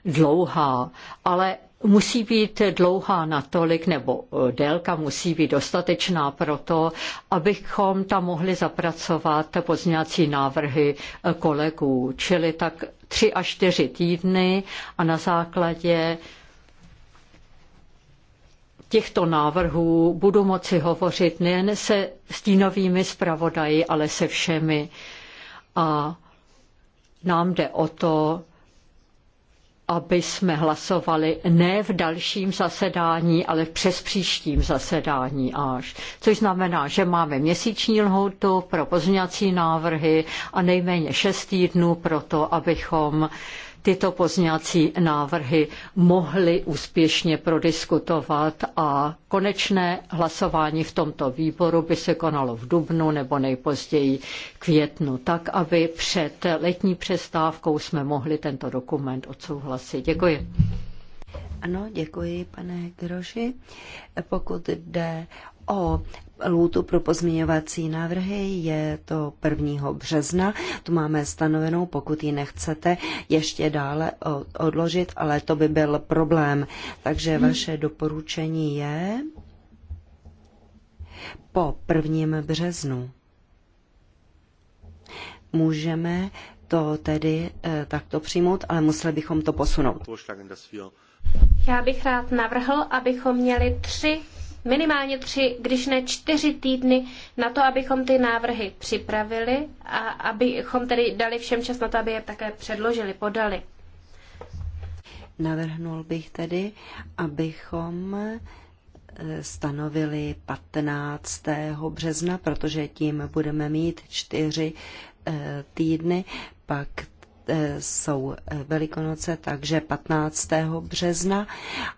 dlouhá, ale musí být dlouhá natolik, nebo eh, délka musí být dostatečná pro to, abychom tam mohli zapracovat pozměňovací návrhy eh, kolegů, čili tak tři až čtyři týdny a na základě těchto návrhů budu moci hovořit nejen se stínovými zpravodaji, ale se všemi. A nám jde o to, aby jsme hlasovali ne v dalším zasedání, ale v přespříštím zasedání až. Což znamená, že máme měsíční lhoutu pro pozměňovací návrhy a nejméně šest týdnů pro to, abychom uh, tyto pozňací návrhy mohli úspěšně prodiskutovat a konečné hlasování v tomto výboru by se konalo v dubnu nebo nejpozději květnu, tak aby před letní přestávkou jsme mohli tento dokument odsouhlasit. Děkuji. Ano, děkuji, pane Groši. Pokud jde o lhůtu pro pozměňovací návrhy je to 1. března. Tu máme stanovenou, pokud ji nechcete ještě dále odložit, ale to by byl problém. Takže hmm. vaše doporučení je po 1. březnu. Můžeme to tedy e, takto přijmout, ale museli bychom to posunout. Já bych rád navrhl, abychom měli tři minimálně tři, když ne čtyři týdny na to, abychom ty návrhy připravili a abychom tedy dali všem čas na to, aby je také předložili, podali. Navrhnul bych tedy, abychom eh, stanovili 15. března, protože tím budeme mít čtyři eh, týdny, pak Eh, jsou eh, Velikonoce, takže 15. března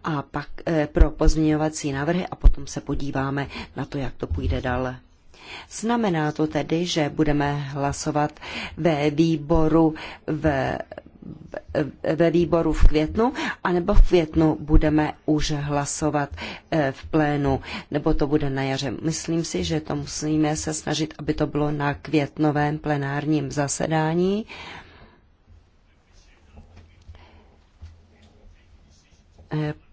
a pak eh, pro pozměňovací návrhy a potom se podíváme na to, jak to půjde dál. Znamená to tedy, že budeme hlasovat ve výboru v ve výboru v květnu, anebo v květnu budeme už hlasovat v plénu, nebo to bude na jaře. Myslím si, že to musíme se snažit, aby to bylo na květnovém plenárním zasedání.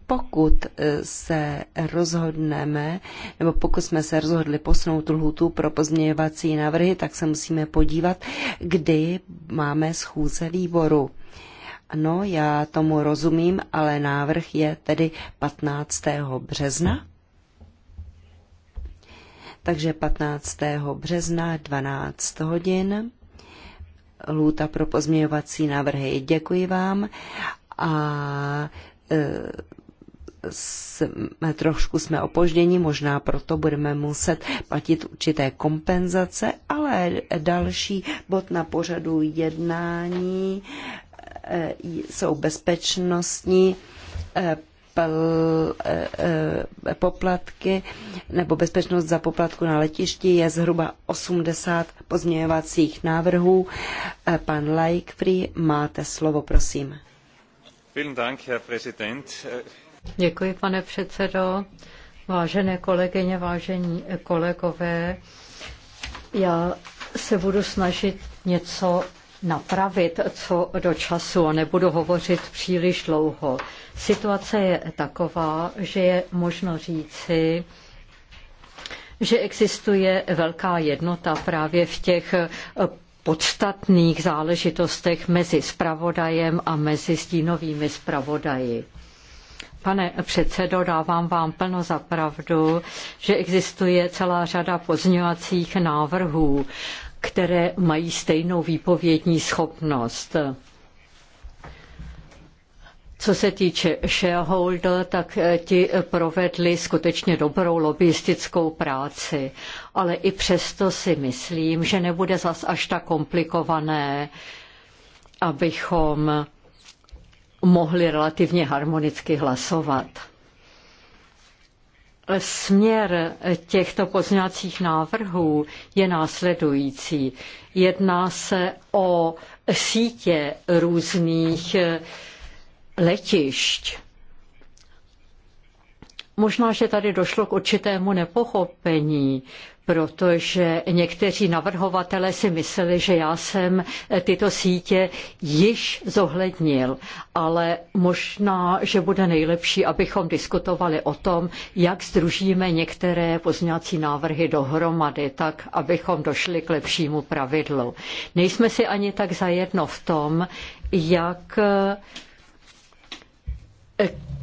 pokud eh, se rozhodneme, nebo pokud jsme se rozhodli posunout lhůtu pro pozměňovací návrhy, tak se musíme podívat, kdy máme schůze výboru. Ano, já tomu rozumím, ale návrh je tedy 15. března. Takže 15. března 12 hodin. Lůta pro pozměňovací návrhy. Děkuji vám a jsme, trošku jsme opožděni, možná proto budeme muset platit určité kompenzace, ale další bod na pořadu jednání eh, jsou bezpečnostní eh, eh, poplatky nebo bezpečnost za poplatku na letišti je zhruba 80 pozměňovacích návrhů. Pan Lajkfri, máte slovo, prosím. Děkuji, pane předsedo. Vážené kolegyně, vážení kolegové, já se budu snažit něco napravit co do času a nebudu hovořit příliš dlouho. Situace je taková, že je možno říci, že existuje velká jednota právě v těch podstatných záležitostech mezi spravodajem a mezi stínovými spravodaji. Pane předsedo, dávám vám plno za pravdu, že existuje celá řada pozňovacích návrhů, které mají stejnou výpovědní schopnost. Co se týče shareholder, tak eh, ti eh, provedli skutečně dobrou lobbyistickou práci, ale i přesto si myslím, že nebude zas až tak komplikované, abychom mohli relativně harmonicky hlasovat. Směr eh, těchto pozňacích návrhů je následující. Jedná se o sítě různých letišť. Možná, že tady došlo k určitému nepochopení, protože někteří navrhovatelé si mysleli, že já jsem tyto sítě již zohlednil, ale možná, že bude nejlepší, abychom diskutovali o tom, jak združíme některé pozňací návrhy dohromady, tak, abychom došli k lepšímu pravidlu. Nejsme si ani tak zajedno v tom, jak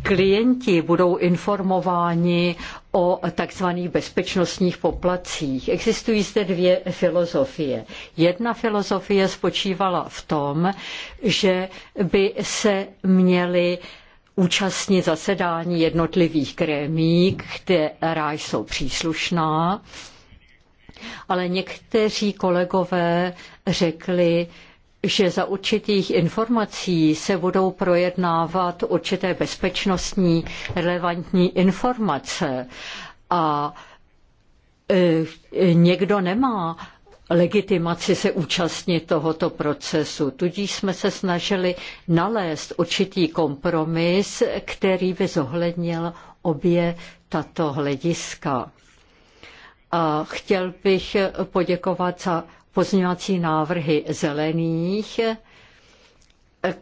klienti budou informováni o tzv. bezpečnostních poplacích. Existují zde dvě filozofie. Jedna filozofie spočívala v tom, že by se měly účastnit zasedání jednotlivých krémí, která jsou příslušná, ale někteří kolegové řekli, že za určitých informací se budou projednávat určité bezpečnostní relevantní informace a e, někdo nemá legitimaci se účastnit tohoto procesu. Tudíž jsme se snažili nalézt určitý kompromis, který by zohlednil obě tato hlediska. A chtěl bych poděkovat za pozměňovací návrhy zelených,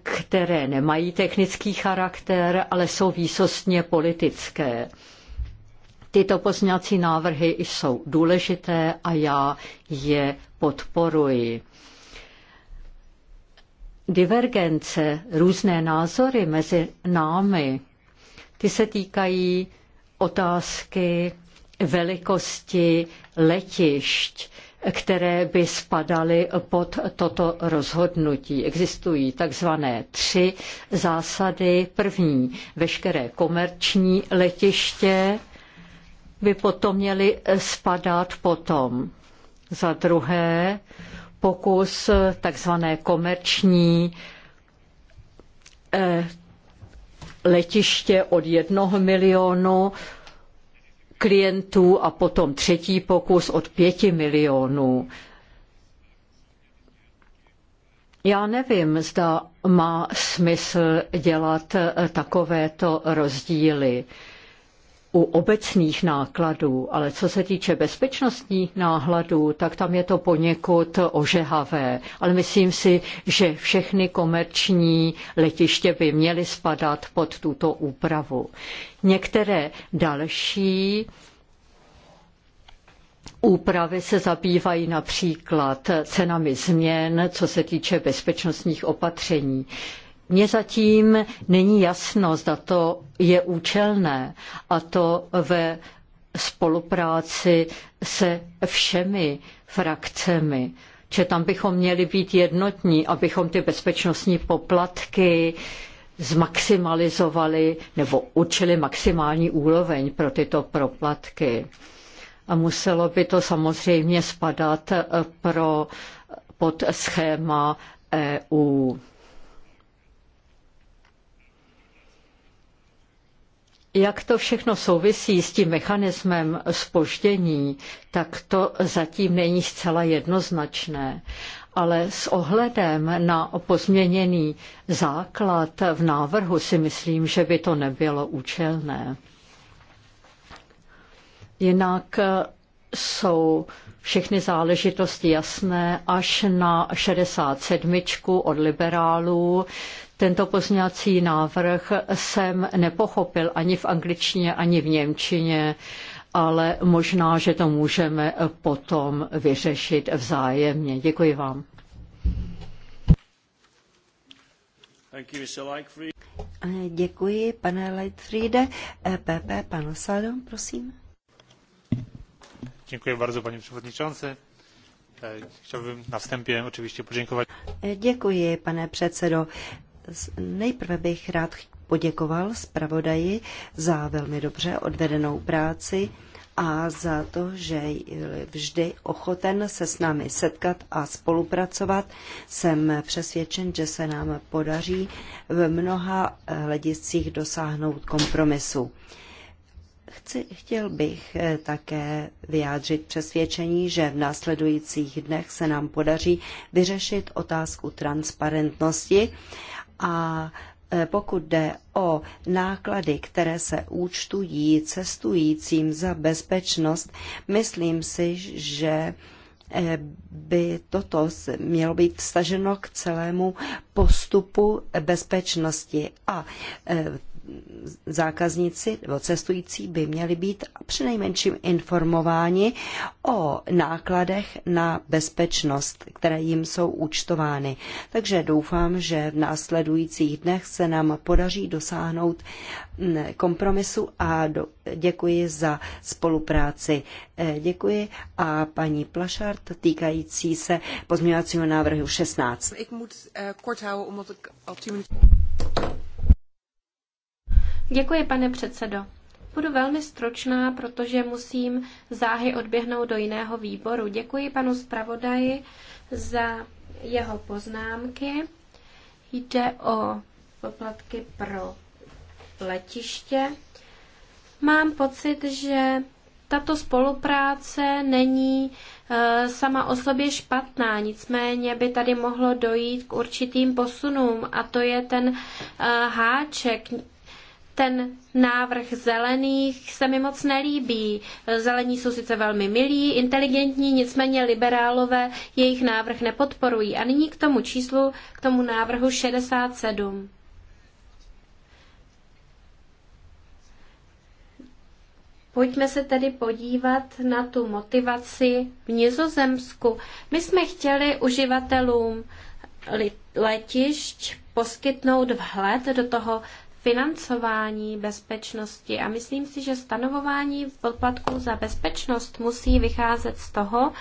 které nemají technický charakter, ale jsou výsostně politické. Tyto pozměňovací návrhy jsou důležité a já je podporuji. Divergence, různé názory mezi námi, ty se týkají otázky velikosti letišť které by spadaly pod toto rozhodnutí. Existují takzvané tři zásady. První, veškeré komerční letiště by potom měly spadat potom. Za druhé, pokus takzvané komerční eh, letiště od jednoho milionu klientů a potom třetí pokus od pěti milionů. Já nevím, zda má smysl dělat takovéto rozdíly u obecných nákladů, ale co se týče bezpečnostních náhladů, tak tam je to poněkud ožehavé. Ale myslím si, že všechny komerční letiště by měly spadat pod tuto úpravu. Některé další Úpravy se zabývají například cenami změn, co se týče bezpečnostních opatření. Mně zatím není jasno, zda to je účelné a to ve spolupráci se všemi frakcemi. Že tam bychom měli být jednotní, abychom ty bezpečnostní poplatky zmaximalizovali nebo učili maximální úroveň pro tyto proplatky. A muselo by to samozřejmě spadat pro, pod schéma EU. Jak to všechno souvisí s tím mechanismem spoždění, tak to zatím není zcela jednoznačné. Ale s ohledem na pozměněný základ v návrhu si myslím, že by to nebylo účelné. Jinak eh, jsou všechny záležitosti jasné až na 67. od liberálů. Tento pozměňovací návrh jsem nepochopil ani v angličtině, ani v němčině, ale možná, že to můžeme potom vyřešit vzájemně. Děkuji vám. Eh, děkuji, pane Lightfriede. EPP, pan Osadom, prosím. Děkuji bardzo, paní předsedničance. Eh, chtěl bych na vstępie oczywiście poděkovat. Eh, děkuji, pane předsedo. Nejprve bych rád poděkoval zpravodaji za velmi dobře odvedenou práci a za to, že je vždy ochoten se s námi setkat a spolupracovat. Jsem přesvědčen, že se nám podaří v mnoha eh, hlediscích dosáhnout kompromisu. Chci, chtěl bych eh, také vyjádřit přesvědčení, že v následujících dnech se nám podaří vyřešit otázku transparentnosti a e, pokud jde o náklady, které se účtují cestujícím za bezpečnost, myslím si, že e, by toto mělo být staženo k celému postupu bezpečnosti. A e, zákazníci nebo cestující by měli být přinejmenším informováni o nákladech na bezpečnost, které jim jsou účtovány. Takže doufám, že v následujících dnech se nám podaří dosáhnout kompromisu a do, děkuji za spolupráci. E, děkuji a paní Plašart týkající se pozměňovacího návrhu 16. Děkuji, pane předsedo. Budu velmi stručná, protože musím záhy odběhnout do jiného výboru. Děkuji panu zpravodaji za jeho poznámky. Jde o poplatky pro letiště. Mám pocit, že tato spolupráce není eh, sama o sobě špatná, nicméně by tady mohlo dojít k určitým posunům a to je ten eh, háček ten návrh zelených se mi moc nelíbí. Zelení jsou sice velmi milí, inteligentní, nicméně liberálové jejich návrh nepodporují. A nyní k tomu číslu, k tomu návrhu 67. Pojďme se tedy podívat na tu motivaci v Nizozemsku. My jsme chtěli uživatelům letišť poskytnout vhled do toho financování bezpečnosti a myslím si, že stanovování poplatků za bezpečnost musí vycházet z toho,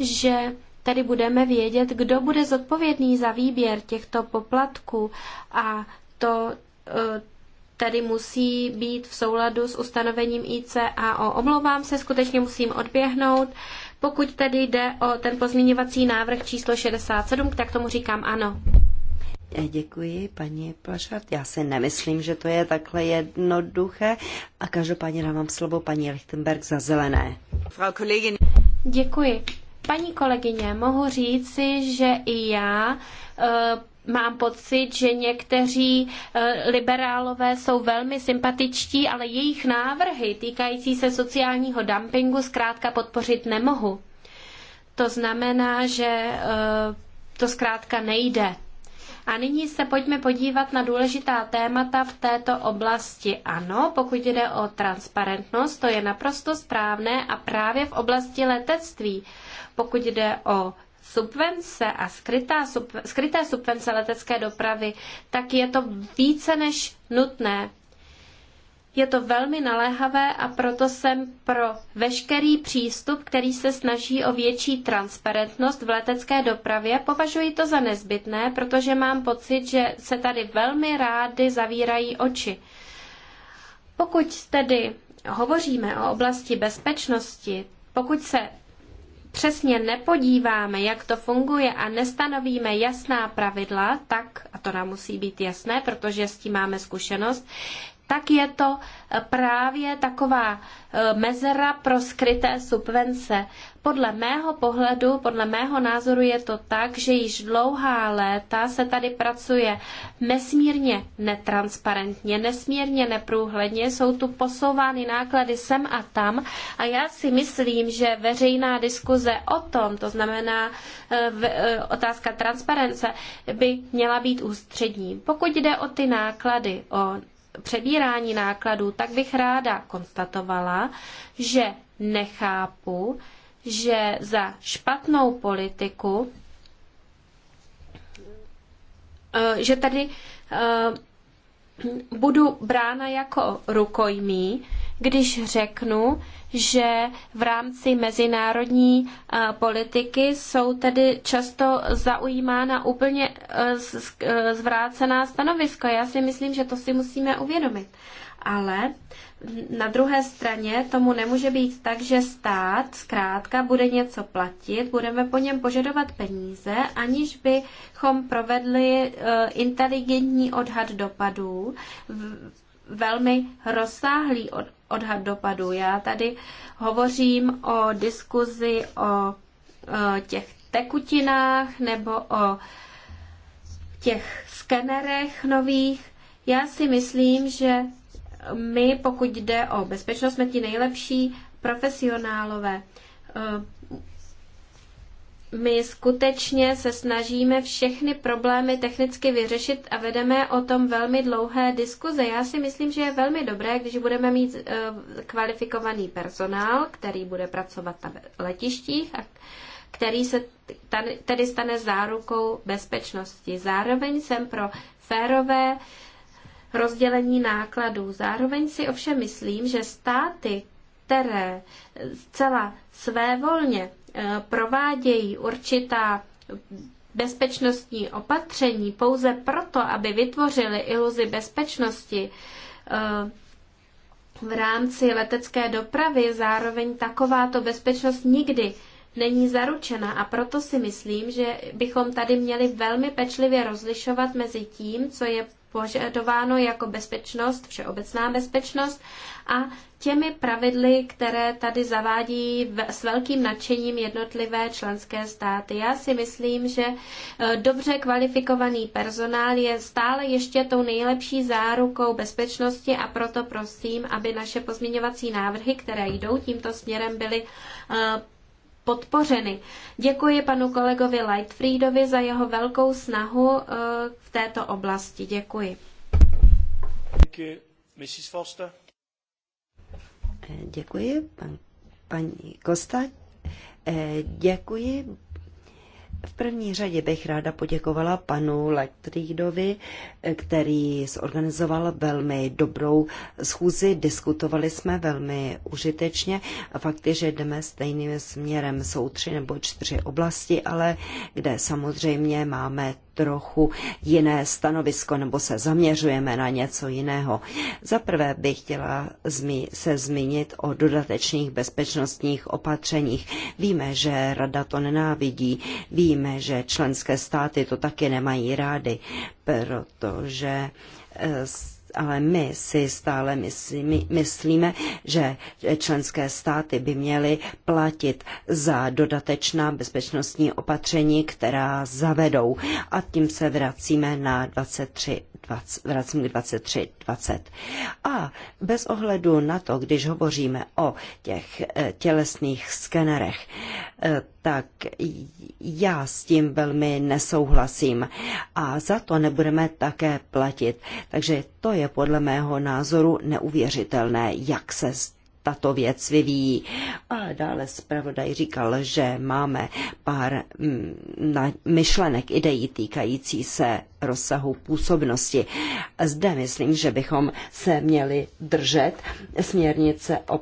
že tedy budeme vědět, kdo bude zodpovědný za výběr těchto poplatků a to eh, tedy musí být v souladu s ustanovením o Omlouvám se, skutečně musím odběhnout. Pokud tedy jde o ten pozměňovací návrh číslo 67, tak tomu říkám ano. Eh, děkuji, paní Plašart. Já si nemyslím, že to je takhle jednoduché. A každopádně dávám slovo paní Lichtenberg za zelené. Frau Kollegin. Děkuji. Paní kolegyně, mohu říci, že i já uh, mám pocit, že někteří uh, liberálové jsou velmi sympatičtí, ale jejich návrhy týkající se sociálního dumpingu zkrátka podpořit nemohu. To znamená, že uh, to zkrátka nejde. A nyní se pojďme podívat na důležitá témata v této oblasti. Ano, pokud jde o transparentnost, to je naprosto správné a právě v oblasti letectví. Pokud jde o subvence a skrytá, sub, skryté subvence letecké dopravy, tak je to více než nutné. Je to velmi naléhavé a proto jsem pro veškerý přístup, který se snaží o větší transparentnost v letecké dopravě. Považuji to za nezbytné, protože mám pocit, že se tady velmi rády zavírají oči. Pokud tedy hovoříme o oblasti bezpečnosti, pokud se přesně nepodíváme, jak to funguje a nestanovíme jasná pravidla, tak, a to nám musí být jasné, protože s tím máme zkušenost, tak je to eh, právě taková eh, mezera pro skryté subvence. Podle mého pohledu, podle mého názoru je to tak, že již dlouhá léta se tady pracuje nesmírně netransparentně, nesmírně neprůhledně, jsou tu posouvány náklady sem a tam a já si myslím, že veřejná diskuze o tom, to znamená eh, otázka transparence, by měla být ústřední. Pokud jde o ty náklady, o přebírání nákladů, tak bych ráda konstatovala, že nechápu, že za špatnou politiku, eh, že tady eh, budu brána jako rukojmí, když řeknu, že v rámci mezinárodní eh, politiky jsou tedy často zaujímána úplně eh, eh, zvrácená stanoviska. Já si myslím, že to si musíme uvědomit. Ale na druhé straně tomu nemůže být tak, že stát zkrátka bude něco platit, budeme po něm požadovat peníze, aniž bychom provedli inteligentní odhad dopadů, velmi rozsáhlý odhad dopadu. Já tady hovořím o diskuzi o těch tekutinách nebo o těch skenerech nových. Já si myslím, že my, pokud jde o bezpečnost, jsme ti nejlepší profesionálové my skutečně se snažíme všechny problémy technicky vyřešit a vedeme o tom velmi dlouhé diskuze. Já si myslím, že je velmi dobré, když budeme mít eh, kvalifikovaný personál, který bude pracovat na letištích a který se tedy stane zárukou bezpečnosti. Zároveň jsem pro férové rozdělení nákladů. Zároveň si ovšem myslím, že státy, které zcela svévolně Eh, provádějí určitá bezpečnostní opatření pouze proto, aby vytvořili iluzi bezpečnosti eh, v rámci letecké dopravy, zároveň takováto bezpečnost nikdy není zaručena a proto si myslím, že bychom tady měli velmi pečlivě rozlišovat mezi tím, co je požadováno jako bezpečnost, všeobecná bezpečnost a těmi pravidly, které tady zavádí v, s velkým nadšením jednotlivé členské státy. Já si myslím, že eh, dobře kvalifikovaný personál je stále ještě tou nejlepší zárukou bezpečnosti a proto prosím, aby naše pozměňovací návrhy, které jdou tímto směrem, byly eh, podpořeny. Děkuji panu kolegovi Lightfriedovi za jeho velkou snahu eh, v této oblasti. Děkuji. Děkuji, Mrs. Foster. Eh, děkuji, pan, paní Kosta. Eh, děkuji, v první řadě bych ráda poděkovala panu Letridovi, který zorganizoval velmi dobrou schůzi, diskutovali jsme velmi užitečně a fakt je, že jdeme stejným směrem. Jsou tři nebo čtyři oblasti, ale kde samozřejmě máme trochu jiné stanovisko nebo se zaměřujeme na něco jiného. Za prvé bych chtěla se zmínit o dodatečných bezpečnostních opatřeních. Víme, že rada to nenávidí, víme, že členské státy to taky nemají rády, protože eh, ale my si stále myslí, myslíme, že členské státy by měly platit za dodatečná bezpečnostní opatření, která zavedou. A tím se vracíme na 23. 20, vracím k 23, 20. A bez ohledu na to, když hovoříme o těch eh, tělesných skenerech, Eh, tak já s tím velmi nesouhlasím. A za to nebudeme také platit. Takže to je podle mého názoru neuvěřitelné, jak se tato věc vyvíjí. A dále zpravodaj říkal, že máme pár mm, myšlenek, ideí týkající se rozsahu působnosti. Zde myslím, že bychom se měli držet směrnice o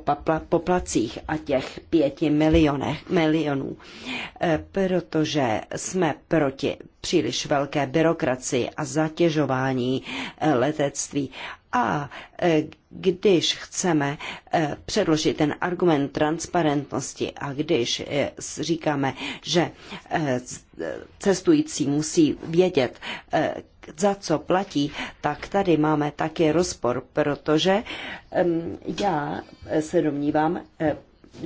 poplacích a těch pěti milionech, milionů, e, protože jsme proti příliš velké byrokracii a zatěžování eh, letectví. A eh, když chceme eh, předložit ten argument transparentnosti a když říkáme, že cestující musí vědět, za co platí, tak tady máme také rozpor, protože já se domnívám,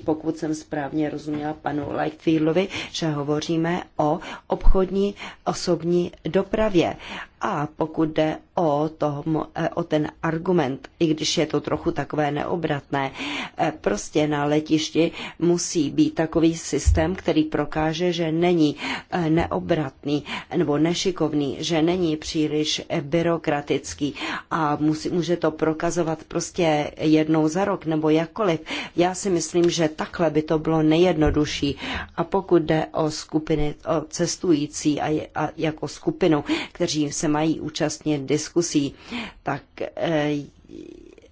pokud jsem správně rozuměla panu Lightfieldovi, že hovoříme o obchodní osobní dopravě. A pokud jde o, tom, eh, o ten argument, i když je to trochu takové neobratné, eh, prostě na letišti musí být takový systém, který prokáže, že není eh, neobratný nebo nešikovný, že není příliš byrokratický a musí, může to prokazovat prostě jednou za rok nebo jakkoliv. Já si myslím, že takhle by to bylo nejjednodušší. A pokud jde o skupiny o cestující a, a jako skupinu, kteří se mají účastnit diskusí, tak eh,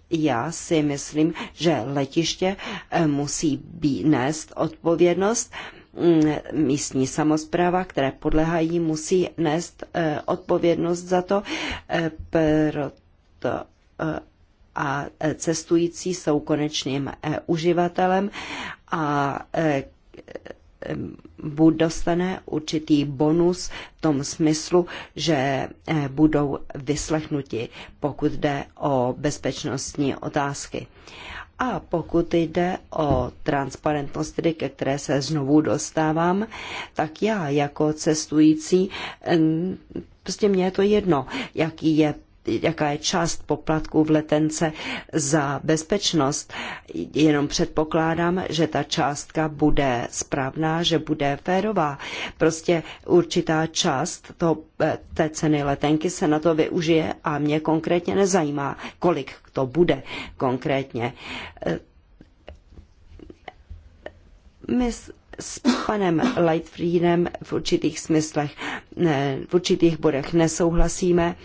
já si myslím, že letiště eh, musí být nést odpovědnost. Mm, místní samozpráva, které podlehají, musí nést eh, odpovědnost za to, proto a cestující jsou konečným uživatelem a dostane určitý bonus v tom smyslu, že eh, budou vyslechnuti, pokud jde o bezpečnostní otázky. A pokud jde o transparentnost, tedy ke které se znovu dostávám, tak já jako cestující, prostě mně je to jedno, jaký je jaká je část poplatků v letence za bezpečnost. Jenom předpokládám, že ta částka bude správná, že bude férová. Prostě určitá část to eh, té ceny letenky se na to využije a mě konkrétně nezajímá, kolik to bude konkrétně. Eh, Mys, s panem Lightfriedem v určitých smyslech, v určitých bodech nesouhlasíme.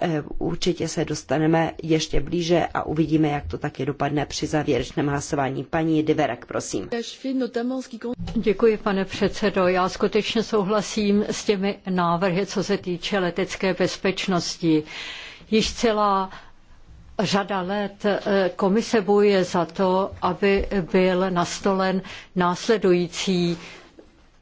E, určitě se dostaneme ještě blíže a uvidíme, jak to taky dopadne při závěrečném hlasování. Paní Diverek, prosím. Děkuji, pane předsedo. Já skutečně souhlasím s těmi návrhy, co se týče letecké bezpečnosti. Již celá řada let eh, komise bojuje za to, aby byl nastolen následující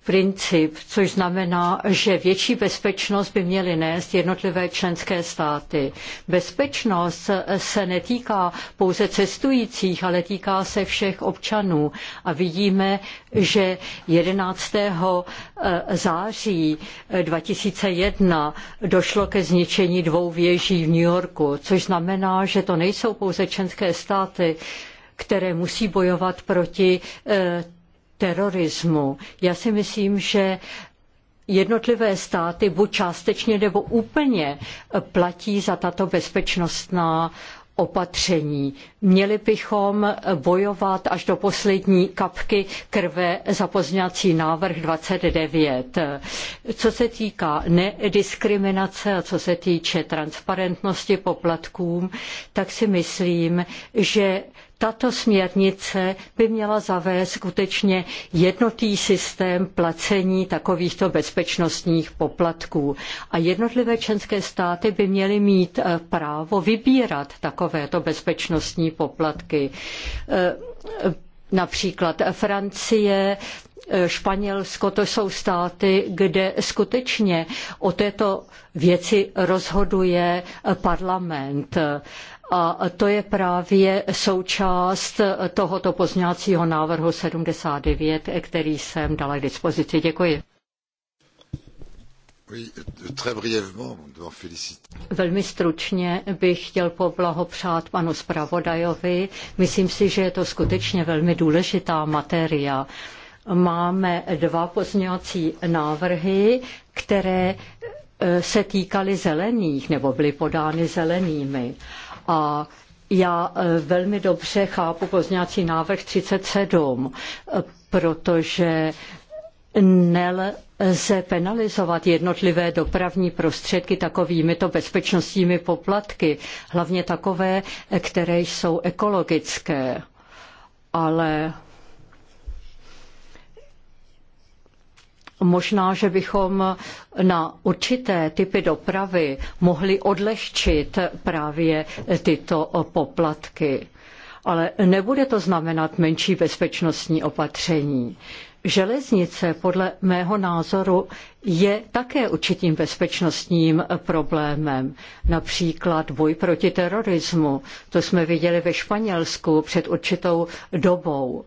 princip, což znamená, že větší bezpečnost by měly nést jednotlivé členské státy. Bezpečnost se netýká pouze cestujících, ale týká se všech občanů. A vidíme, že 11. Eh, září 2001 eh, došlo ke zničení dvou věží v New Yorku, což znamená, že to nejsou pouze členské státy, které musí bojovat proti eh, terorismu. Já si myslím, že jednotlivé státy buď částečně nebo úplně platí za tato bezpečnostná opatření. Měli bychom bojovat až do poslední kapky krve za pozňací návrh 29. Co se týká nediskriminace a co se týče transparentnosti poplatkům, tak si myslím, že tato směrnice by měla zavést skutečně jednotný systém placení takovýchto bezpečnostních poplatků a jednotlivé členské státy by měly mít eh, právo vybírat takovéto bezpečnostní poplatky. Eh, například Francie, eh, Španělsko, to jsou státy, kde skutečně o této věci rozhoduje parlament. A to je právě součást tohoto pozňácího návrhu 79, který jsem dala k dispozici. Děkuji. Velmi stručně bych chtěl poblahopřát panu zpravodajovi. Myslím si, že je to skutečně velmi důležitá materia. Máme dva pozměňovací návrhy, které eh, se týkaly zelených nebo byly podány zelenými. Uh, a já e, velmi dobře chápu pozňací návrh 37, e, protože nelze penalizovat jednotlivé dopravní prostředky takovými to bezpečnostními poplatky, hlavně takové, e, které jsou ekologické. Ale Možná, že bychom na určité typy dopravy mohli odlehčit právě tyto poplatky. Ale nebude to znamenat menší bezpečnostní opatření. Železnice podle mého názoru je také určitým bezpečnostním problémem. Například boj proti terorismu. To jsme viděli ve Španělsku před určitou dobou.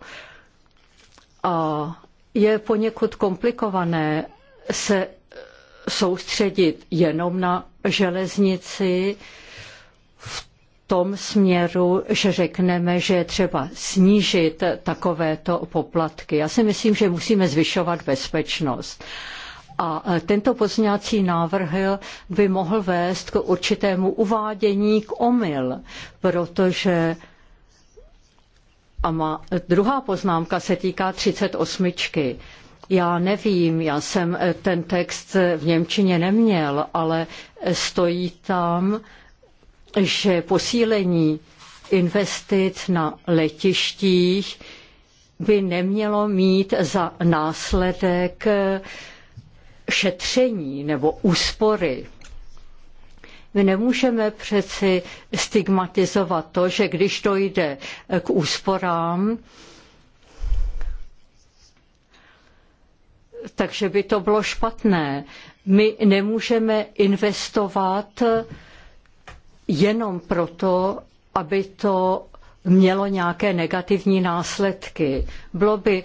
A je poněkud komplikované se soustředit jenom na železnici v tom směru, že řekneme, že je třeba snížit takovéto poplatky. Já si myslím, že musíme zvyšovat bezpečnost. A tento pozňací návrh by mohl vést k určitému uvádění k omyl, protože a má, druhá poznámka se týká 38. Já nevím, já jsem eh, ten text eh, v Němčině neměl, ale eh, stojí tam, že posílení investic na letištích by nemělo mít za následek šetření nebo úspory my nemůžeme přeci stigmatizovat to, že když dojde k úsporám, takže by to bylo špatné. My nemůžeme investovat jenom proto, aby to mělo nějaké negativní následky. Bylo by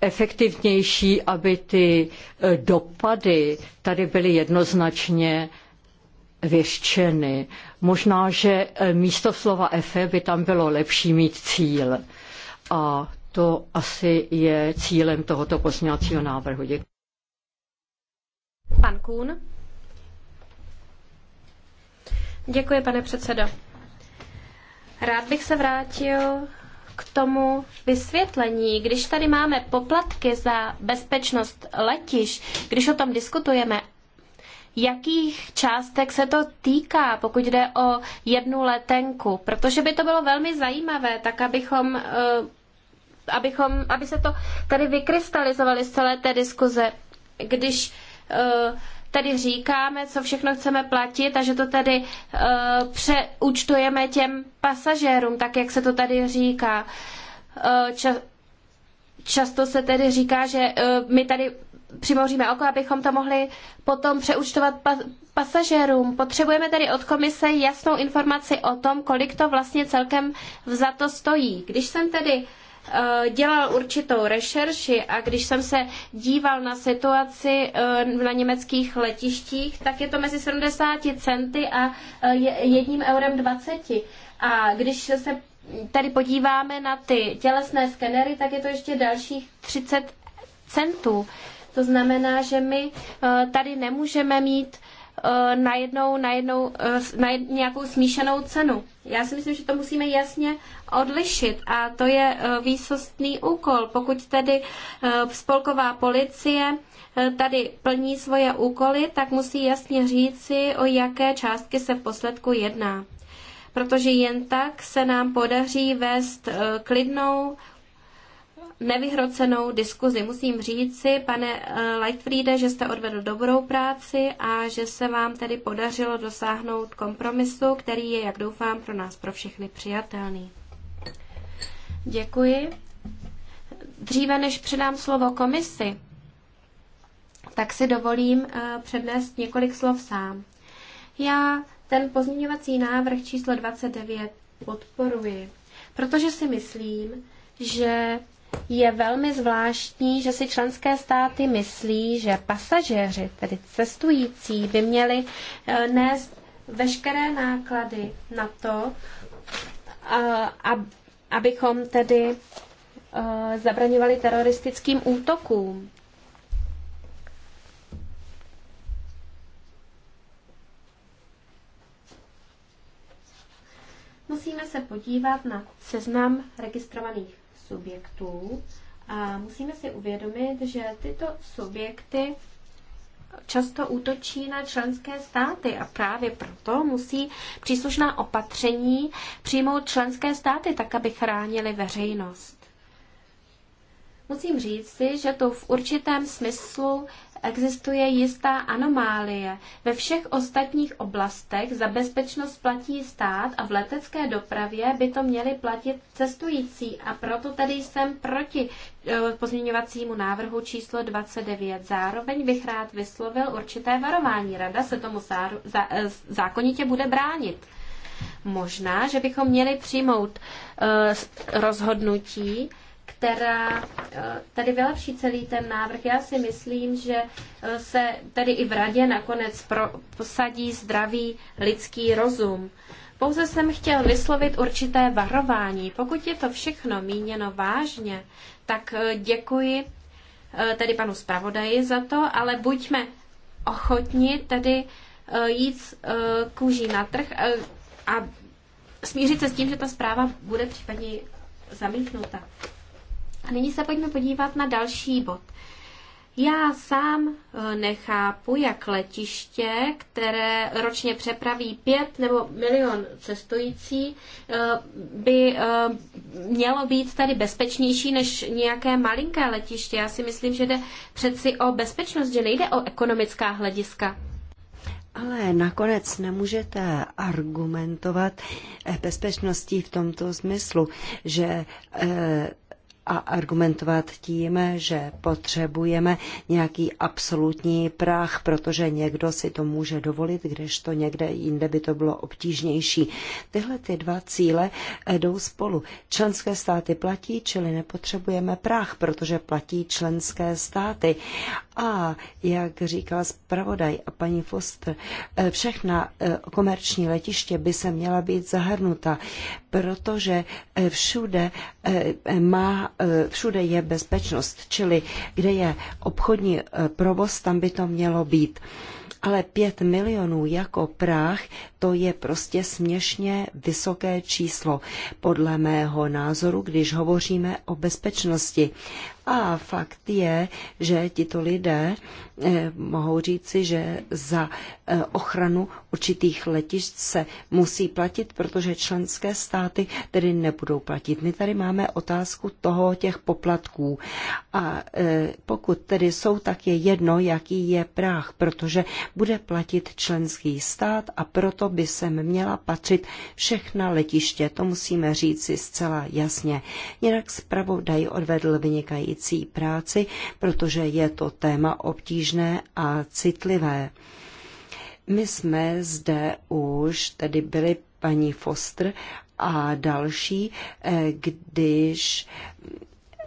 efektivnější, aby ty dopady tady byly jednoznačně věščeny. Možná, že e, místo slova efe by tam bylo lepší mít cíl. A to asi je cílem tohoto pozměňovacího návrhu. Děkuji. Pan Kuhn. Děkuji, pane předsedo. Rád bych se vrátil k tomu vysvětlení. Když tady máme poplatky za bezpečnost letiš, když o tom diskutujeme jakých částek se to týká, pokud jde o jednu letenku, protože by to bylo velmi zajímavé, tak abychom, eh, abychom aby se to tady vykrystalizovali z celé té diskuze, když eh, tady říkáme, co všechno chceme platit a že to tady eh, přeúčtujeme těm pasažérům, tak jak se to tady říká. Často se tedy říká, že my tady přimoříme oko, abychom to mohli potom přeúčtovat pasažérům. Potřebujeme tedy od komise jasnou informaci o tom, kolik to vlastně celkem vzato stojí. Když jsem tedy eh, dělal určitou rešerši a když jsem se díval na situaci eh, na německých letištích, tak je to mezi 70 centy a eh, jedním eurem 20. A když se tady podíváme na ty tělesné skenery, tak je to ještě dalších 30 centů. To znamená, že my eh, tady nemůžeme mít eh, najednou, najednou, eh, najednou nějakou smíšenou cenu. Já si myslím, že to musíme jasně odlišit a to je výsostný úkol. Pokud tedy spolková policie tady plní svoje úkoly, tak musí jasně říci, o jaké částky se v posledku jedná. Protože jen tak se nám podaří vést klidnou nevyhrocenou diskuzi. Musím říct si, pane eh, Lightfriede, že jste odvedl dobrou práci a že se vám tedy podařilo dosáhnout kompromisu, který je, jak doufám, pro nás pro všechny přijatelný. Děkuji. Dříve než předám slovo komisi, tak si dovolím eh, přednést několik slov sám. Já ten pozměňovací návrh číslo 29 podporuji, protože si myslím, že je velmi zvláštní, že si členské státy myslí, že pasažéři, tedy cestující, by měli eh, nést veškeré náklady na to, eh, abychom tedy eh, zabraňovali teroristickým útokům. Musíme se podívat na seznam registrovaných subjektů a musíme si uvědomit, že tyto subjekty často útočí na členské státy a právě proto musí příslušná opatření přijmout členské státy tak, aby chránili veřejnost. Musím říct si, že to v určitém smyslu existuje jistá anomálie. Ve všech ostatních oblastech za bezpečnost platí stát a v letecké dopravě by to měli platit cestující a proto tedy jsem proti eh, pozměňovacímu návrhu číslo 29. Zároveň bych rád vyslovil určité varování. Rada se tomu eh, zákonitě bude bránit. Možná, že bychom měli přijmout eh, rozhodnutí, která eh, tady vylepší celý ten návrh. Já si myslím, že eh, se tady i v radě nakonec posadí zdravý lidský rozum. Pouze jsem chtěl vyslovit určité varování. Pokud je to všechno míněno vážně, tak eh, děkuji tedy panu zpravodaji za to, ale buďme ochotni tedy jít kůží na trh a smířit se s tím, že ta zpráva bude případně zamítnuta. A nyní se pojďme podívat na další bod. Já sám eh, nechápu, jak letiště, které ročně přepraví pět nebo milion cestující, eh, by eh, mělo být tady bezpečnější než nějaké malinké letiště. Já si myslím, že jde přeci o bezpečnost, že nejde o ekonomická hlediska. Ale nakonec nemůžete argumentovat bezpečností v tomto smyslu, že a argumentovat tím, že potřebujeme nějaký absolutní práh, protože někdo si to může dovolit, kdežto někde jinde by to bylo obtížnější. Tyhle ty dva cíle eh, jdou spolu. Členské státy platí, čili nepotřebujeme práh, protože platí členské státy. A jak říkala zpravodaj a paní Foster, eh, všechna eh, komerční letiště by se měla být zahrnuta protože eh, všude, eh, má, eh, všude je bezpečnost, čili kde je obchodní provoz, tam by to mělo být. Ale pět milionů jako práh, to je prostě směšně vysoké číslo, podle mého názoru, když hovoříme o bezpečnosti. A fakt je, že tito lidé eh, mohou říci, že za eh, ochranu určitých letišť se musí platit, protože členské státy tedy nebudou platit. My tady máme otázku toho těch poplatků. A eh, pokud tedy jsou, tak je jedno, jaký je práh, protože bude platit členský stát a proto by se měla patřit všechna letiště. To musíme říci zcela jasně. Jinak zpravodaj odvedl vynikající vynikající práci, protože je to téma obtížné a citlivé. My jsme zde už tedy byli paní Foster a další, eh, když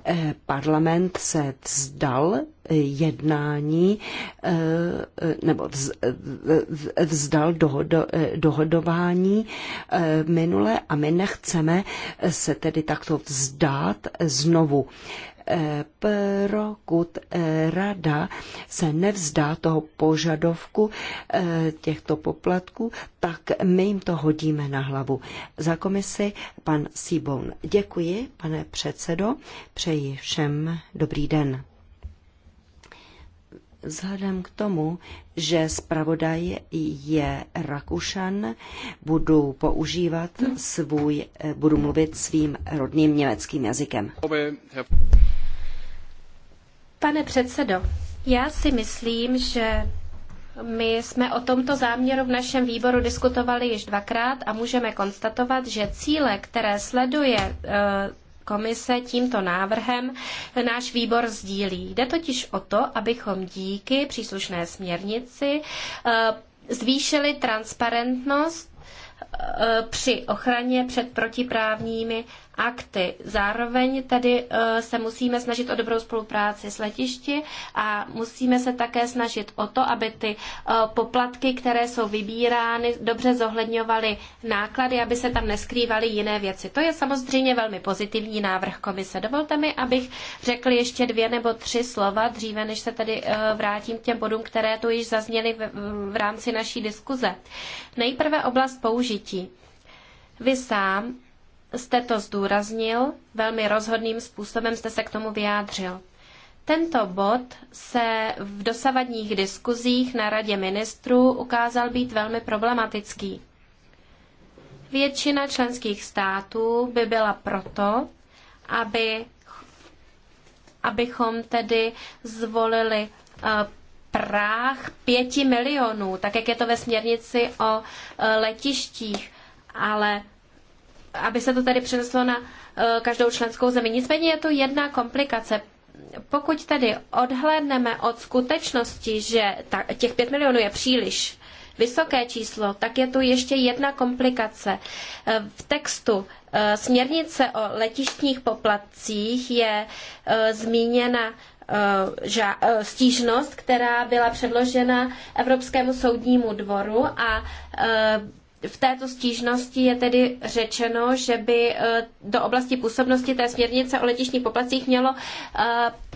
eh, parlament se vzdal eh, jednání nebo vzdal dohodování minule a my nechceme se tedy takto vzdát znovu. Eh, prokud eh, rada se nevzdá toho požadovku eh, těchto poplatků, tak my jim to hodíme na hlavu. Za komisi pan Sibon. Děkuji, pane předsedo. Přeji všem dobrý den vzhledem k tomu, že zpravodaj je Rakušan, budu používat svůj, budu mluvit svým rodným německým jazykem. Pane předsedo, já si myslím, že my jsme o tomto záměru v našem výboru diskutovali již dvakrát a můžeme konstatovat, že cíle, které sleduje e, komise tímto návrhem náš výbor sdílí. Jde totiž o to, abychom díky příslušné směrnici e, zvýšili transparentnost e, při ochraně před protiprávními akty. Zároveň tedy eh, se musíme snažit o dobrou spolupráci s letišti a musíme se také snažit o to, aby ty eh, poplatky, které jsou vybírány, dobře zohledňovaly náklady, aby se tam neskrývaly jiné věci. To je samozřejmě velmi pozitivní návrh komise. Dovolte mi, abych řekl ještě dvě nebo tři slova, dříve než se tedy eh, vrátím k těm bodům, které tu již zazněly v rámci naší diskuze. Nejprve oblast použití. Vy sám jste to zdůraznil, velmi rozhodným způsobem jste se k tomu vyjádřil. Tento bod se v dosavadních diskuzích na Radě ministrů ukázal být velmi problematický. Většina členských států by byla proto, aby, abychom tedy zvolili eh, práh pěti milionů, tak jak je to ve směrnici o eh, letištích, ale aby se to tady přeneslo na eh, každou členskou zemi. Nicméně je to jedna komplikace. Pokud tedy odhlédneme od skutečnosti, že těch 5 milionů je příliš vysoké číslo, tak je tu ještě jedna komplikace. Eh, v textu eh, směrnice o letištních poplatcích je zmíněna stížnost, která byla předložena Evropskému soudnímu dvoru a v této stížnosti je tedy řečeno, že by eh, do oblasti působnosti té směrnice o letišních poplacích mělo eh,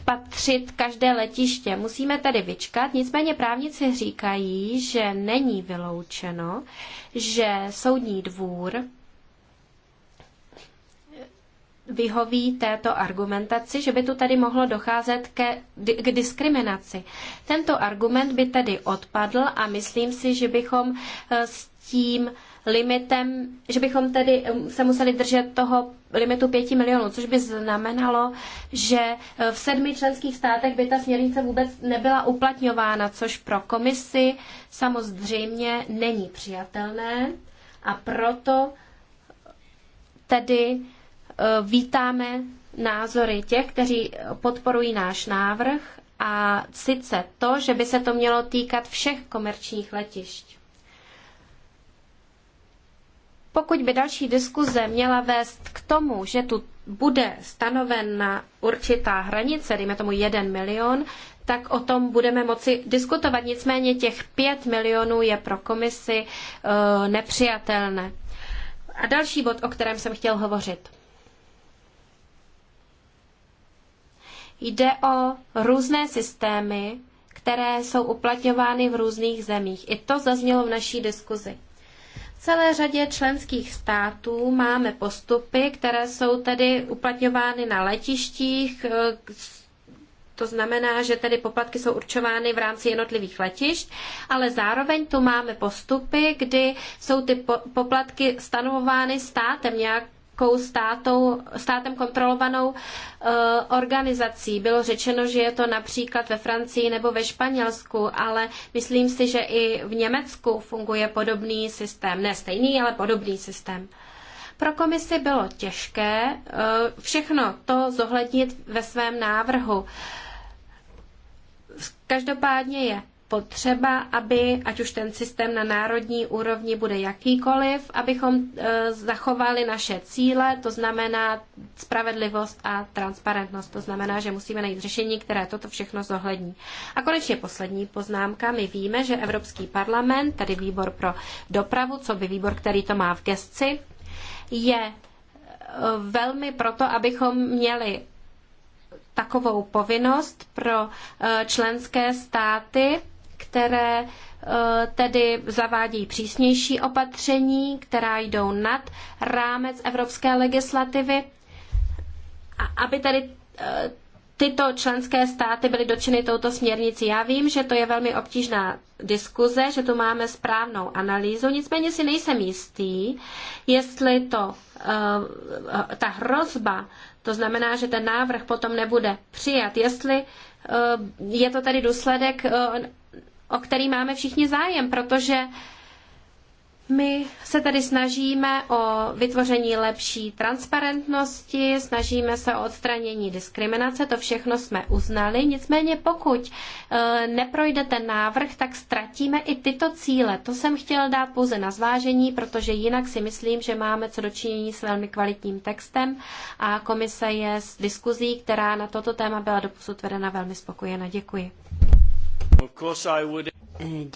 patřit každé letiště. Musíme tedy vyčkat, nicméně právníci říkají, že není vyloučeno, že soudní dvůr vyhoví této argumentaci, že by tu tady mohlo docházet ke, k diskriminaci. Tento argument by tedy odpadl a myslím si, že bychom eh, s tím limitem, že bychom tedy eh, se museli držet toho limitu 5 milionů, což by znamenalo, že eh, v sedmi členských státech by ta směrnice vůbec nebyla uplatňována, což pro komisi samozřejmě není přijatelné a proto eh, tedy vítáme názory těch, kteří podporují náš návrh a sice to, že by se to mělo týkat všech komerčních letišť. Pokud by další diskuze měla vést k tomu, že tu bude stanovena určitá hranice, dejme tomu 1 milion, tak o tom budeme moci diskutovat. Nicméně těch 5 milionů je pro komisi e, nepřijatelné. A další bod, o kterém jsem chtěl hovořit. Jde o různé systémy, které jsou uplatňovány v různých zemích. I to zaznělo v naší diskuzi celé řadě členských států máme postupy, které jsou tedy uplatňovány na letištích. Eh, to znamená, že tedy poplatky jsou určovány v rámci jednotlivých letišť, ale zároveň tu máme postupy, kdy jsou ty poplatky stanovovány státem. Nějak nějakou státou, státem kontrolovanou eh, organizací. Bylo řečeno, že je to například ve Francii nebo ve Španělsku, ale myslím si, že i v Německu funguje podobný systém. Ne stejný, ale podobný systém. Pro komisi bylo těžké eh, všechno to zohlednit ve svém návrhu. Každopádně je potřeba, aby, ať už ten systém na národní úrovni bude jakýkoliv, abychom e, zachovali naše cíle, to znamená spravedlivost a transparentnost. To znamená, že musíme najít řešení, které toto všechno zohlední. A konečně poslední poznámka. My víme, že Evropský parlament, tedy výbor pro dopravu, co by výbor, který to má v gesci, je e, velmi proto, abychom měli takovou povinnost pro e, členské státy které eh, tedy zavádějí přísnější opatření, která jdou nad rámec evropské legislativy, aby tedy eh, tyto členské státy byly dočiny touto směrnici. Já vím, že to je velmi obtížná diskuze, že tu máme správnou analýzu, nicméně si nejsem jistý, jestli to, eh, ta hrozba, to znamená, že ten návrh potom nebude přijat, jestli je to tedy důsledek o který máme všichni zájem, protože my se tady snažíme o vytvoření lepší transparentnosti, snažíme se o odstranění diskriminace, to všechno jsme uznali. Nicméně pokud e, neprojde ten návrh, tak ztratíme i tyto cíle. To jsem chtěl dát pouze na zvážení, protože jinak si myslím, že máme co dočinění s velmi kvalitním textem a komise je s diskuzí, která na toto téma byla doposud vedena velmi spokojena. Děkuji.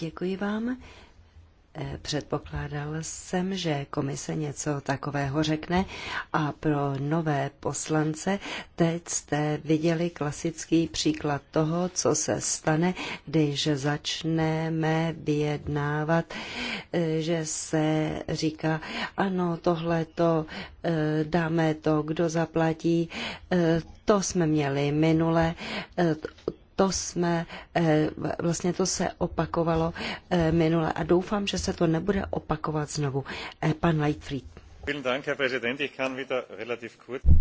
Děkuji vám. Eh, předpokládal jsem, že komise něco takového řekne a pro nové poslance teď jste viděli klasický příklad toho, co se stane, když začneme vyjednávat, eh, že se říká, ano, tohle to eh, dáme to, kdo zaplatí, to jsme měli minule, to jsme, eh, vlastně to se opakovalo eh, minule a doufám, že se to nebude opakovat znovu. Eh, pan Lightfried.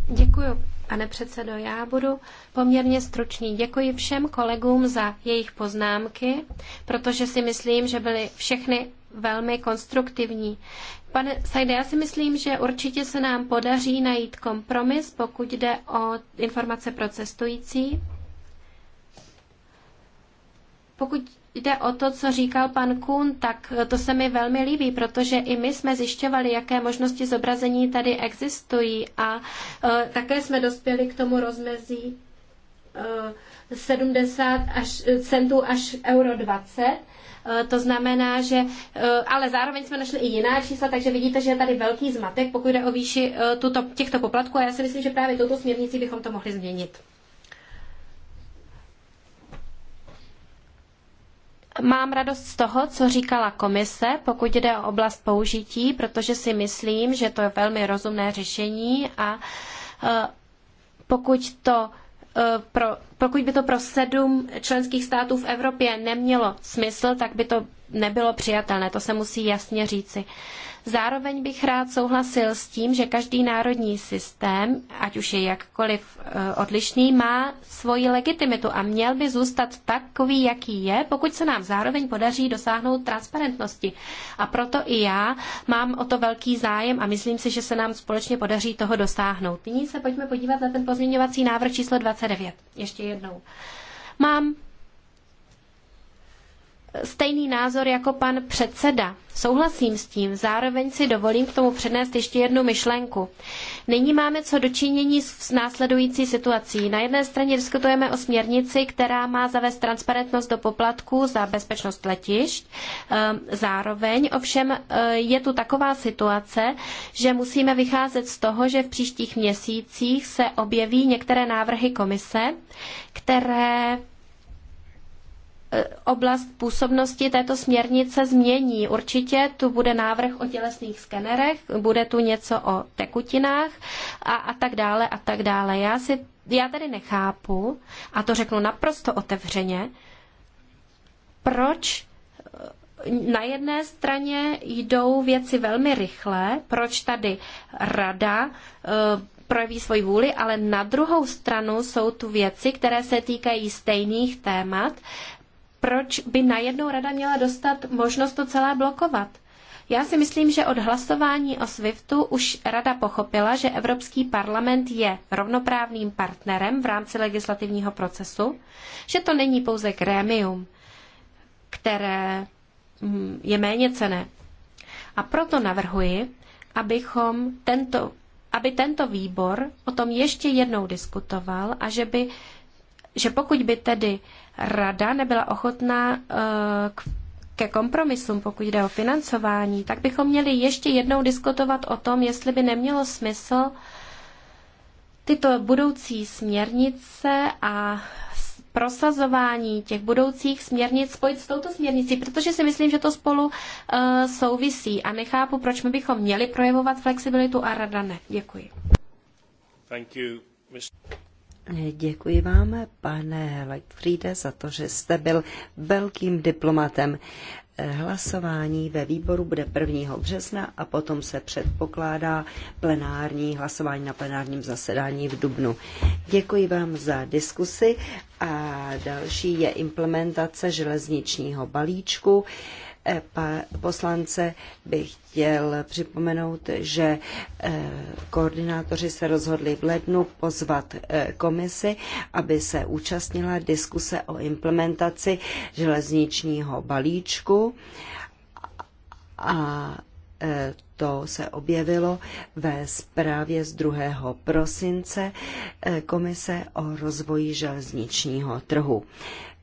Děkuji, pane předsedo. Já budu poměrně stručný. Děkuji všem kolegům za jejich poznámky, protože si myslím, že byly všechny velmi konstruktivní. Pane Sajde, já si myslím, že určitě se nám podaří najít kompromis, pokud jde o informace pro cestující. Pokud jde o to, co říkal pan Kuhn, tak to se mi velmi líbí, protože i my jsme zjišťovali, jaké možnosti zobrazení tady existují a e, také jsme dospěli k tomu rozmezí 70 e, až, centů až euro 20. E, to znamená, že, ale zároveň jsme našli i jiná čísla, takže vidíte, že je tady velký zmatek, pokud jde o výši tuto, těchto poplatků a já si myslím, že právě touto směrnici bychom to mohli změnit. Mám radost z toho, co říkala komise, pokud jde o oblast použití, protože si myslím, že to je velmi rozumné řešení a e, pokud to e, pro, pokud by to pro sedm členských států v Evropě nemělo smysl, tak by to nebylo přijatelné. To se musí jasně říci. Zároveň bych rád souhlasil s tím, že každý národní systém, ať už je jakkoliv eh, odlišný, má svoji legitimitu a měl by zůstat takový, jaký je, pokud se nám zároveň podaří dosáhnout transparentnosti. A proto i já mám o to velký zájem a myslím si, že se nám společně podaří toho dosáhnout. Nyní se pojďme podívat na ten pozměňovací návrh číslo 29. Ještě jednou. Mám stejný názor jako pan předseda. Souhlasím s tím, zároveň si dovolím k tomu přednést ještě jednu myšlenku. Nyní máme co dočinění s následující situací. Na jedné straně diskutujeme o směrnici, která má zavést transparentnost do poplatků za bezpečnost letišť. Ehm, zároveň ovšem e, je tu taková situace, že musíme vycházet z toho, že v příštích měsících se objeví některé návrhy komise, které E, oblast působnosti této směrnice změní. Určitě tu bude návrh o tělesných skenerech, bude tu něco o tekutinách a, a tak dále a tak dále. Já, si, já tady nechápu, a to řeknu naprosto otevřeně, proč e, na jedné straně jdou věci velmi rychle, proč tady rada e, projeví svoji vůli, ale na druhou stranu jsou tu věci, které se týkají stejných témat, proč by najednou rada měla dostat možnost to celé blokovat? Já si myslím, že od hlasování o SWIFTu už Rada pochopila, že Evropský parlament je rovnoprávným partnerem v rámci legislativního procesu, že to není pouze grémium, které hm, je méně cené. A proto navrhuji, abychom tento, aby tento výbor o tom ještě jednou diskutoval a že by že pokud by tedy rada nebyla ochotná eh, ke kompromisům, pokud jde o financování, tak bychom měli ještě jednou diskutovat o tom, jestli by nemělo smysl tyto budoucí směrnice a prosazování těch budoucích směrnic spojit s touto směrnicí, protože si myslím, že to spolu uh, souvisí a nechápu, proč my bychom měli projevovat flexibilitu a rada ne. Děkuji. Thank you, Mr. Děkuji vám, pane Leitfriede, za to, že jste byl velkým diplomatem. Hlasování ve výboru bude 1. března a potom se předpokládá plenární hlasování na plenárním zasedání v Dubnu. Děkuji vám za diskusi a další je implementace železničního balíčku. E poslance bych chtěl připomenout, že e, koordinátoři se rozhodli v lednu pozvat e, komisi, aby se účastnila diskuse o implementaci železničního balíčku a to se objevilo ve zprávě z 2. prosince Komise o rozvoji železničního trhu.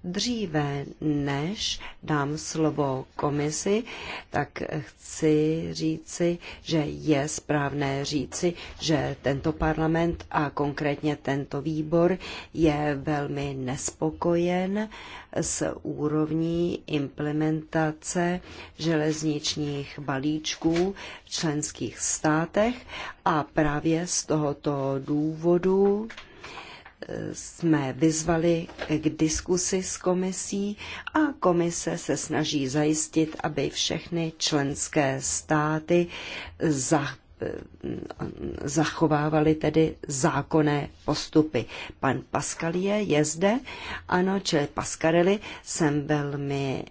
Dříve než dám slovo komisi, tak chci říci, že je správné říci, že tento parlament a konkrétně tento výbor je velmi nespokojen s úrovní implementace železničních balíčků v členských státech a právě z tohoto důvodu jsme vyzvali k diskusi s komisí a komise se snaží zajistit, aby všechny členské státy za zachovávali tedy zákonné postupy. Pan Pascalie je zde, ano, čili Pascarelli, jsem velmi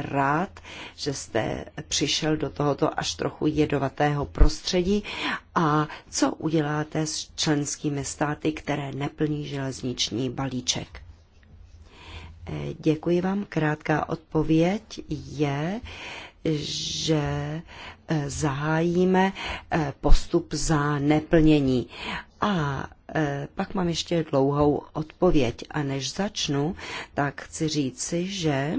rád, že jste přišel do tohoto až trochu jedovatého prostředí a co uděláte s členskými státy, které neplní železniční balíček. Eh, děkuji vám. Krátká odpověď je, že eh, zahájíme eh, postup za neplnění. A pak mám ještě dlouhou odpověď. A než začnu, tak chci říci, že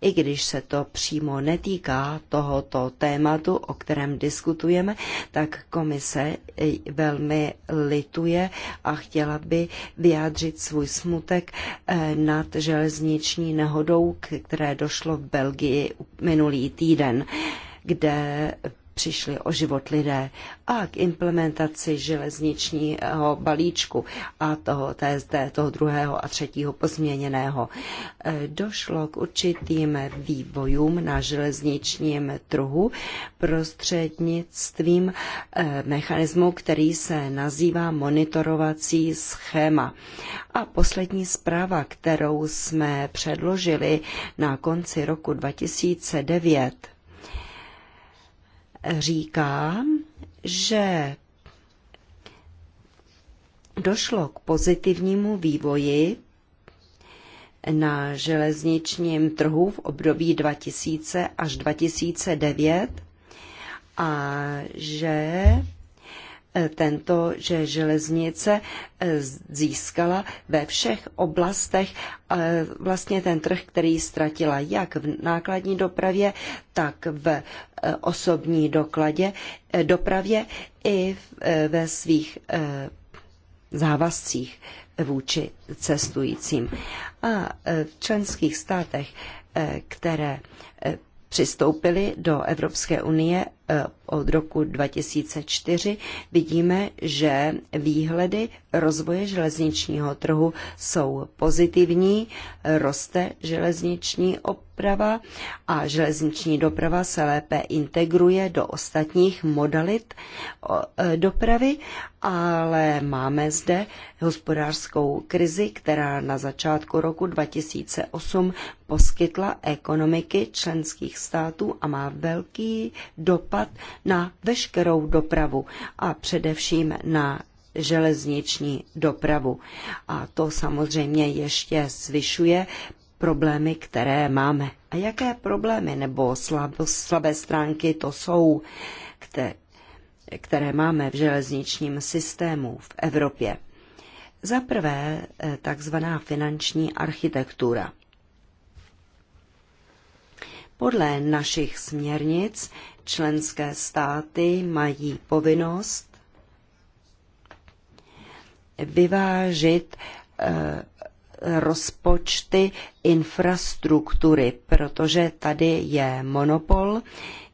i když se to přímo netýká tohoto tématu, o kterém diskutujeme, tak komise velmi lituje a chtěla by vyjádřit svůj smutek eh, nad železniční nehodou, které došlo v Belgii minulý týden, kde přišli o život lidé a k implementaci železničního balíčku a toho té, toho druhého a třetího pozměněného. E, došlo k určitým vývojům na železničním trhu prostřednictvím e, mechanismu, který se nazývá monitorovací schéma. A poslední zpráva, kterou jsme předložili na konci roku 2009, říká, že došlo k pozitivnímu vývoji na železničním trhu v období 2000 až 2009 a že Eh, tento, že železnice eh, získala ve všech oblastech eh, vlastně ten trh, který ztratila jak v nákladní dopravě, tak v osobní dokladě, dopravě i ve svých závazcích vůči cestujícím. A v členských státech, které přistoupily do Evropské unie, Eh, od roku 2004 vidíme, že výhledy rozvoje železničního trhu jsou pozitivní, roste železniční oprava a železniční doprava se lépe integruje do ostatních modalit eh, dopravy, ale máme zde hospodářskou krizi, která na začátku roku 2008 poskytla ekonomiky členských států a má velký dopad dopad na veškerou dopravu a především na železniční dopravu. A to samozřejmě ještě zvyšuje problémy, které máme. A jaké problémy nebo slab, slabé stránky to jsou, které, které máme v železničním systému v Evropě? Za prvé, eh, takzvaná finanční architektura. Podle našich směrnic členské státy mají povinnost vyvážit eh, rozpočty infrastruktury, protože tady je monopol.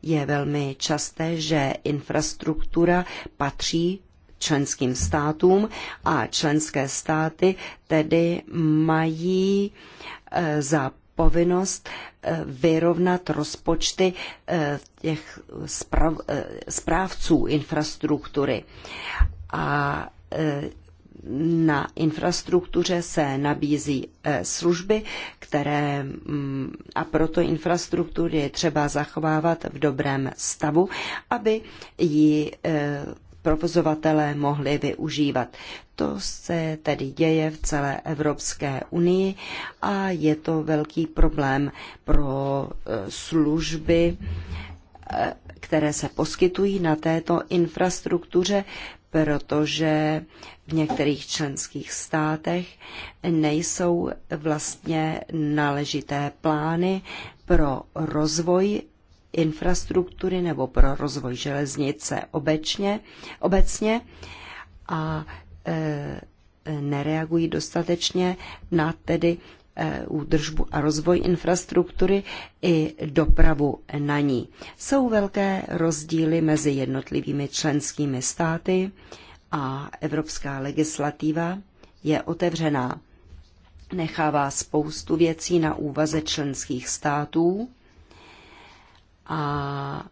Je velmi časté, že infrastruktura patří členským státům a členské státy tedy mají eh, za povinnost eh, vyrovnat rozpočty eh, těch eh, správců infrastruktury. A na infrastruktuře se nabízí služby, které mm, a proto infrastruktury je třeba zachovávat v dobrém stavu, aby ji provozovatelé mohli využívat. To se tedy děje v celé Evropské unii a je to velký problém pro e, služby, e, které se poskytují na této infrastruktuře, protože v některých členských státech nejsou vlastně náležité plány pro rozvoj infrastruktury nebo pro rozvoj železnice obecně, obecně a e, nereagují dostatečně na tedy e, údržbu a rozvoj infrastruktury i dopravu na ní. Jsou velké rozdíly mezi jednotlivými členskými státy a evropská legislativa je otevřená. Nechává spoustu věcí na úvaze členských států a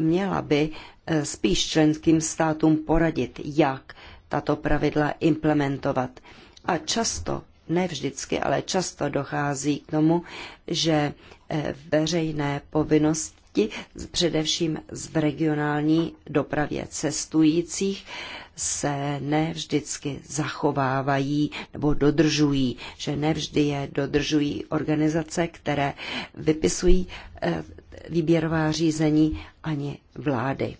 měla by eh, spíš členským státům poradit, jak tato pravidla implementovat. A často, ne vždycky, ale často dochází k tomu, že eh, veřejné povinnosti, především v regionální dopravě cestujících, se ne vždycky zachovávají nebo dodržují, že ne vždy je dodržují organizace, které vypisují eh, výběrová řízení ani vlády.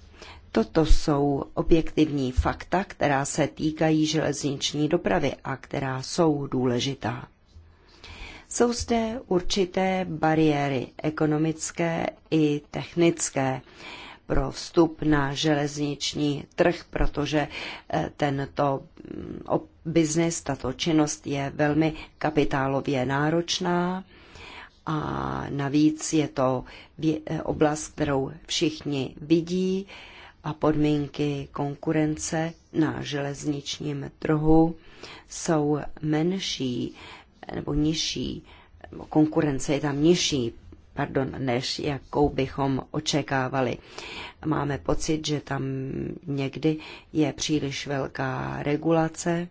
Toto jsou objektivní fakta, která se týkají železniční dopravy a která jsou důležitá. Jsou zde určité bariéry ekonomické i technické pro vstup na železniční trh, protože eh, tento mm, biznis, tato činnost je velmi kapitálově náročná a navíc je to eh, oblast, kterou všichni vidí a podmínky konkurence na železničním trhu jsou menší eh, nebo nižší, konkurence je tam nižší pardon, než jakou bychom očekávali. Máme pocit, že tam někdy je příliš velká regulace.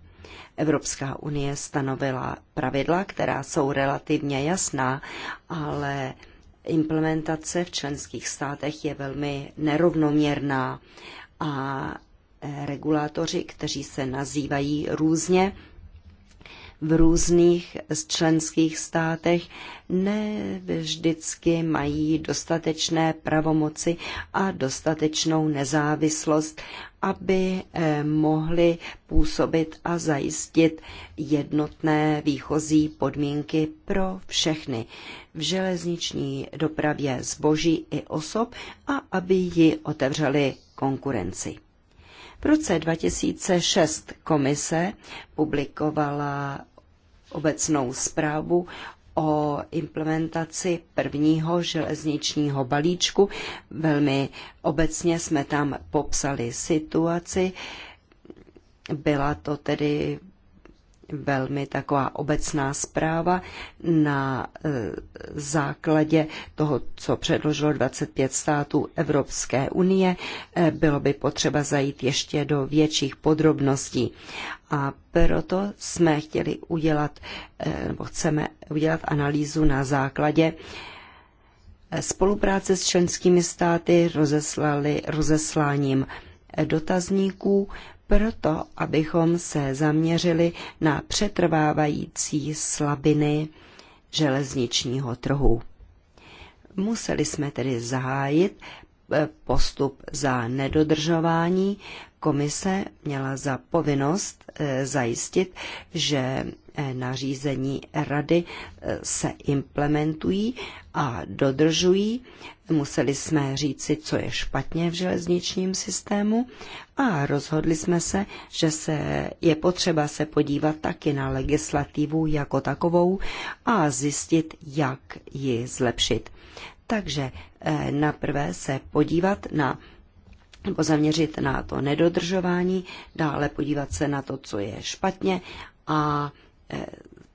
Evropská unie stanovila pravidla, která jsou relativně jasná, ale implementace v členských státech je velmi nerovnoměrná a regulátoři, kteří se nazývají různě, v různých členských státech ne vždycky mají dostatečné pravomoci a dostatečnou nezávislost, aby eh, mohli působit a zajistit jednotné výchozí podmínky pro všechny v železniční dopravě zboží i osob a aby ji otevřeli konkurenci. V roce 2006 komise publikovala obecnou zprávu o implementaci prvního železničního balíčku. Velmi obecně jsme tam popsali situaci. Byla to tedy velmi taková obecná zpráva na e, základě toho, co předložilo 25 států Evropské unie. E, bylo by potřeba zajít ještě do větších podrobností. A proto jsme chtěli udělat, e, nebo chceme udělat analýzu na základě spolupráce s členskými státy rozeslali, rozesláním dotazníků proto, abychom se zaměřili na přetrvávající slabiny železničního trhu. Museli jsme tedy zahájit eh, postup za nedodržování. Komise měla za povinnost eh, zajistit, že eh, nařízení rady se implementují a dodržují Museli jsme říci, co je špatně v železničním systému a rozhodli jsme se, že se je potřeba se podívat taky na legislativu jako takovou a zjistit, jak ji zlepšit. Takže eh, naprvé se podívat na nebo zaměřit na to nedodržování, dále podívat se na to, co je špatně a eh,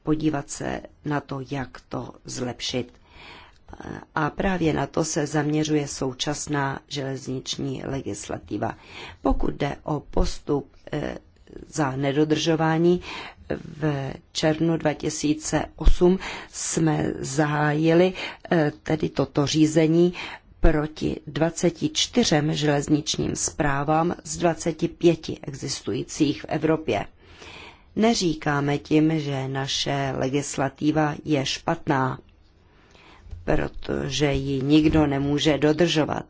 podívat se na to, jak to zlepšit a právě na to se zaměřuje současná železniční legislativa. Pokud jde o postup eh, za nedodržování, v červnu 2008 jsme zahájili eh, tedy toto řízení proti 24 železničním zprávám z 25 existujících v Evropě. Neříkáme tím, že naše legislativa je špatná protože ji nikdo nemůže dodržovat.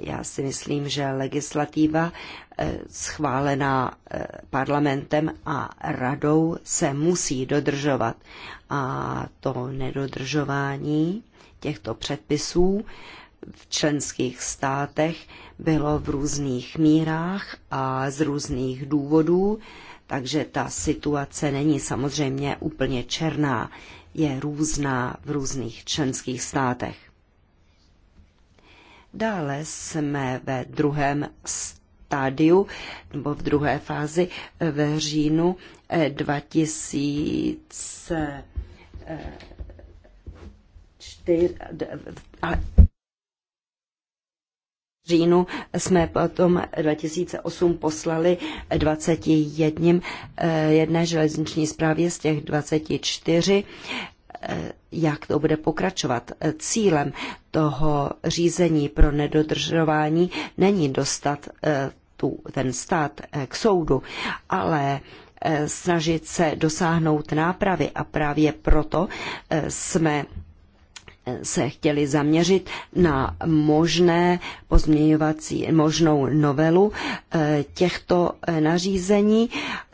Já si myslím, že legislativa eh, schválená eh, parlamentem a radou se musí dodržovat. A to nedodržování těchto předpisů v členských státech bylo v různých mírách a z různých důvodů, takže ta situace není samozřejmě úplně černá je různá v různých členských státech. Dále jsme ve druhém stádiu nebo v druhé fázi eh, eh, v říjnu 2004, ale říjnu jsme potom 2008 poslali 21 eh, jedné železniční zprávě z těch 24 eh, jak to bude pokračovat. Eh, cílem toho řízení pro nedodržování není dostat tu, ten stát k soudu, ale snažit se dosáhnout nápravy a právě proto jsme se chtěli zaměřit na možné pozměňovací, možnou novelu eh, těchto eh, nařízení.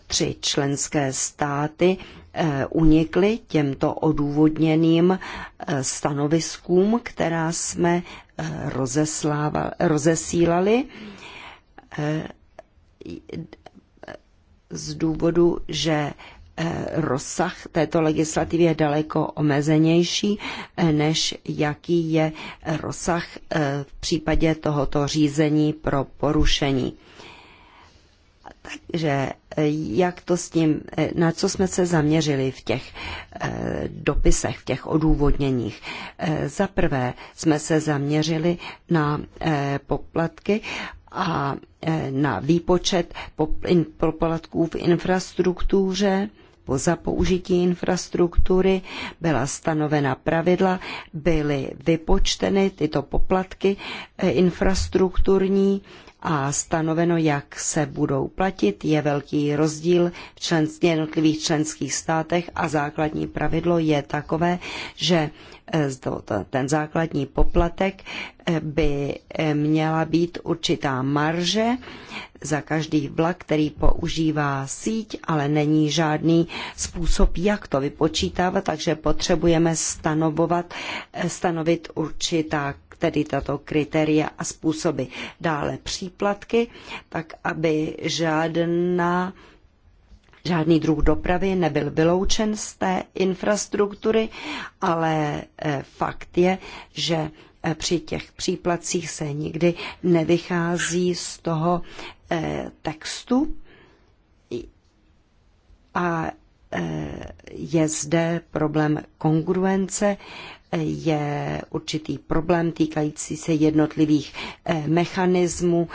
Tři členské státy eh, unikly těmto odůvodněným stanoviskům, která jsme rozesílali z důvodu, že Eh, rozsah této legislativy je daleko omezenější, eh, než jaký je rozsah eh, v případě tohoto řízení pro porušení. Takže jak to s tím, na co jsme se zaměřili v těch dopisech, v těch odůvodněních? Za prvé jsme se zaměřili na poplatky a na výpočet poplatků v infrastruktuře po zapoužití infrastruktury, byla stanovena pravidla, byly vypočteny tyto poplatky eh, infrastrukturní a stanoveno, jak se budou platit. Je velký rozdíl v člen, jednotlivých členských státech a základní pravidlo je takové, že Eh, ten základní poplatek eh, by eh, měla být určitá marže za každý vlak, který používá síť, ale není žádný způsob, jak to vypočítávat, takže potřebujeme stanovovat, stanovit určitá tedy tato kritéria a způsoby. Dále příplatky, tak aby žádná Žádný druh dopravy nebyl vyloučen z té infrastruktury, ale eh, fakt je, že eh, při těch příplacích se nikdy nevychází z toho eh, textu a je zde problém kongruence, je určitý problém týkající se jednotlivých mechanismů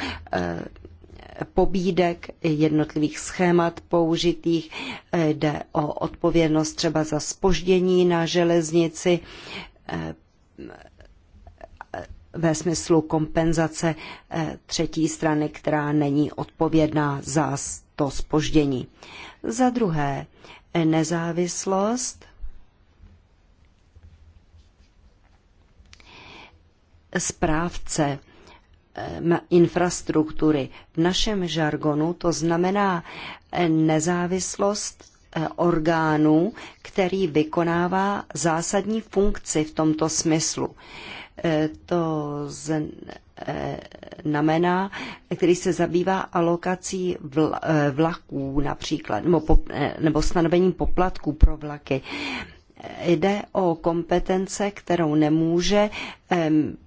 pobídek, jednotlivých schémat použitých, jde o odpovědnost třeba za spoždění na železnici eh, ve smyslu kompenzace eh, třetí strany, která není odpovědná za to spoždění. Za druhé, nezávislost správce Eh, infrastruktury. V našem žargonu to znamená eh, nezávislost eh, orgánu, který vykonává zásadní funkci v tomto smyslu. To znamená, který se zabývá alokací vlaků například, nebo, nebo stanovením poplatků pro vlaky jde o kompetence, kterou nemůže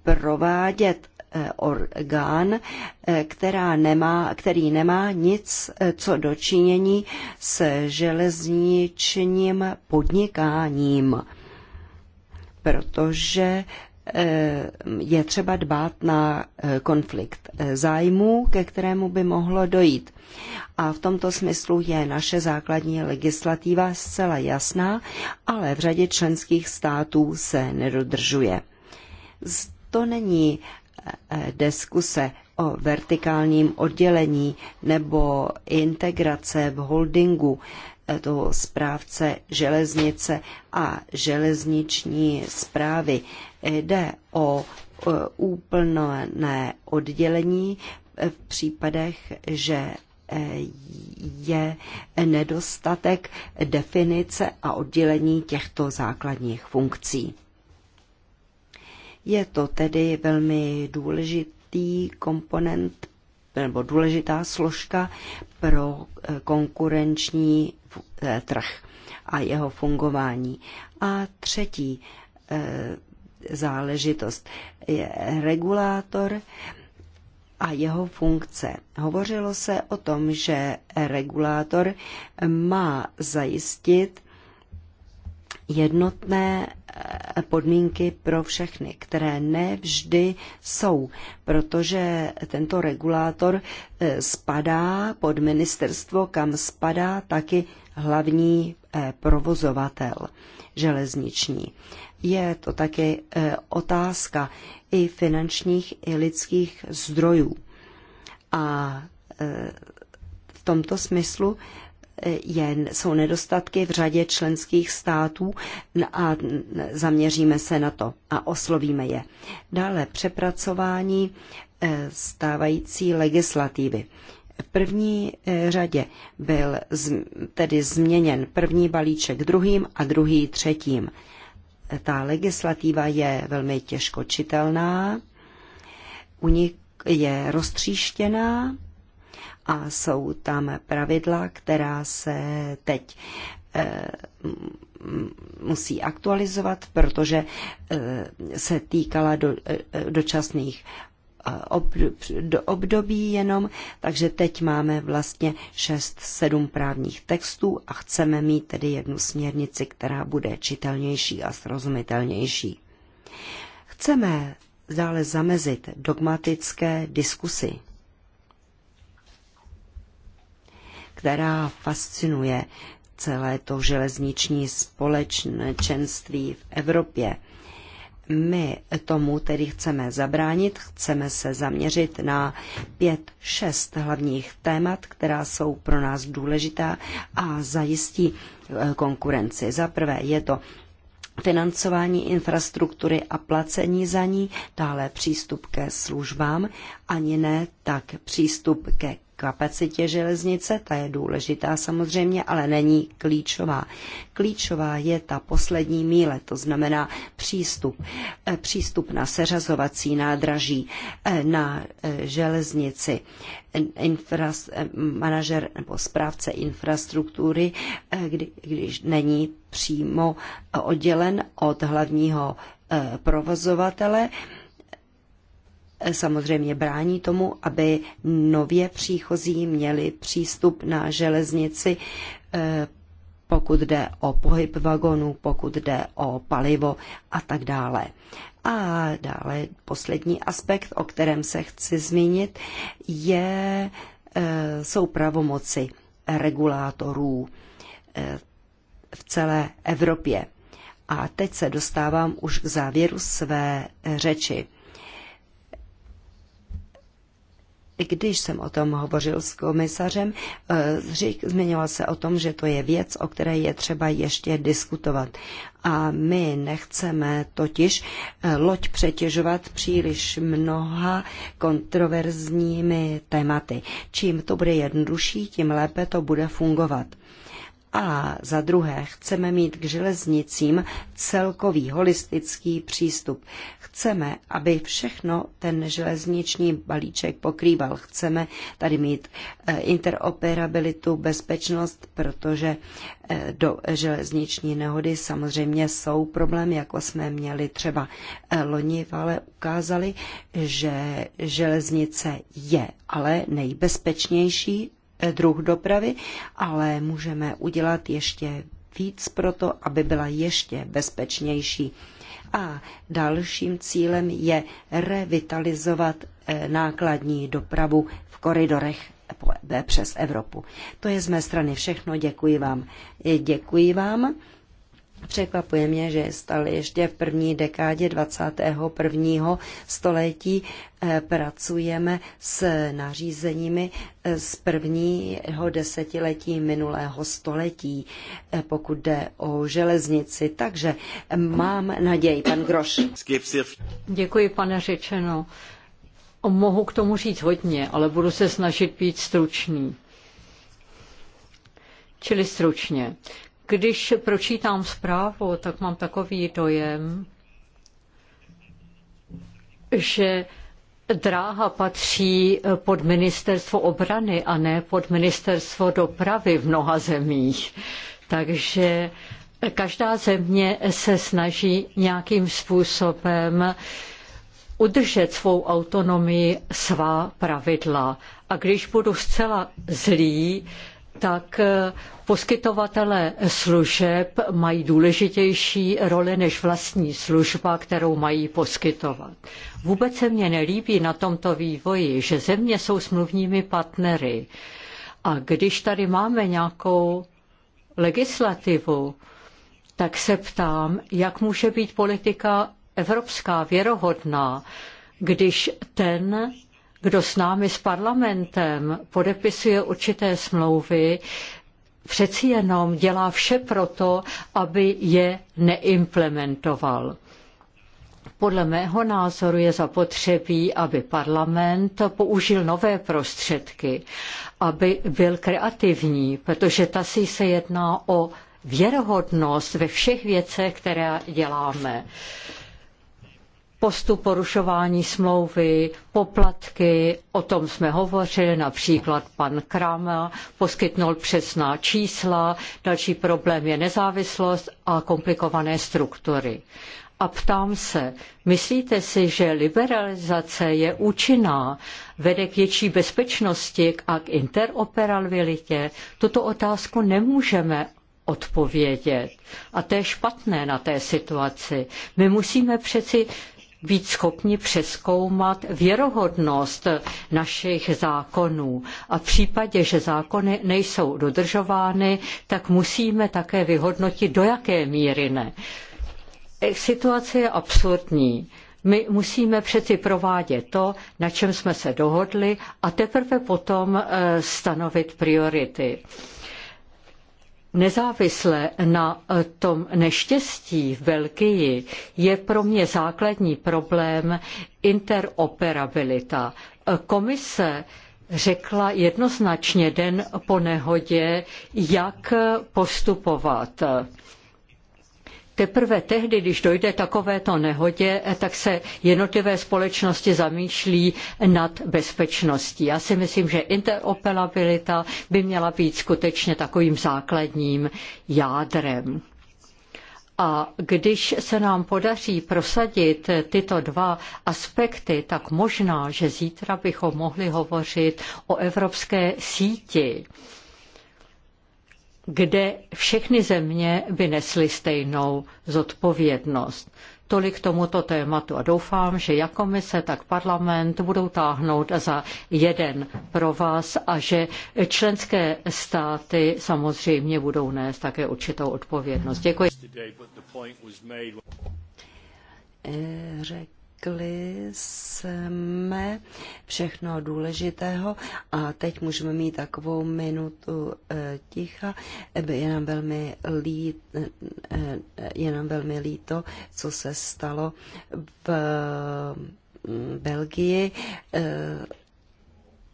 provádět Eh, orgán, eh, která nemá, který nemá nic eh, co dočinění s železničním podnikáním, protože je třeba dbát na konflikt zájmů, ke kterému by mohlo dojít. A v tomto smyslu je naše základní legislativa zcela jasná, ale v řadě členských států se nedodržuje. To není diskuse o vertikálním oddělení nebo integrace v holdingu e, toho správce železnice a železniční zprávy. Jde o e, úplné oddělení e, v případech, že je nedostatek definice a oddělení těchto základních funkcí. Je to tedy velmi důležitý komponent nebo důležitá složka pro eh, konkurenční eh, trh a jeho fungování. A třetí eh, záležitost je regulátor a jeho funkce. Hovořilo se o tom, že regulátor má zajistit jednotné eh, podmínky pro všechny, které nevždy jsou, protože tento regulátor eh, spadá pod ministerstvo, kam spadá taky hlavní eh, provozovatel železniční. Je to taky otázka i finančních, i lidských zdrojů. A v tomto smyslu jen jsou nedostatky v řadě členských států a zaměříme se na to a oslovíme je. Dále přepracování eh, stávající legislativy. V první eh, řadě byl tedy změněn první balíček druhým a druhý třetím. Ta legislativa je velmi těžko čitelná, u nich je roztříštěná a jsou tam pravidla, která se teď eh, musí aktualizovat, protože eh, se týkala do, eh, dočasných období jenom, takže teď máme vlastně 6-7 právních textů a chceme mít tedy jednu směrnici, která bude čitelnější a srozumitelnější. Chceme dále zamezit dogmatické diskusy která fascinuje celé to železniční společenství v Evropě. My tomu tedy chceme zabránit, chceme se zaměřit na pět, šest hlavních témat, která jsou pro nás důležitá a zajistí eh, konkurenci. Za prvé je to financování infrastruktury a placení za ní, dále přístup ke službám, ani ne tak přístup ke kapacitě železnice, ta je důležitá samozřejmě, ale není klíčová. Klíčová je ta poslední míle, to znamená přístup, eh, přístup na seřazovací nádraží, eh, na eh, železnici. Infras, manažer nebo správce infrastruktury, kdy, když není přímo oddělen od hlavního provozovatele, samozřejmě brání tomu, aby nově příchozí měli přístup na železnici, eh, pokud jde o pohyb vagonu, pokud jde o palivo a tak dále. A dále poslední aspekt, o kterém se chci zmínit, je, eh, jsou pravomoci regulátorů eh, v celé Evropě. A teď se dostávám už k závěru své řeči. Když jsem o tom hovořil s komisařem, eh, řík, zmiňoval se o tom, že to je věc, o které je třeba ještě diskutovat. A my nechceme totiž eh, loď přetěžovat příliš mnoha kontroverzními tématy. Čím to bude jednodušší, tím lépe to bude fungovat. A za druhé, chceme mít k železnicím celkový holistický přístup. Chceme, aby všechno ten železniční balíček pokrýval. Chceme tady mít e, interoperabilitu, bezpečnost, protože e, do železniční nehody samozřejmě jsou problémy, jako jsme měli třeba e, loni, ale ukázali, že železnice je ale nejbezpečnější Eh, druh dopravy, ale můžeme udělat ještě víc pro to, aby byla ještě bezpečnější. A dalším cílem je revitalizovat eh, nákladní dopravu v koridorech eh, přes Evropu. To je z mé strany všechno. Děkuji vám. Děkuji vám. Překvapuje mě, že stále ještě v první dekádě 21. století eh, pracujeme s nařízeními eh, z prvního desetiletí minulého století, eh, pokud jde o železnici. Takže mám naději, pan Groš. Děkuji, pane řečeno. Mohu k tomu říct hodně, ale budu se snažit být stručný. Čili stručně. Když pročítám zprávu, tak mám takový dojem, že dráha patří pod ministerstvo obrany a ne pod ministerstvo dopravy v mnoha zemích. Takže každá země se snaží nějakým způsobem udržet svou autonomii, svá pravidla. A když budu zcela zlý, tak Poskytovatelé služeb mají důležitější roli než vlastní služba, kterou mají poskytovat. Vůbec se mně nelíbí na tomto vývoji, že země jsou smluvními partnery. A když tady máme nějakou legislativu, tak se ptám, jak může být politika evropská věrohodná, když ten, kdo s námi s parlamentem podepisuje určité smlouvy, přeci jenom dělá vše proto, aby je neimplementoval. Podle mého názoru je zapotřebí, aby parlament použil nové prostředky, aby byl kreativní, protože tasí se jedná o věrohodnost ve všech věcech, které děláme postup porušování smlouvy, poplatky, o tom jsme hovořili, například pan Krama poskytnul přesná čísla, další problém je nezávislost a komplikované struktury. A ptám se, myslíte si, že liberalizace je účinná, vede k větší bezpečnosti a k interoperabilitě? Tuto otázku nemůžeme odpovědět. A to je špatné na té situaci. My musíme přeci být schopni přeskoumat věrohodnost našich zákonů. A v případě, že zákony nejsou dodržovány, tak musíme také vyhodnotit, do jaké míry ne. Situace je absurdní. My musíme přeci provádět to, na čem jsme se dohodli, a teprve potom eh, stanovit priority. Nezávisle na eh, tom neštěstí v Belgii je pro mě základní problém interoperabilita. Eh, komise řekla jednoznačně den po nehodě, jak eh, postupovat. Teprve tehdy, když dojde takovéto nehodě, eh, tak se jednotlivé společnosti zamýšlí nad bezpečností. Já si myslím, že interoperabilita by měla být skutečně takovým základním jádrem. A když se nám podaří prosadit tyto dva aspekty, tak možná, že zítra bychom mohli hovořit o evropské síti kde všechny země by nesly stejnou zodpovědnost. Tolik k tomuto tématu a doufám, že jak komise, tak parlament budou táhnout za jeden pro vás a že členské státy samozřejmě budou nést také určitou odpovědnost. Děkuji. Eh, řek řekli jsme všechno důležitého a teď můžeme mít takovou minutu eh, ticha. Je nám velmi, lí, eh, je nám velmi líto, co se stalo v mm, Belgii eh,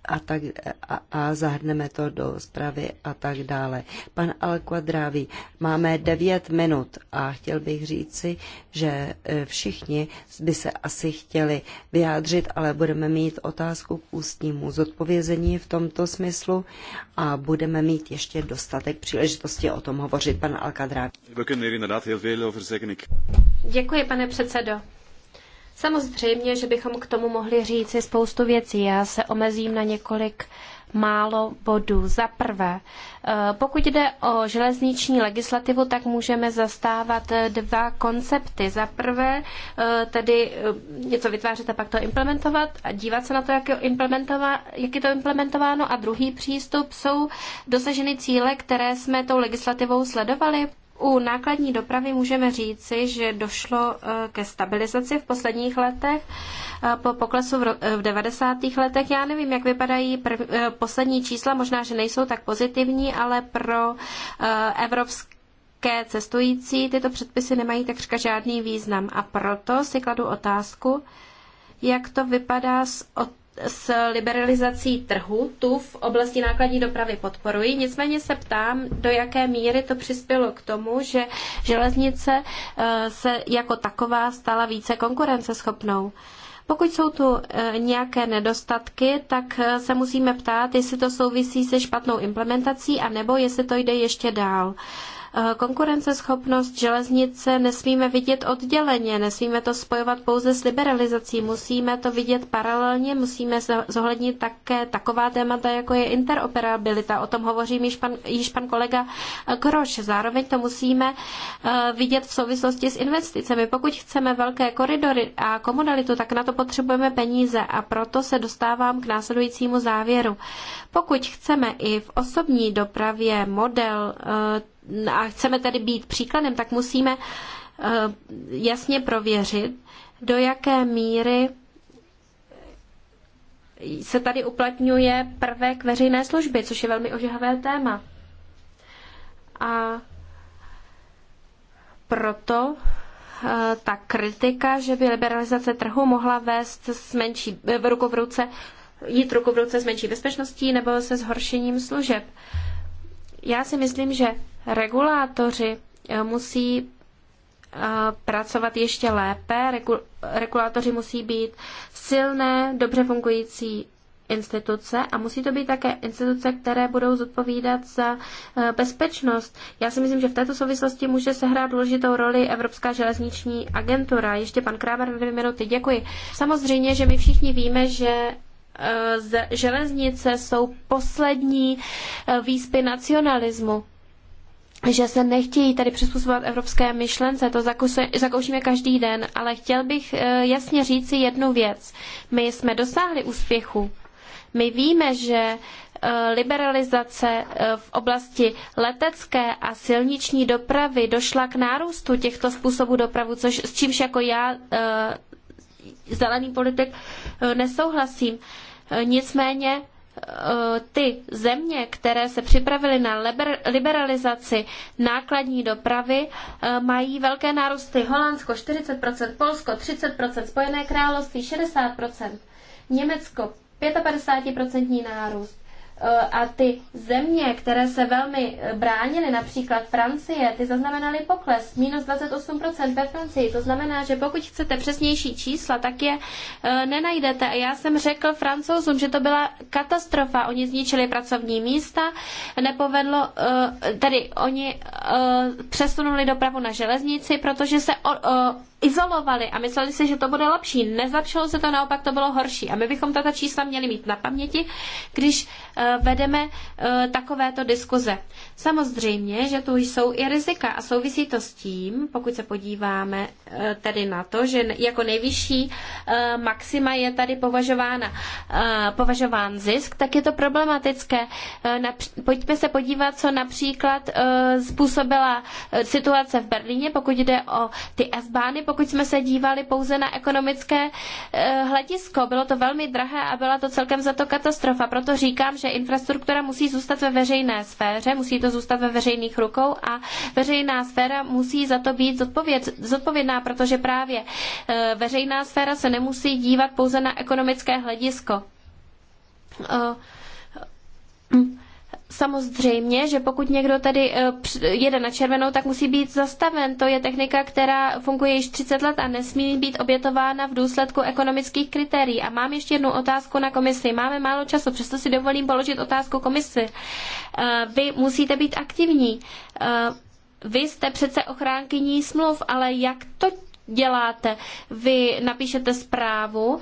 a, tak, a, a zahrneme to do zprávy a tak dále. Pan Alquadrávi, máme devět minut a chtěl bych říci, že e, všichni by se asi chtěli vyjádřit, ale budeme mít otázku k ústnímu zodpovězení v tomto smyslu a budeme mít ještě dostatek příležitosti o tom hovořit, pan Alquadrávi. Děkuji, pane předsedo. Samozřejmě, že bychom k tomu mohli říci spoustu věcí. Já se omezím na několik málo bodů. Za prvé, eh, pokud jde o železniční legislativu, tak můžeme zastávat eh, dva koncepty. Za prvé, eh, tedy něco vytvářet a pak to implementovat a dívat se na to, jak je, jak je to implementováno. A druhý přístup jsou dosaženy cíle, které jsme tou legislativou sledovali. U nákladní dopravy můžeme říci, že došlo e, ke stabilizaci v posledních letech e, po poklesu v 90. E, letech. Já nevím, jak vypadají poslední čísla, možná, že nejsou tak pozitivní, ale pro evropské cestující tyto předpisy nemají takřka žádný význam. A proto si kladu otázku, jak to vypadá s od s liberalizací trhu, tu v oblasti nákladní dopravy podporuji. Nicméně se ptám, do jaké míry to přispělo k tomu, že železnice eh, se jako taková stala více konkurenceschopnou. Pokud jsou tu eh, nějaké nedostatky, tak eh, se musíme ptát, jestli to souvisí se špatnou implementací, anebo jestli to jde ještě dál. Eh, konkurenceschopnost železnice nesmíme vidět odděleně, nesmíme to spojovat pouze s liberalizací, musíme to vidět paralelně, musíme zohlednit také taková témata, jako je interoperabilita, o tom hovoří již pan, již pan kolega Kroš. Eh, Zároveň to musíme eh, vidět v souvislosti s investicemi. Pokud chceme velké koridory a komunalitu, tak na to potřebujeme peníze a proto se dostávám k následujícímu závěru. Pokud chceme i v osobní dopravě model a chceme tedy být příkladem, tak musíme eh, jasně prověřit, do jaké míry se tady uplatňuje prvek veřejné služby, což je velmi ožehavé téma. A proto eh, ta kritika, že by liberalizace trhu mohla vést s menší, eh, v ruku v ruce, jít ruku v ruce s menší bezpečností nebo se zhoršením služeb. Já si myslím, že regulátoři eh, musí eh, pracovat ještě lépe. Regulátoři musí být silné, dobře fungující instituce a musí to být také instituce, které budou zodpovídat za eh, bezpečnost. Já si myslím, že v této souvislosti může sehrát důležitou roli Evropská železniční agentura. Ještě pan Krámer dvě minuty. Děkuji. Samozřejmě, že my všichni víme, že železnice jsou poslední výspy nacionalismu že se nechtějí tady přizpůsobovat evropské myšlence, to zakoušíme každý den, ale chtěl bych eh, jasně říci jednu věc. My jsme dosáhli úspěchu. My víme, že eh, liberalizace eh, v oblasti letecké a silniční dopravy došla k nárůstu těchto způsobů dopravy, což, s čímž jako já, zelený politik, nesouhlasím. Nicméně Eh, ty země, které se připravily na liberalizaci nákladní dopravy, eh, mají velké nárůsty. Holandsko 40%, Polsko 30%, Spojené království 60%, Německo 55% nárůst. Eh, a ty země, které se velmi eh, bránily, například Francie, ty zaznamenaly pokles, minus 28% ve Francii. To znamená, že pokud chcete přesnější čísla, tak je eh, nenajdete. A já jsem řekl francouzům, že to byla katastrofa. Oni zničili pracovní místa, nepovedlo, tedy oni přesunuli dopravu na železnici, protože se izolovali a mysleli si, že to bude lepší. Nezlepšilo se to, naopak to bylo horší. A my bychom tato čísla měli mít na paměti, když Eh, vedeme eh, takovéto diskuze. Samozřejmě, že tu jsou i rizika a souvisí to s tím, pokud se podíváme eh, tedy na to, že jako nejvyšší maxima je tady považována, považován zisk, tak je to problematické. Pojďme se podívat, co například způsobila situace v Berlíně, pokud jde o ty S-bány, pokud jsme se dívali pouze na ekonomické hledisko. Bylo to velmi drahé a byla to celkem za to katastrofa. Proto říkám, že infrastruktura musí zůstat ve veřejné sféře, musí to zůstat ve veřejných rukou a veřejná sféra musí za to být zodpověd, zodpovědná, protože právě e, veřejná sféra se nemusí dívat pouze na ekonomické hledisko. Uh, Samozřejmě, že pokud někdo tady eh, jede na červenou, tak musí být zastaven. To je technika, která funguje již 30 let a nesmí být obětována v důsledku ekonomických kritérií. A mám ještě jednu otázku na komisi. Máme málo času, přesto si dovolím položit otázku komisi. Eh, vy musíte být aktivní. Eh, vy jste přece ochránkyní smluv, ale jak to děláte? Vy napíšete zprávu,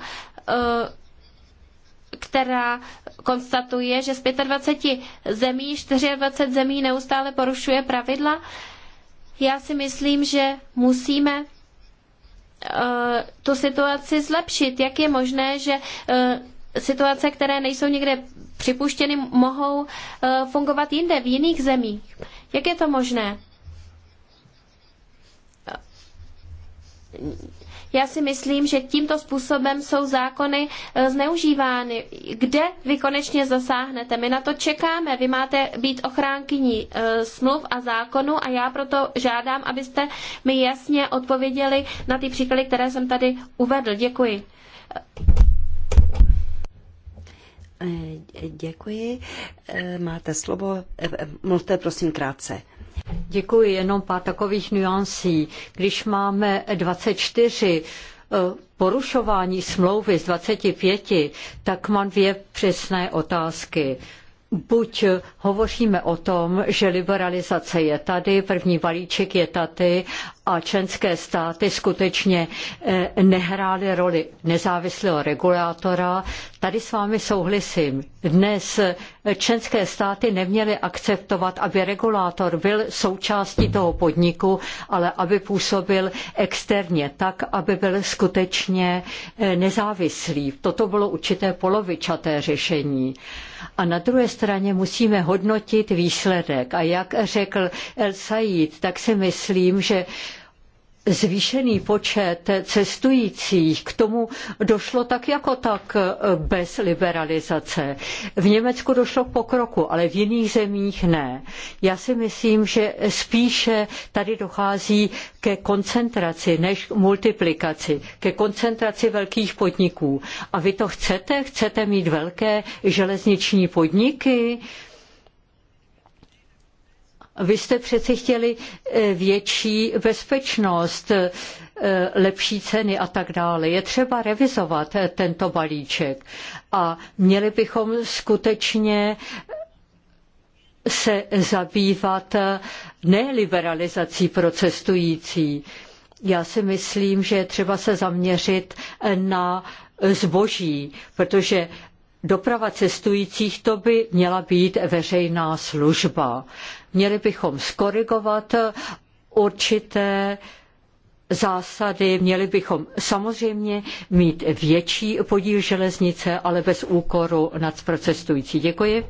která konstatuje, že z 25 zemí 24 zemí neustále porušuje pravidla. Já si myslím, že musíme eh, tu situaci zlepšit. Jak je možné, že eh, situace, které nejsou někde připuštěny, mohou eh, fungovat jinde, v jiných zemích? Jak je to možné? Já si myslím, že tímto způsobem jsou zákony e, zneužívány. Kde vy konečně zasáhnete? My na to čekáme. Vy máte být ochránkyní e, smluv a zákonů a já proto žádám, abyste mi jasně odpověděli na ty příklady, které jsem tady uvedl. Děkuji. E, děkuji. Máte slovo. Mluvte prosím krátce. Děkuji, jenom pár takových nuancí. Když máme 24 eh, porušování smlouvy z 25, tak mám dvě přesné otázky buď hovoříme o tom, že liberalizace je tady, první balíček je tady a členské státy skutečně eh, nehrály roli nezávislého regulátora. Tady s vámi souhlasím. Dnes eh, členské státy neměly akceptovat, aby regulátor byl součástí toho podniku, ale aby působil externě tak, aby byl skutečně eh, nezávislý. Toto bylo určité polovičaté řešení. A na druhé straně musíme hodnotit výsledek. A jak řekl El Said, tak si myslím, že zvýšený počet cestujících, k tomu došlo tak jako tak bez liberalizace. V Německu došlo k pokroku, ale v jiných zemích ne. Já si myslím, že spíše tady dochází ke koncentraci než k multiplikaci, ke koncentraci velkých podniků. A vy to chcete? Chcete mít velké železniční podniky? Vy jste přeci chtěli eh, větší bezpečnost, eh, lepší ceny a tak dále. Je třeba revizovat eh, tento balíček a měli bychom skutečně se zabývat ne liberalizací pro cestující. Já si myslím, že je třeba se zaměřit na zboží, protože doprava cestujících to by měla být veřejná služba. Měli bychom skorigovat určité zásady, měli bychom samozřejmě mít větší podíl železnice, ale bez úkoru nad procestující. Děkuji.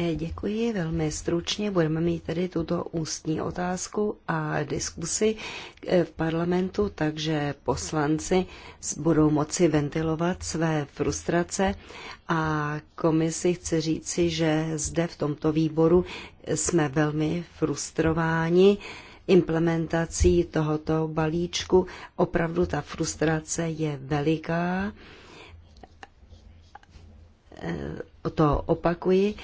E, děkuji velmi stručně. Budeme mít tedy tuto ústní otázku a diskusi e, v parlamentu, takže poslanci budou moci ventilovat své frustrace a komisi chci říci, že zde v tomto výboru jsme velmi frustrováni implementací tohoto balíčku. Opravdu ta frustrace je veliká e, to opakuji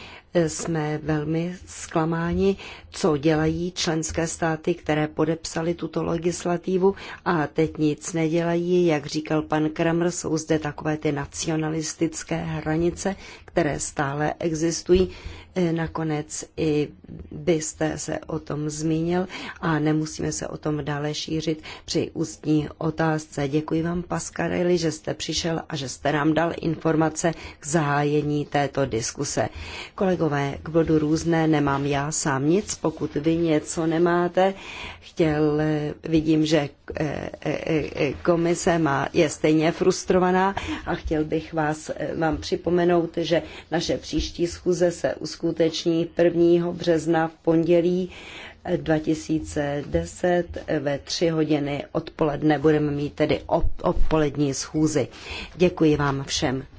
jsme velmi zklamáni, co dělají členské státy, které podepsali tuto legislativu a teď nic nedělají. Jak říkal pan Kramer, jsou zde takové ty nacionalistické hranice, které stále existují. E, nakonec i byste se o tom zmínil a nemusíme se o tom dále šířit při ústní otázce. Děkuji vám, Pascarelli, že jste přišel a že jste nám dal informace k zahájení této diskuse. Kolego, kolegové, k bodu různé nemám já sám nic, pokud vy něco nemáte. Chtěl, vidím, že eh, eh, eh, komise má, je stejně frustrovaná a chtěl bych vás, vám připomenout, že naše příští schůze se uskuteční 1. března v pondělí 2010 ve 3 hodiny odpoledne budeme mít tedy odpolední schůzi. Děkuji vám všem.